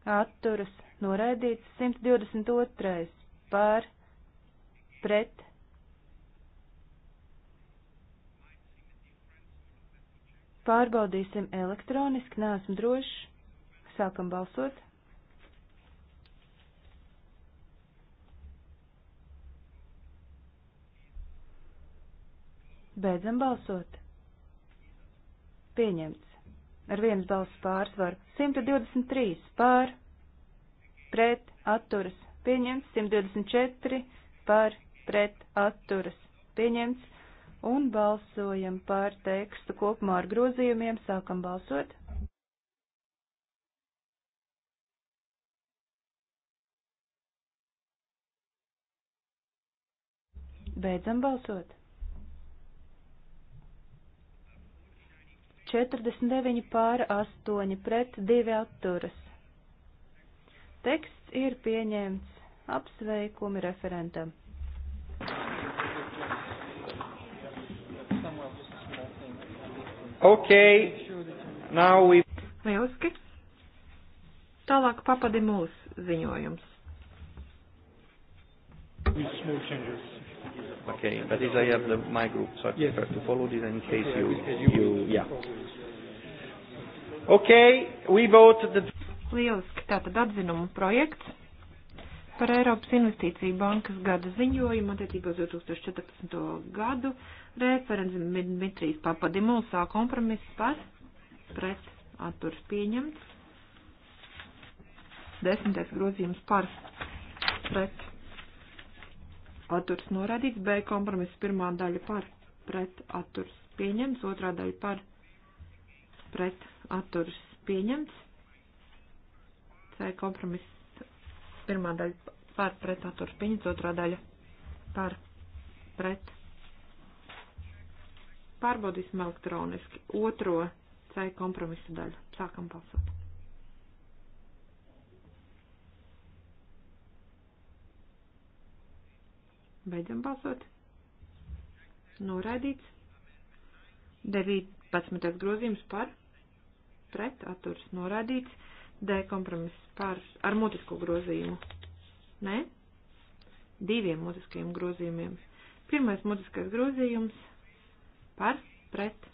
S3: atturas, noraidīts. 122. par, pret. Pārbaudīsim elektroniski, neesmu drošs. Sākam balsot. Beidzam balsot. Pieņemts. Ar vienas balss pārsvaru. 123 pār, pret, atturas. Pieņemts. 124 pār, pret, atturas. Pieņemts. Un balsojam pār tekstu kopumā ar grozījumiem. Sākam balsot. Beidzam balsot. 49 pār 8 pret 2 atturas. Teksts ir pieņemts. Apsveikumi referentam.
S4: Ok,
S2: now we. Lieliski. Tālāk papadi mūsu ziņojums. With small changes. Okay, but this I have the, my group, so I yes. prefer to follow this in case okay, you, you, yeah. Okay, we vote the... Lieliski, tātad atzinumu projekts par Eiropas Investīciju bankas gada ziņojumu attiecībā uz 2014. gadu. Referents Dmitrijs Papadimuls sā kompromiss par pret atturs pieņemts. Desmitais grozījums par pret atturs norādīts, B kompromiss pirmā daļa par pret atturs pieņemts, otrā daļa par pret atturs pieņemts, C kompromiss pirmā daļa par pret atturs pieņemts, otrā daļa par pret. Pārbaudīsim elektroniski otro C kompromisa daļu. Sākam balsot. Beidzam balsot. Noraidīts. 19. grozījums par, pret, atturs noraidīts. D kompromiss par, ar mutisko grozījumu. Nē? Diviem mutiskajiem grozījumiem. Pirmais mutiskais grozījums par, pret.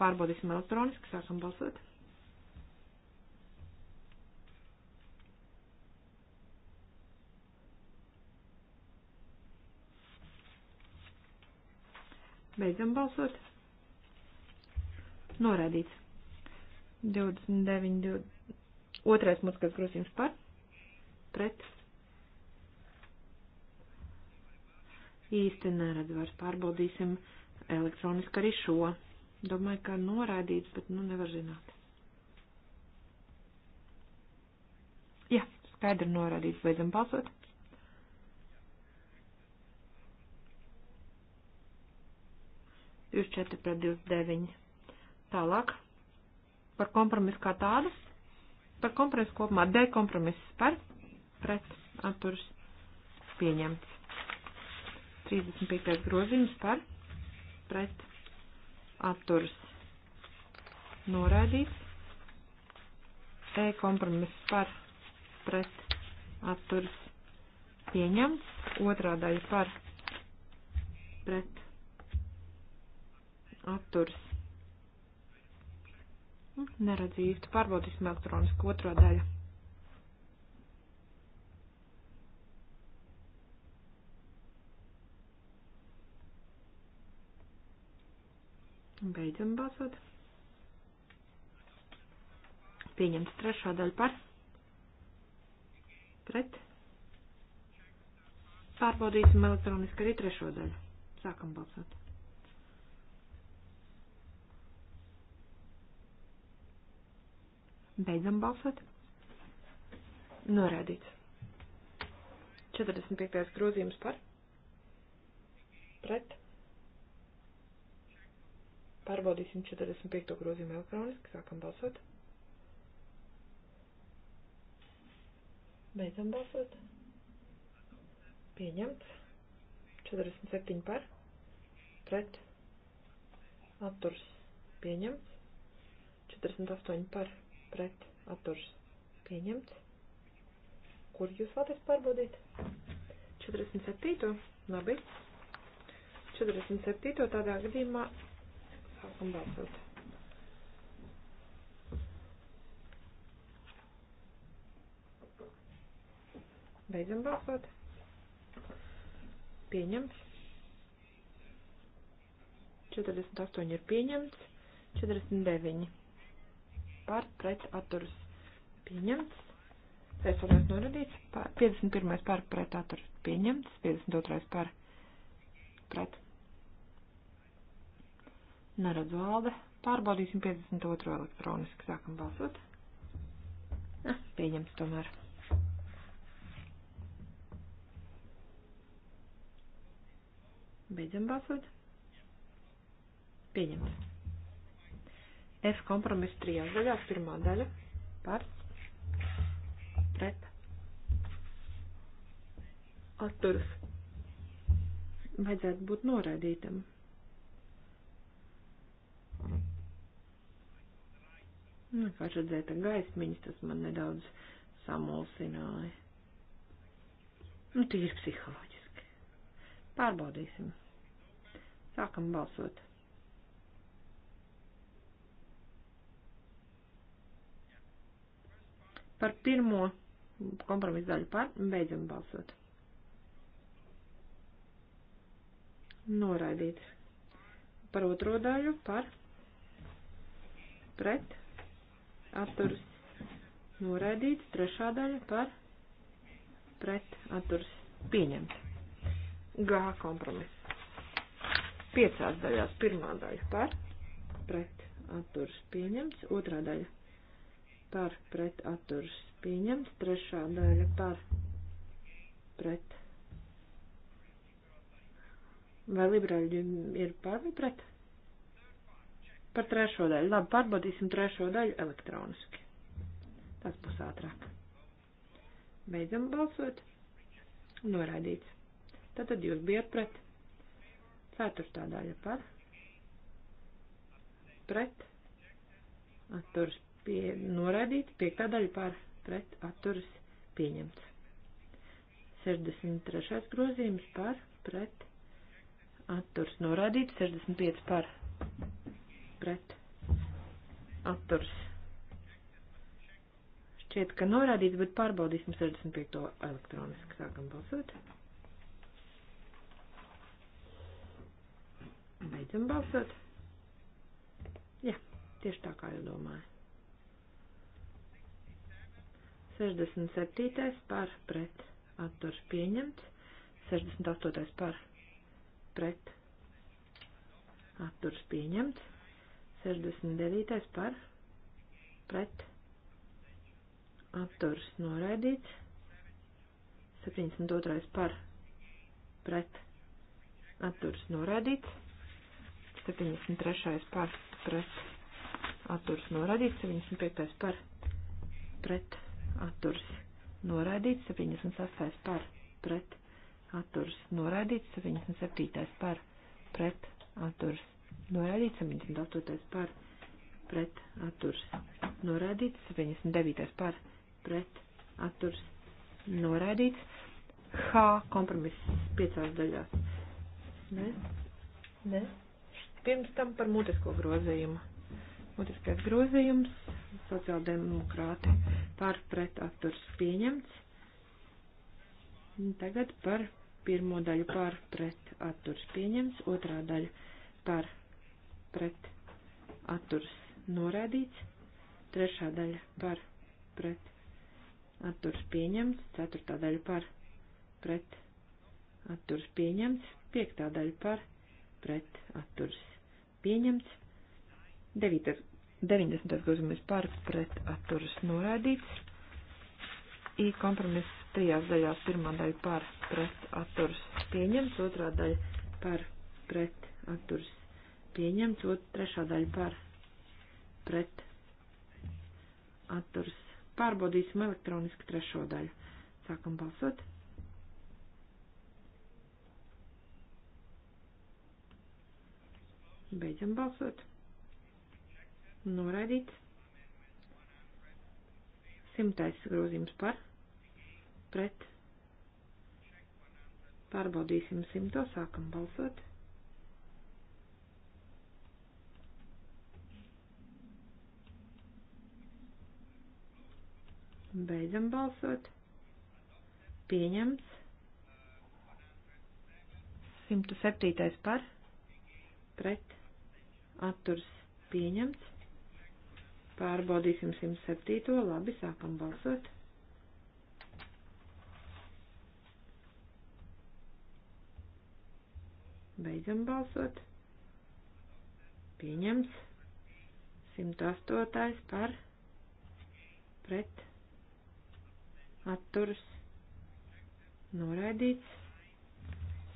S2: Pārbaudīsim elektroniski, sākam balsot. Beidzam balsot. Norādīts. 29, 2, otrais mutiskais grozījums par, pret. Īsti neredz vairs pārbaudīsim elektroniski arī šo. Domāju, ka norādīts, bet nu nevar zināt. Jā, skaidri norādīts, beidzam balsot. 24 pret 29. Tālāk par kompromisu kā tādu. Par kompromisu kopumā D kompromiss par pret atturas pieņemts. 35. grozījums par pret atturas noraidīts. E kompromiss par pret atturas pieņemts. Otrā daļa par pret atturs. Nu, neredzu īsti. Pārbaudīsim elektronisku otro daļu. Beidzam balsot. Pieņemts trešā daļa par. Pret. Pārbaudīsim elektroniski arī trešo daļu. Sākam balsot. Beidzam balsot. Norādīts. 45. grozījums par. Pret. Pārbaudīsim 45. grozījumu elektroniski. Sākam balsot. Beidzam balsot. Pieņemts. 47 par. Pret. Atturs. Pieņemts. 48 par pret atturs pieņemts. Kur jūs vēlaties pārbaudīt? 47. Labi. 47. tādā gadījumā sākam balsot. Beidzam balsot. Pieņemts. 48 ir pieņemts. 49 par pret atturas pieņemts. Sesonais noradīts, 51. par pret atturas pieņemts, 52. par pret. Neredzu valde. Pārbaudīsim 52. elektroniski. Sākam balsot. Ah, pieņemts tomēr. Beidzam balsot. Pieņemts. F kompromiss trijās daļās. Pirmā daļa par pret atturas. Vajadzētu būt noraidītam. Nu, kā redzēt, gaismiņas tas man nedaudz samulsināja. Nu, tīri psiholoģiski. Pārbaudīsim. Sākam balsot. Par pirmo kompromisu daļu par beidzam balsot. Noraidīt. Par otro daļu par pret atturas. Noraidīt. Trešā daļa par pret atturas. Pieņemt. G kompromiss piecās daļās. Pirmā daļa par, pret, atturas pieņemts, otrā daļa par pret atturas pieņemts, trešā daļa par pret. Vai liberāļi ir par vai pret? Par trešo daļu. Labi, pārbaudīsim trešo daļu elektroniski. Tas būs ātrāk. Beidzam balsot. Noraidīts. Tātad jūs bijat pret. Ceturtā daļa par. Pret. Atturas pie, noraidīta, piektā daļa par pret atturas pieņemts. 63. grozījums par pret atturas noraidīts, 65 par pret atturas. Šķiet, ka noraidīts, bet pārbaudīsim 65. elektroniski. Sākam balsot. Beidzam balsot. Jā, tieši tā kā jau domāju. 67. par pret atturs pieņemts, 68. par pret atturs pieņemts, 69. par pret atturs noraidīts, 72. par pret atturs noraidīts, 73. par pret atturs noraidīts, 75. par pret atturs noraidīts, 76. par pret atturs noraidīts, 77. par pret atturs noraidīts, 78. par pret atturs noraidīts, 79. par pret atturs noraidīts. H kompromiss piecās daļās. Ne? Ne? Pirms tam par mutisko grozījumu. Otraskais grozījums, sociāldemokrāti par pretaturs pieņemts. Tagad par pirmo daļu par pretaturs pieņemts, otrā daļa par pretaturs norādīts, trešā daļa par pretaturs pieņemts, ceturtā daļa par pretaturs pieņemts, piektā daļa par pretaturs pieņemts. 9. 90. grozījums par pret atturas noraidīts. I kompromiss trijās daļās pirmā daļa par pret atturas pieņemts, otrā daļa par pret atturas pieņemts, ot, trešā daļa par pret atturas. Pārbaudīsim elektroniski trešo daļu. Sākam balsot. Beidzam balsot. Noraidīts. Simtais grozījums par. Pret. Pārbaudīsim simto. Sākam balsot. Beidzam balsot. Pieņemts. 107. par. Pret. Atturs pieņemts. Pārbaudīsim 107. Labi, sākam balsot. Beidzam balsot. Pieņems. 108. par pret atturs noraidīts.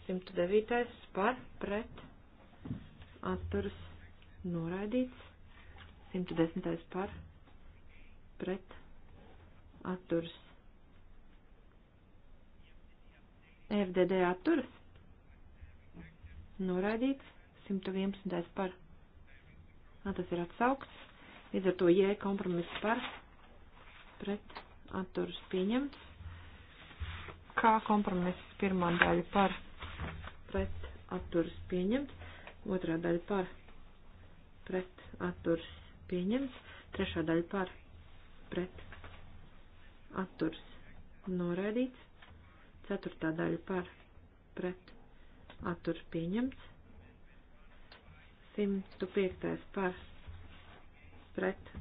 S2: 109. par pret atturs noraidīts. 110. par pret atturas. FDD atturas. Noraidīts. 111. par. Nā, tas ir atsaukts. Līdz ar to jē kompromiss par pret atturas pieņemts. Kā kompromiss pirmā daļa par pret atturas pieņemts. Otrā daļa par pret atturas pieņemts, trešā daļa par pret atturs noraidīts, ceturtā daļa par pret atturs pieņemts, 105. par pret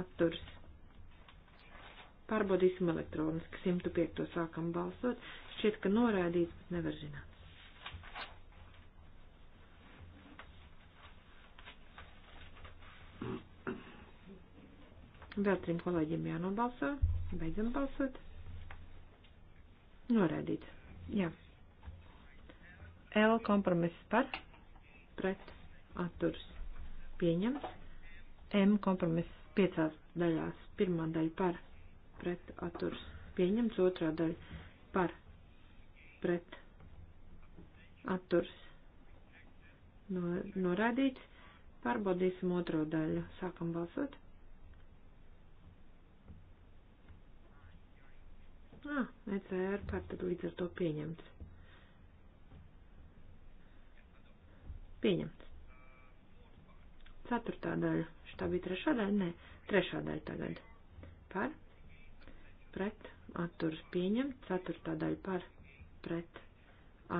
S2: atturs. Pārbaudīsim elektroniski, 105. sākam balsot, šķiet, ka noraidīts, bet nevar zināt. Vēl trim kolēģiem jānobalso. Beidzam balsot. Norēdīt. Jā. L kompromiss par, pret, atturs. Pieņems. M kompromiss piecās daļās. Pirmā daļa par, pret, atturs. Pieņems. Otrā daļa par, pret, atturs. No, norādīts. Pārbaudīsim otro daļu. Sākam balsot. Ah, ECR par tad līdz ar to pieņemts. Pieņemts. Ceturtā daļa. Šitā bija trešā daļa? Nē, trešā daļa tagad. Par. Pret. Atturs pieņemts. Ceturtā daļa par. Pret.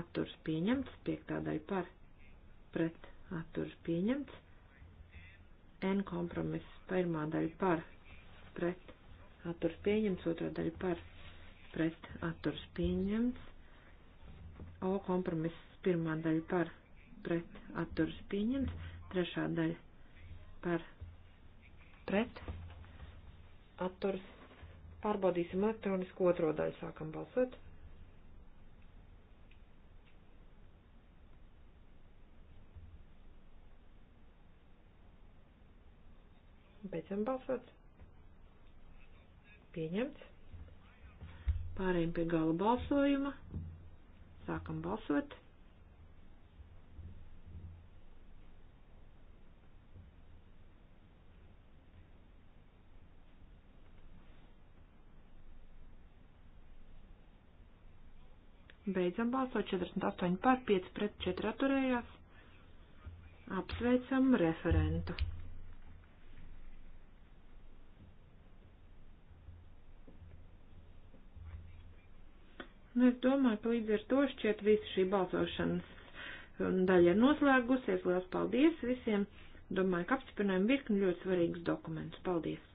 S2: Atturs pieņemts. Piektā daļa par. Pret. Atturs pieņemts. N kompromiss. Pirmā daļa par. Pret. Atturs pieņemts. Otrā daļa par pret atturs pieņemts. O kompromiss pirmā daļa par pret atturs pieņemts. Trešā daļa par pret atturs. Pārbaudīsim elektronisku otro daļu. Sākam balsot. Beidzam balsot. Pieņemts. Pārējiem pie gala balsojuma. Sākam balsot. Beidzam balsot 48 par 5 pret 4 atturējās. Apsveicam referentu. Nu, es domāju, ka līdz ar to šķiet visa šī balsošanas daļa ir noslēgusies. Lielas paldies visiem! Domāju, ka apstiprinājumi virkni ļoti svarīgus dokumentus. Paldies!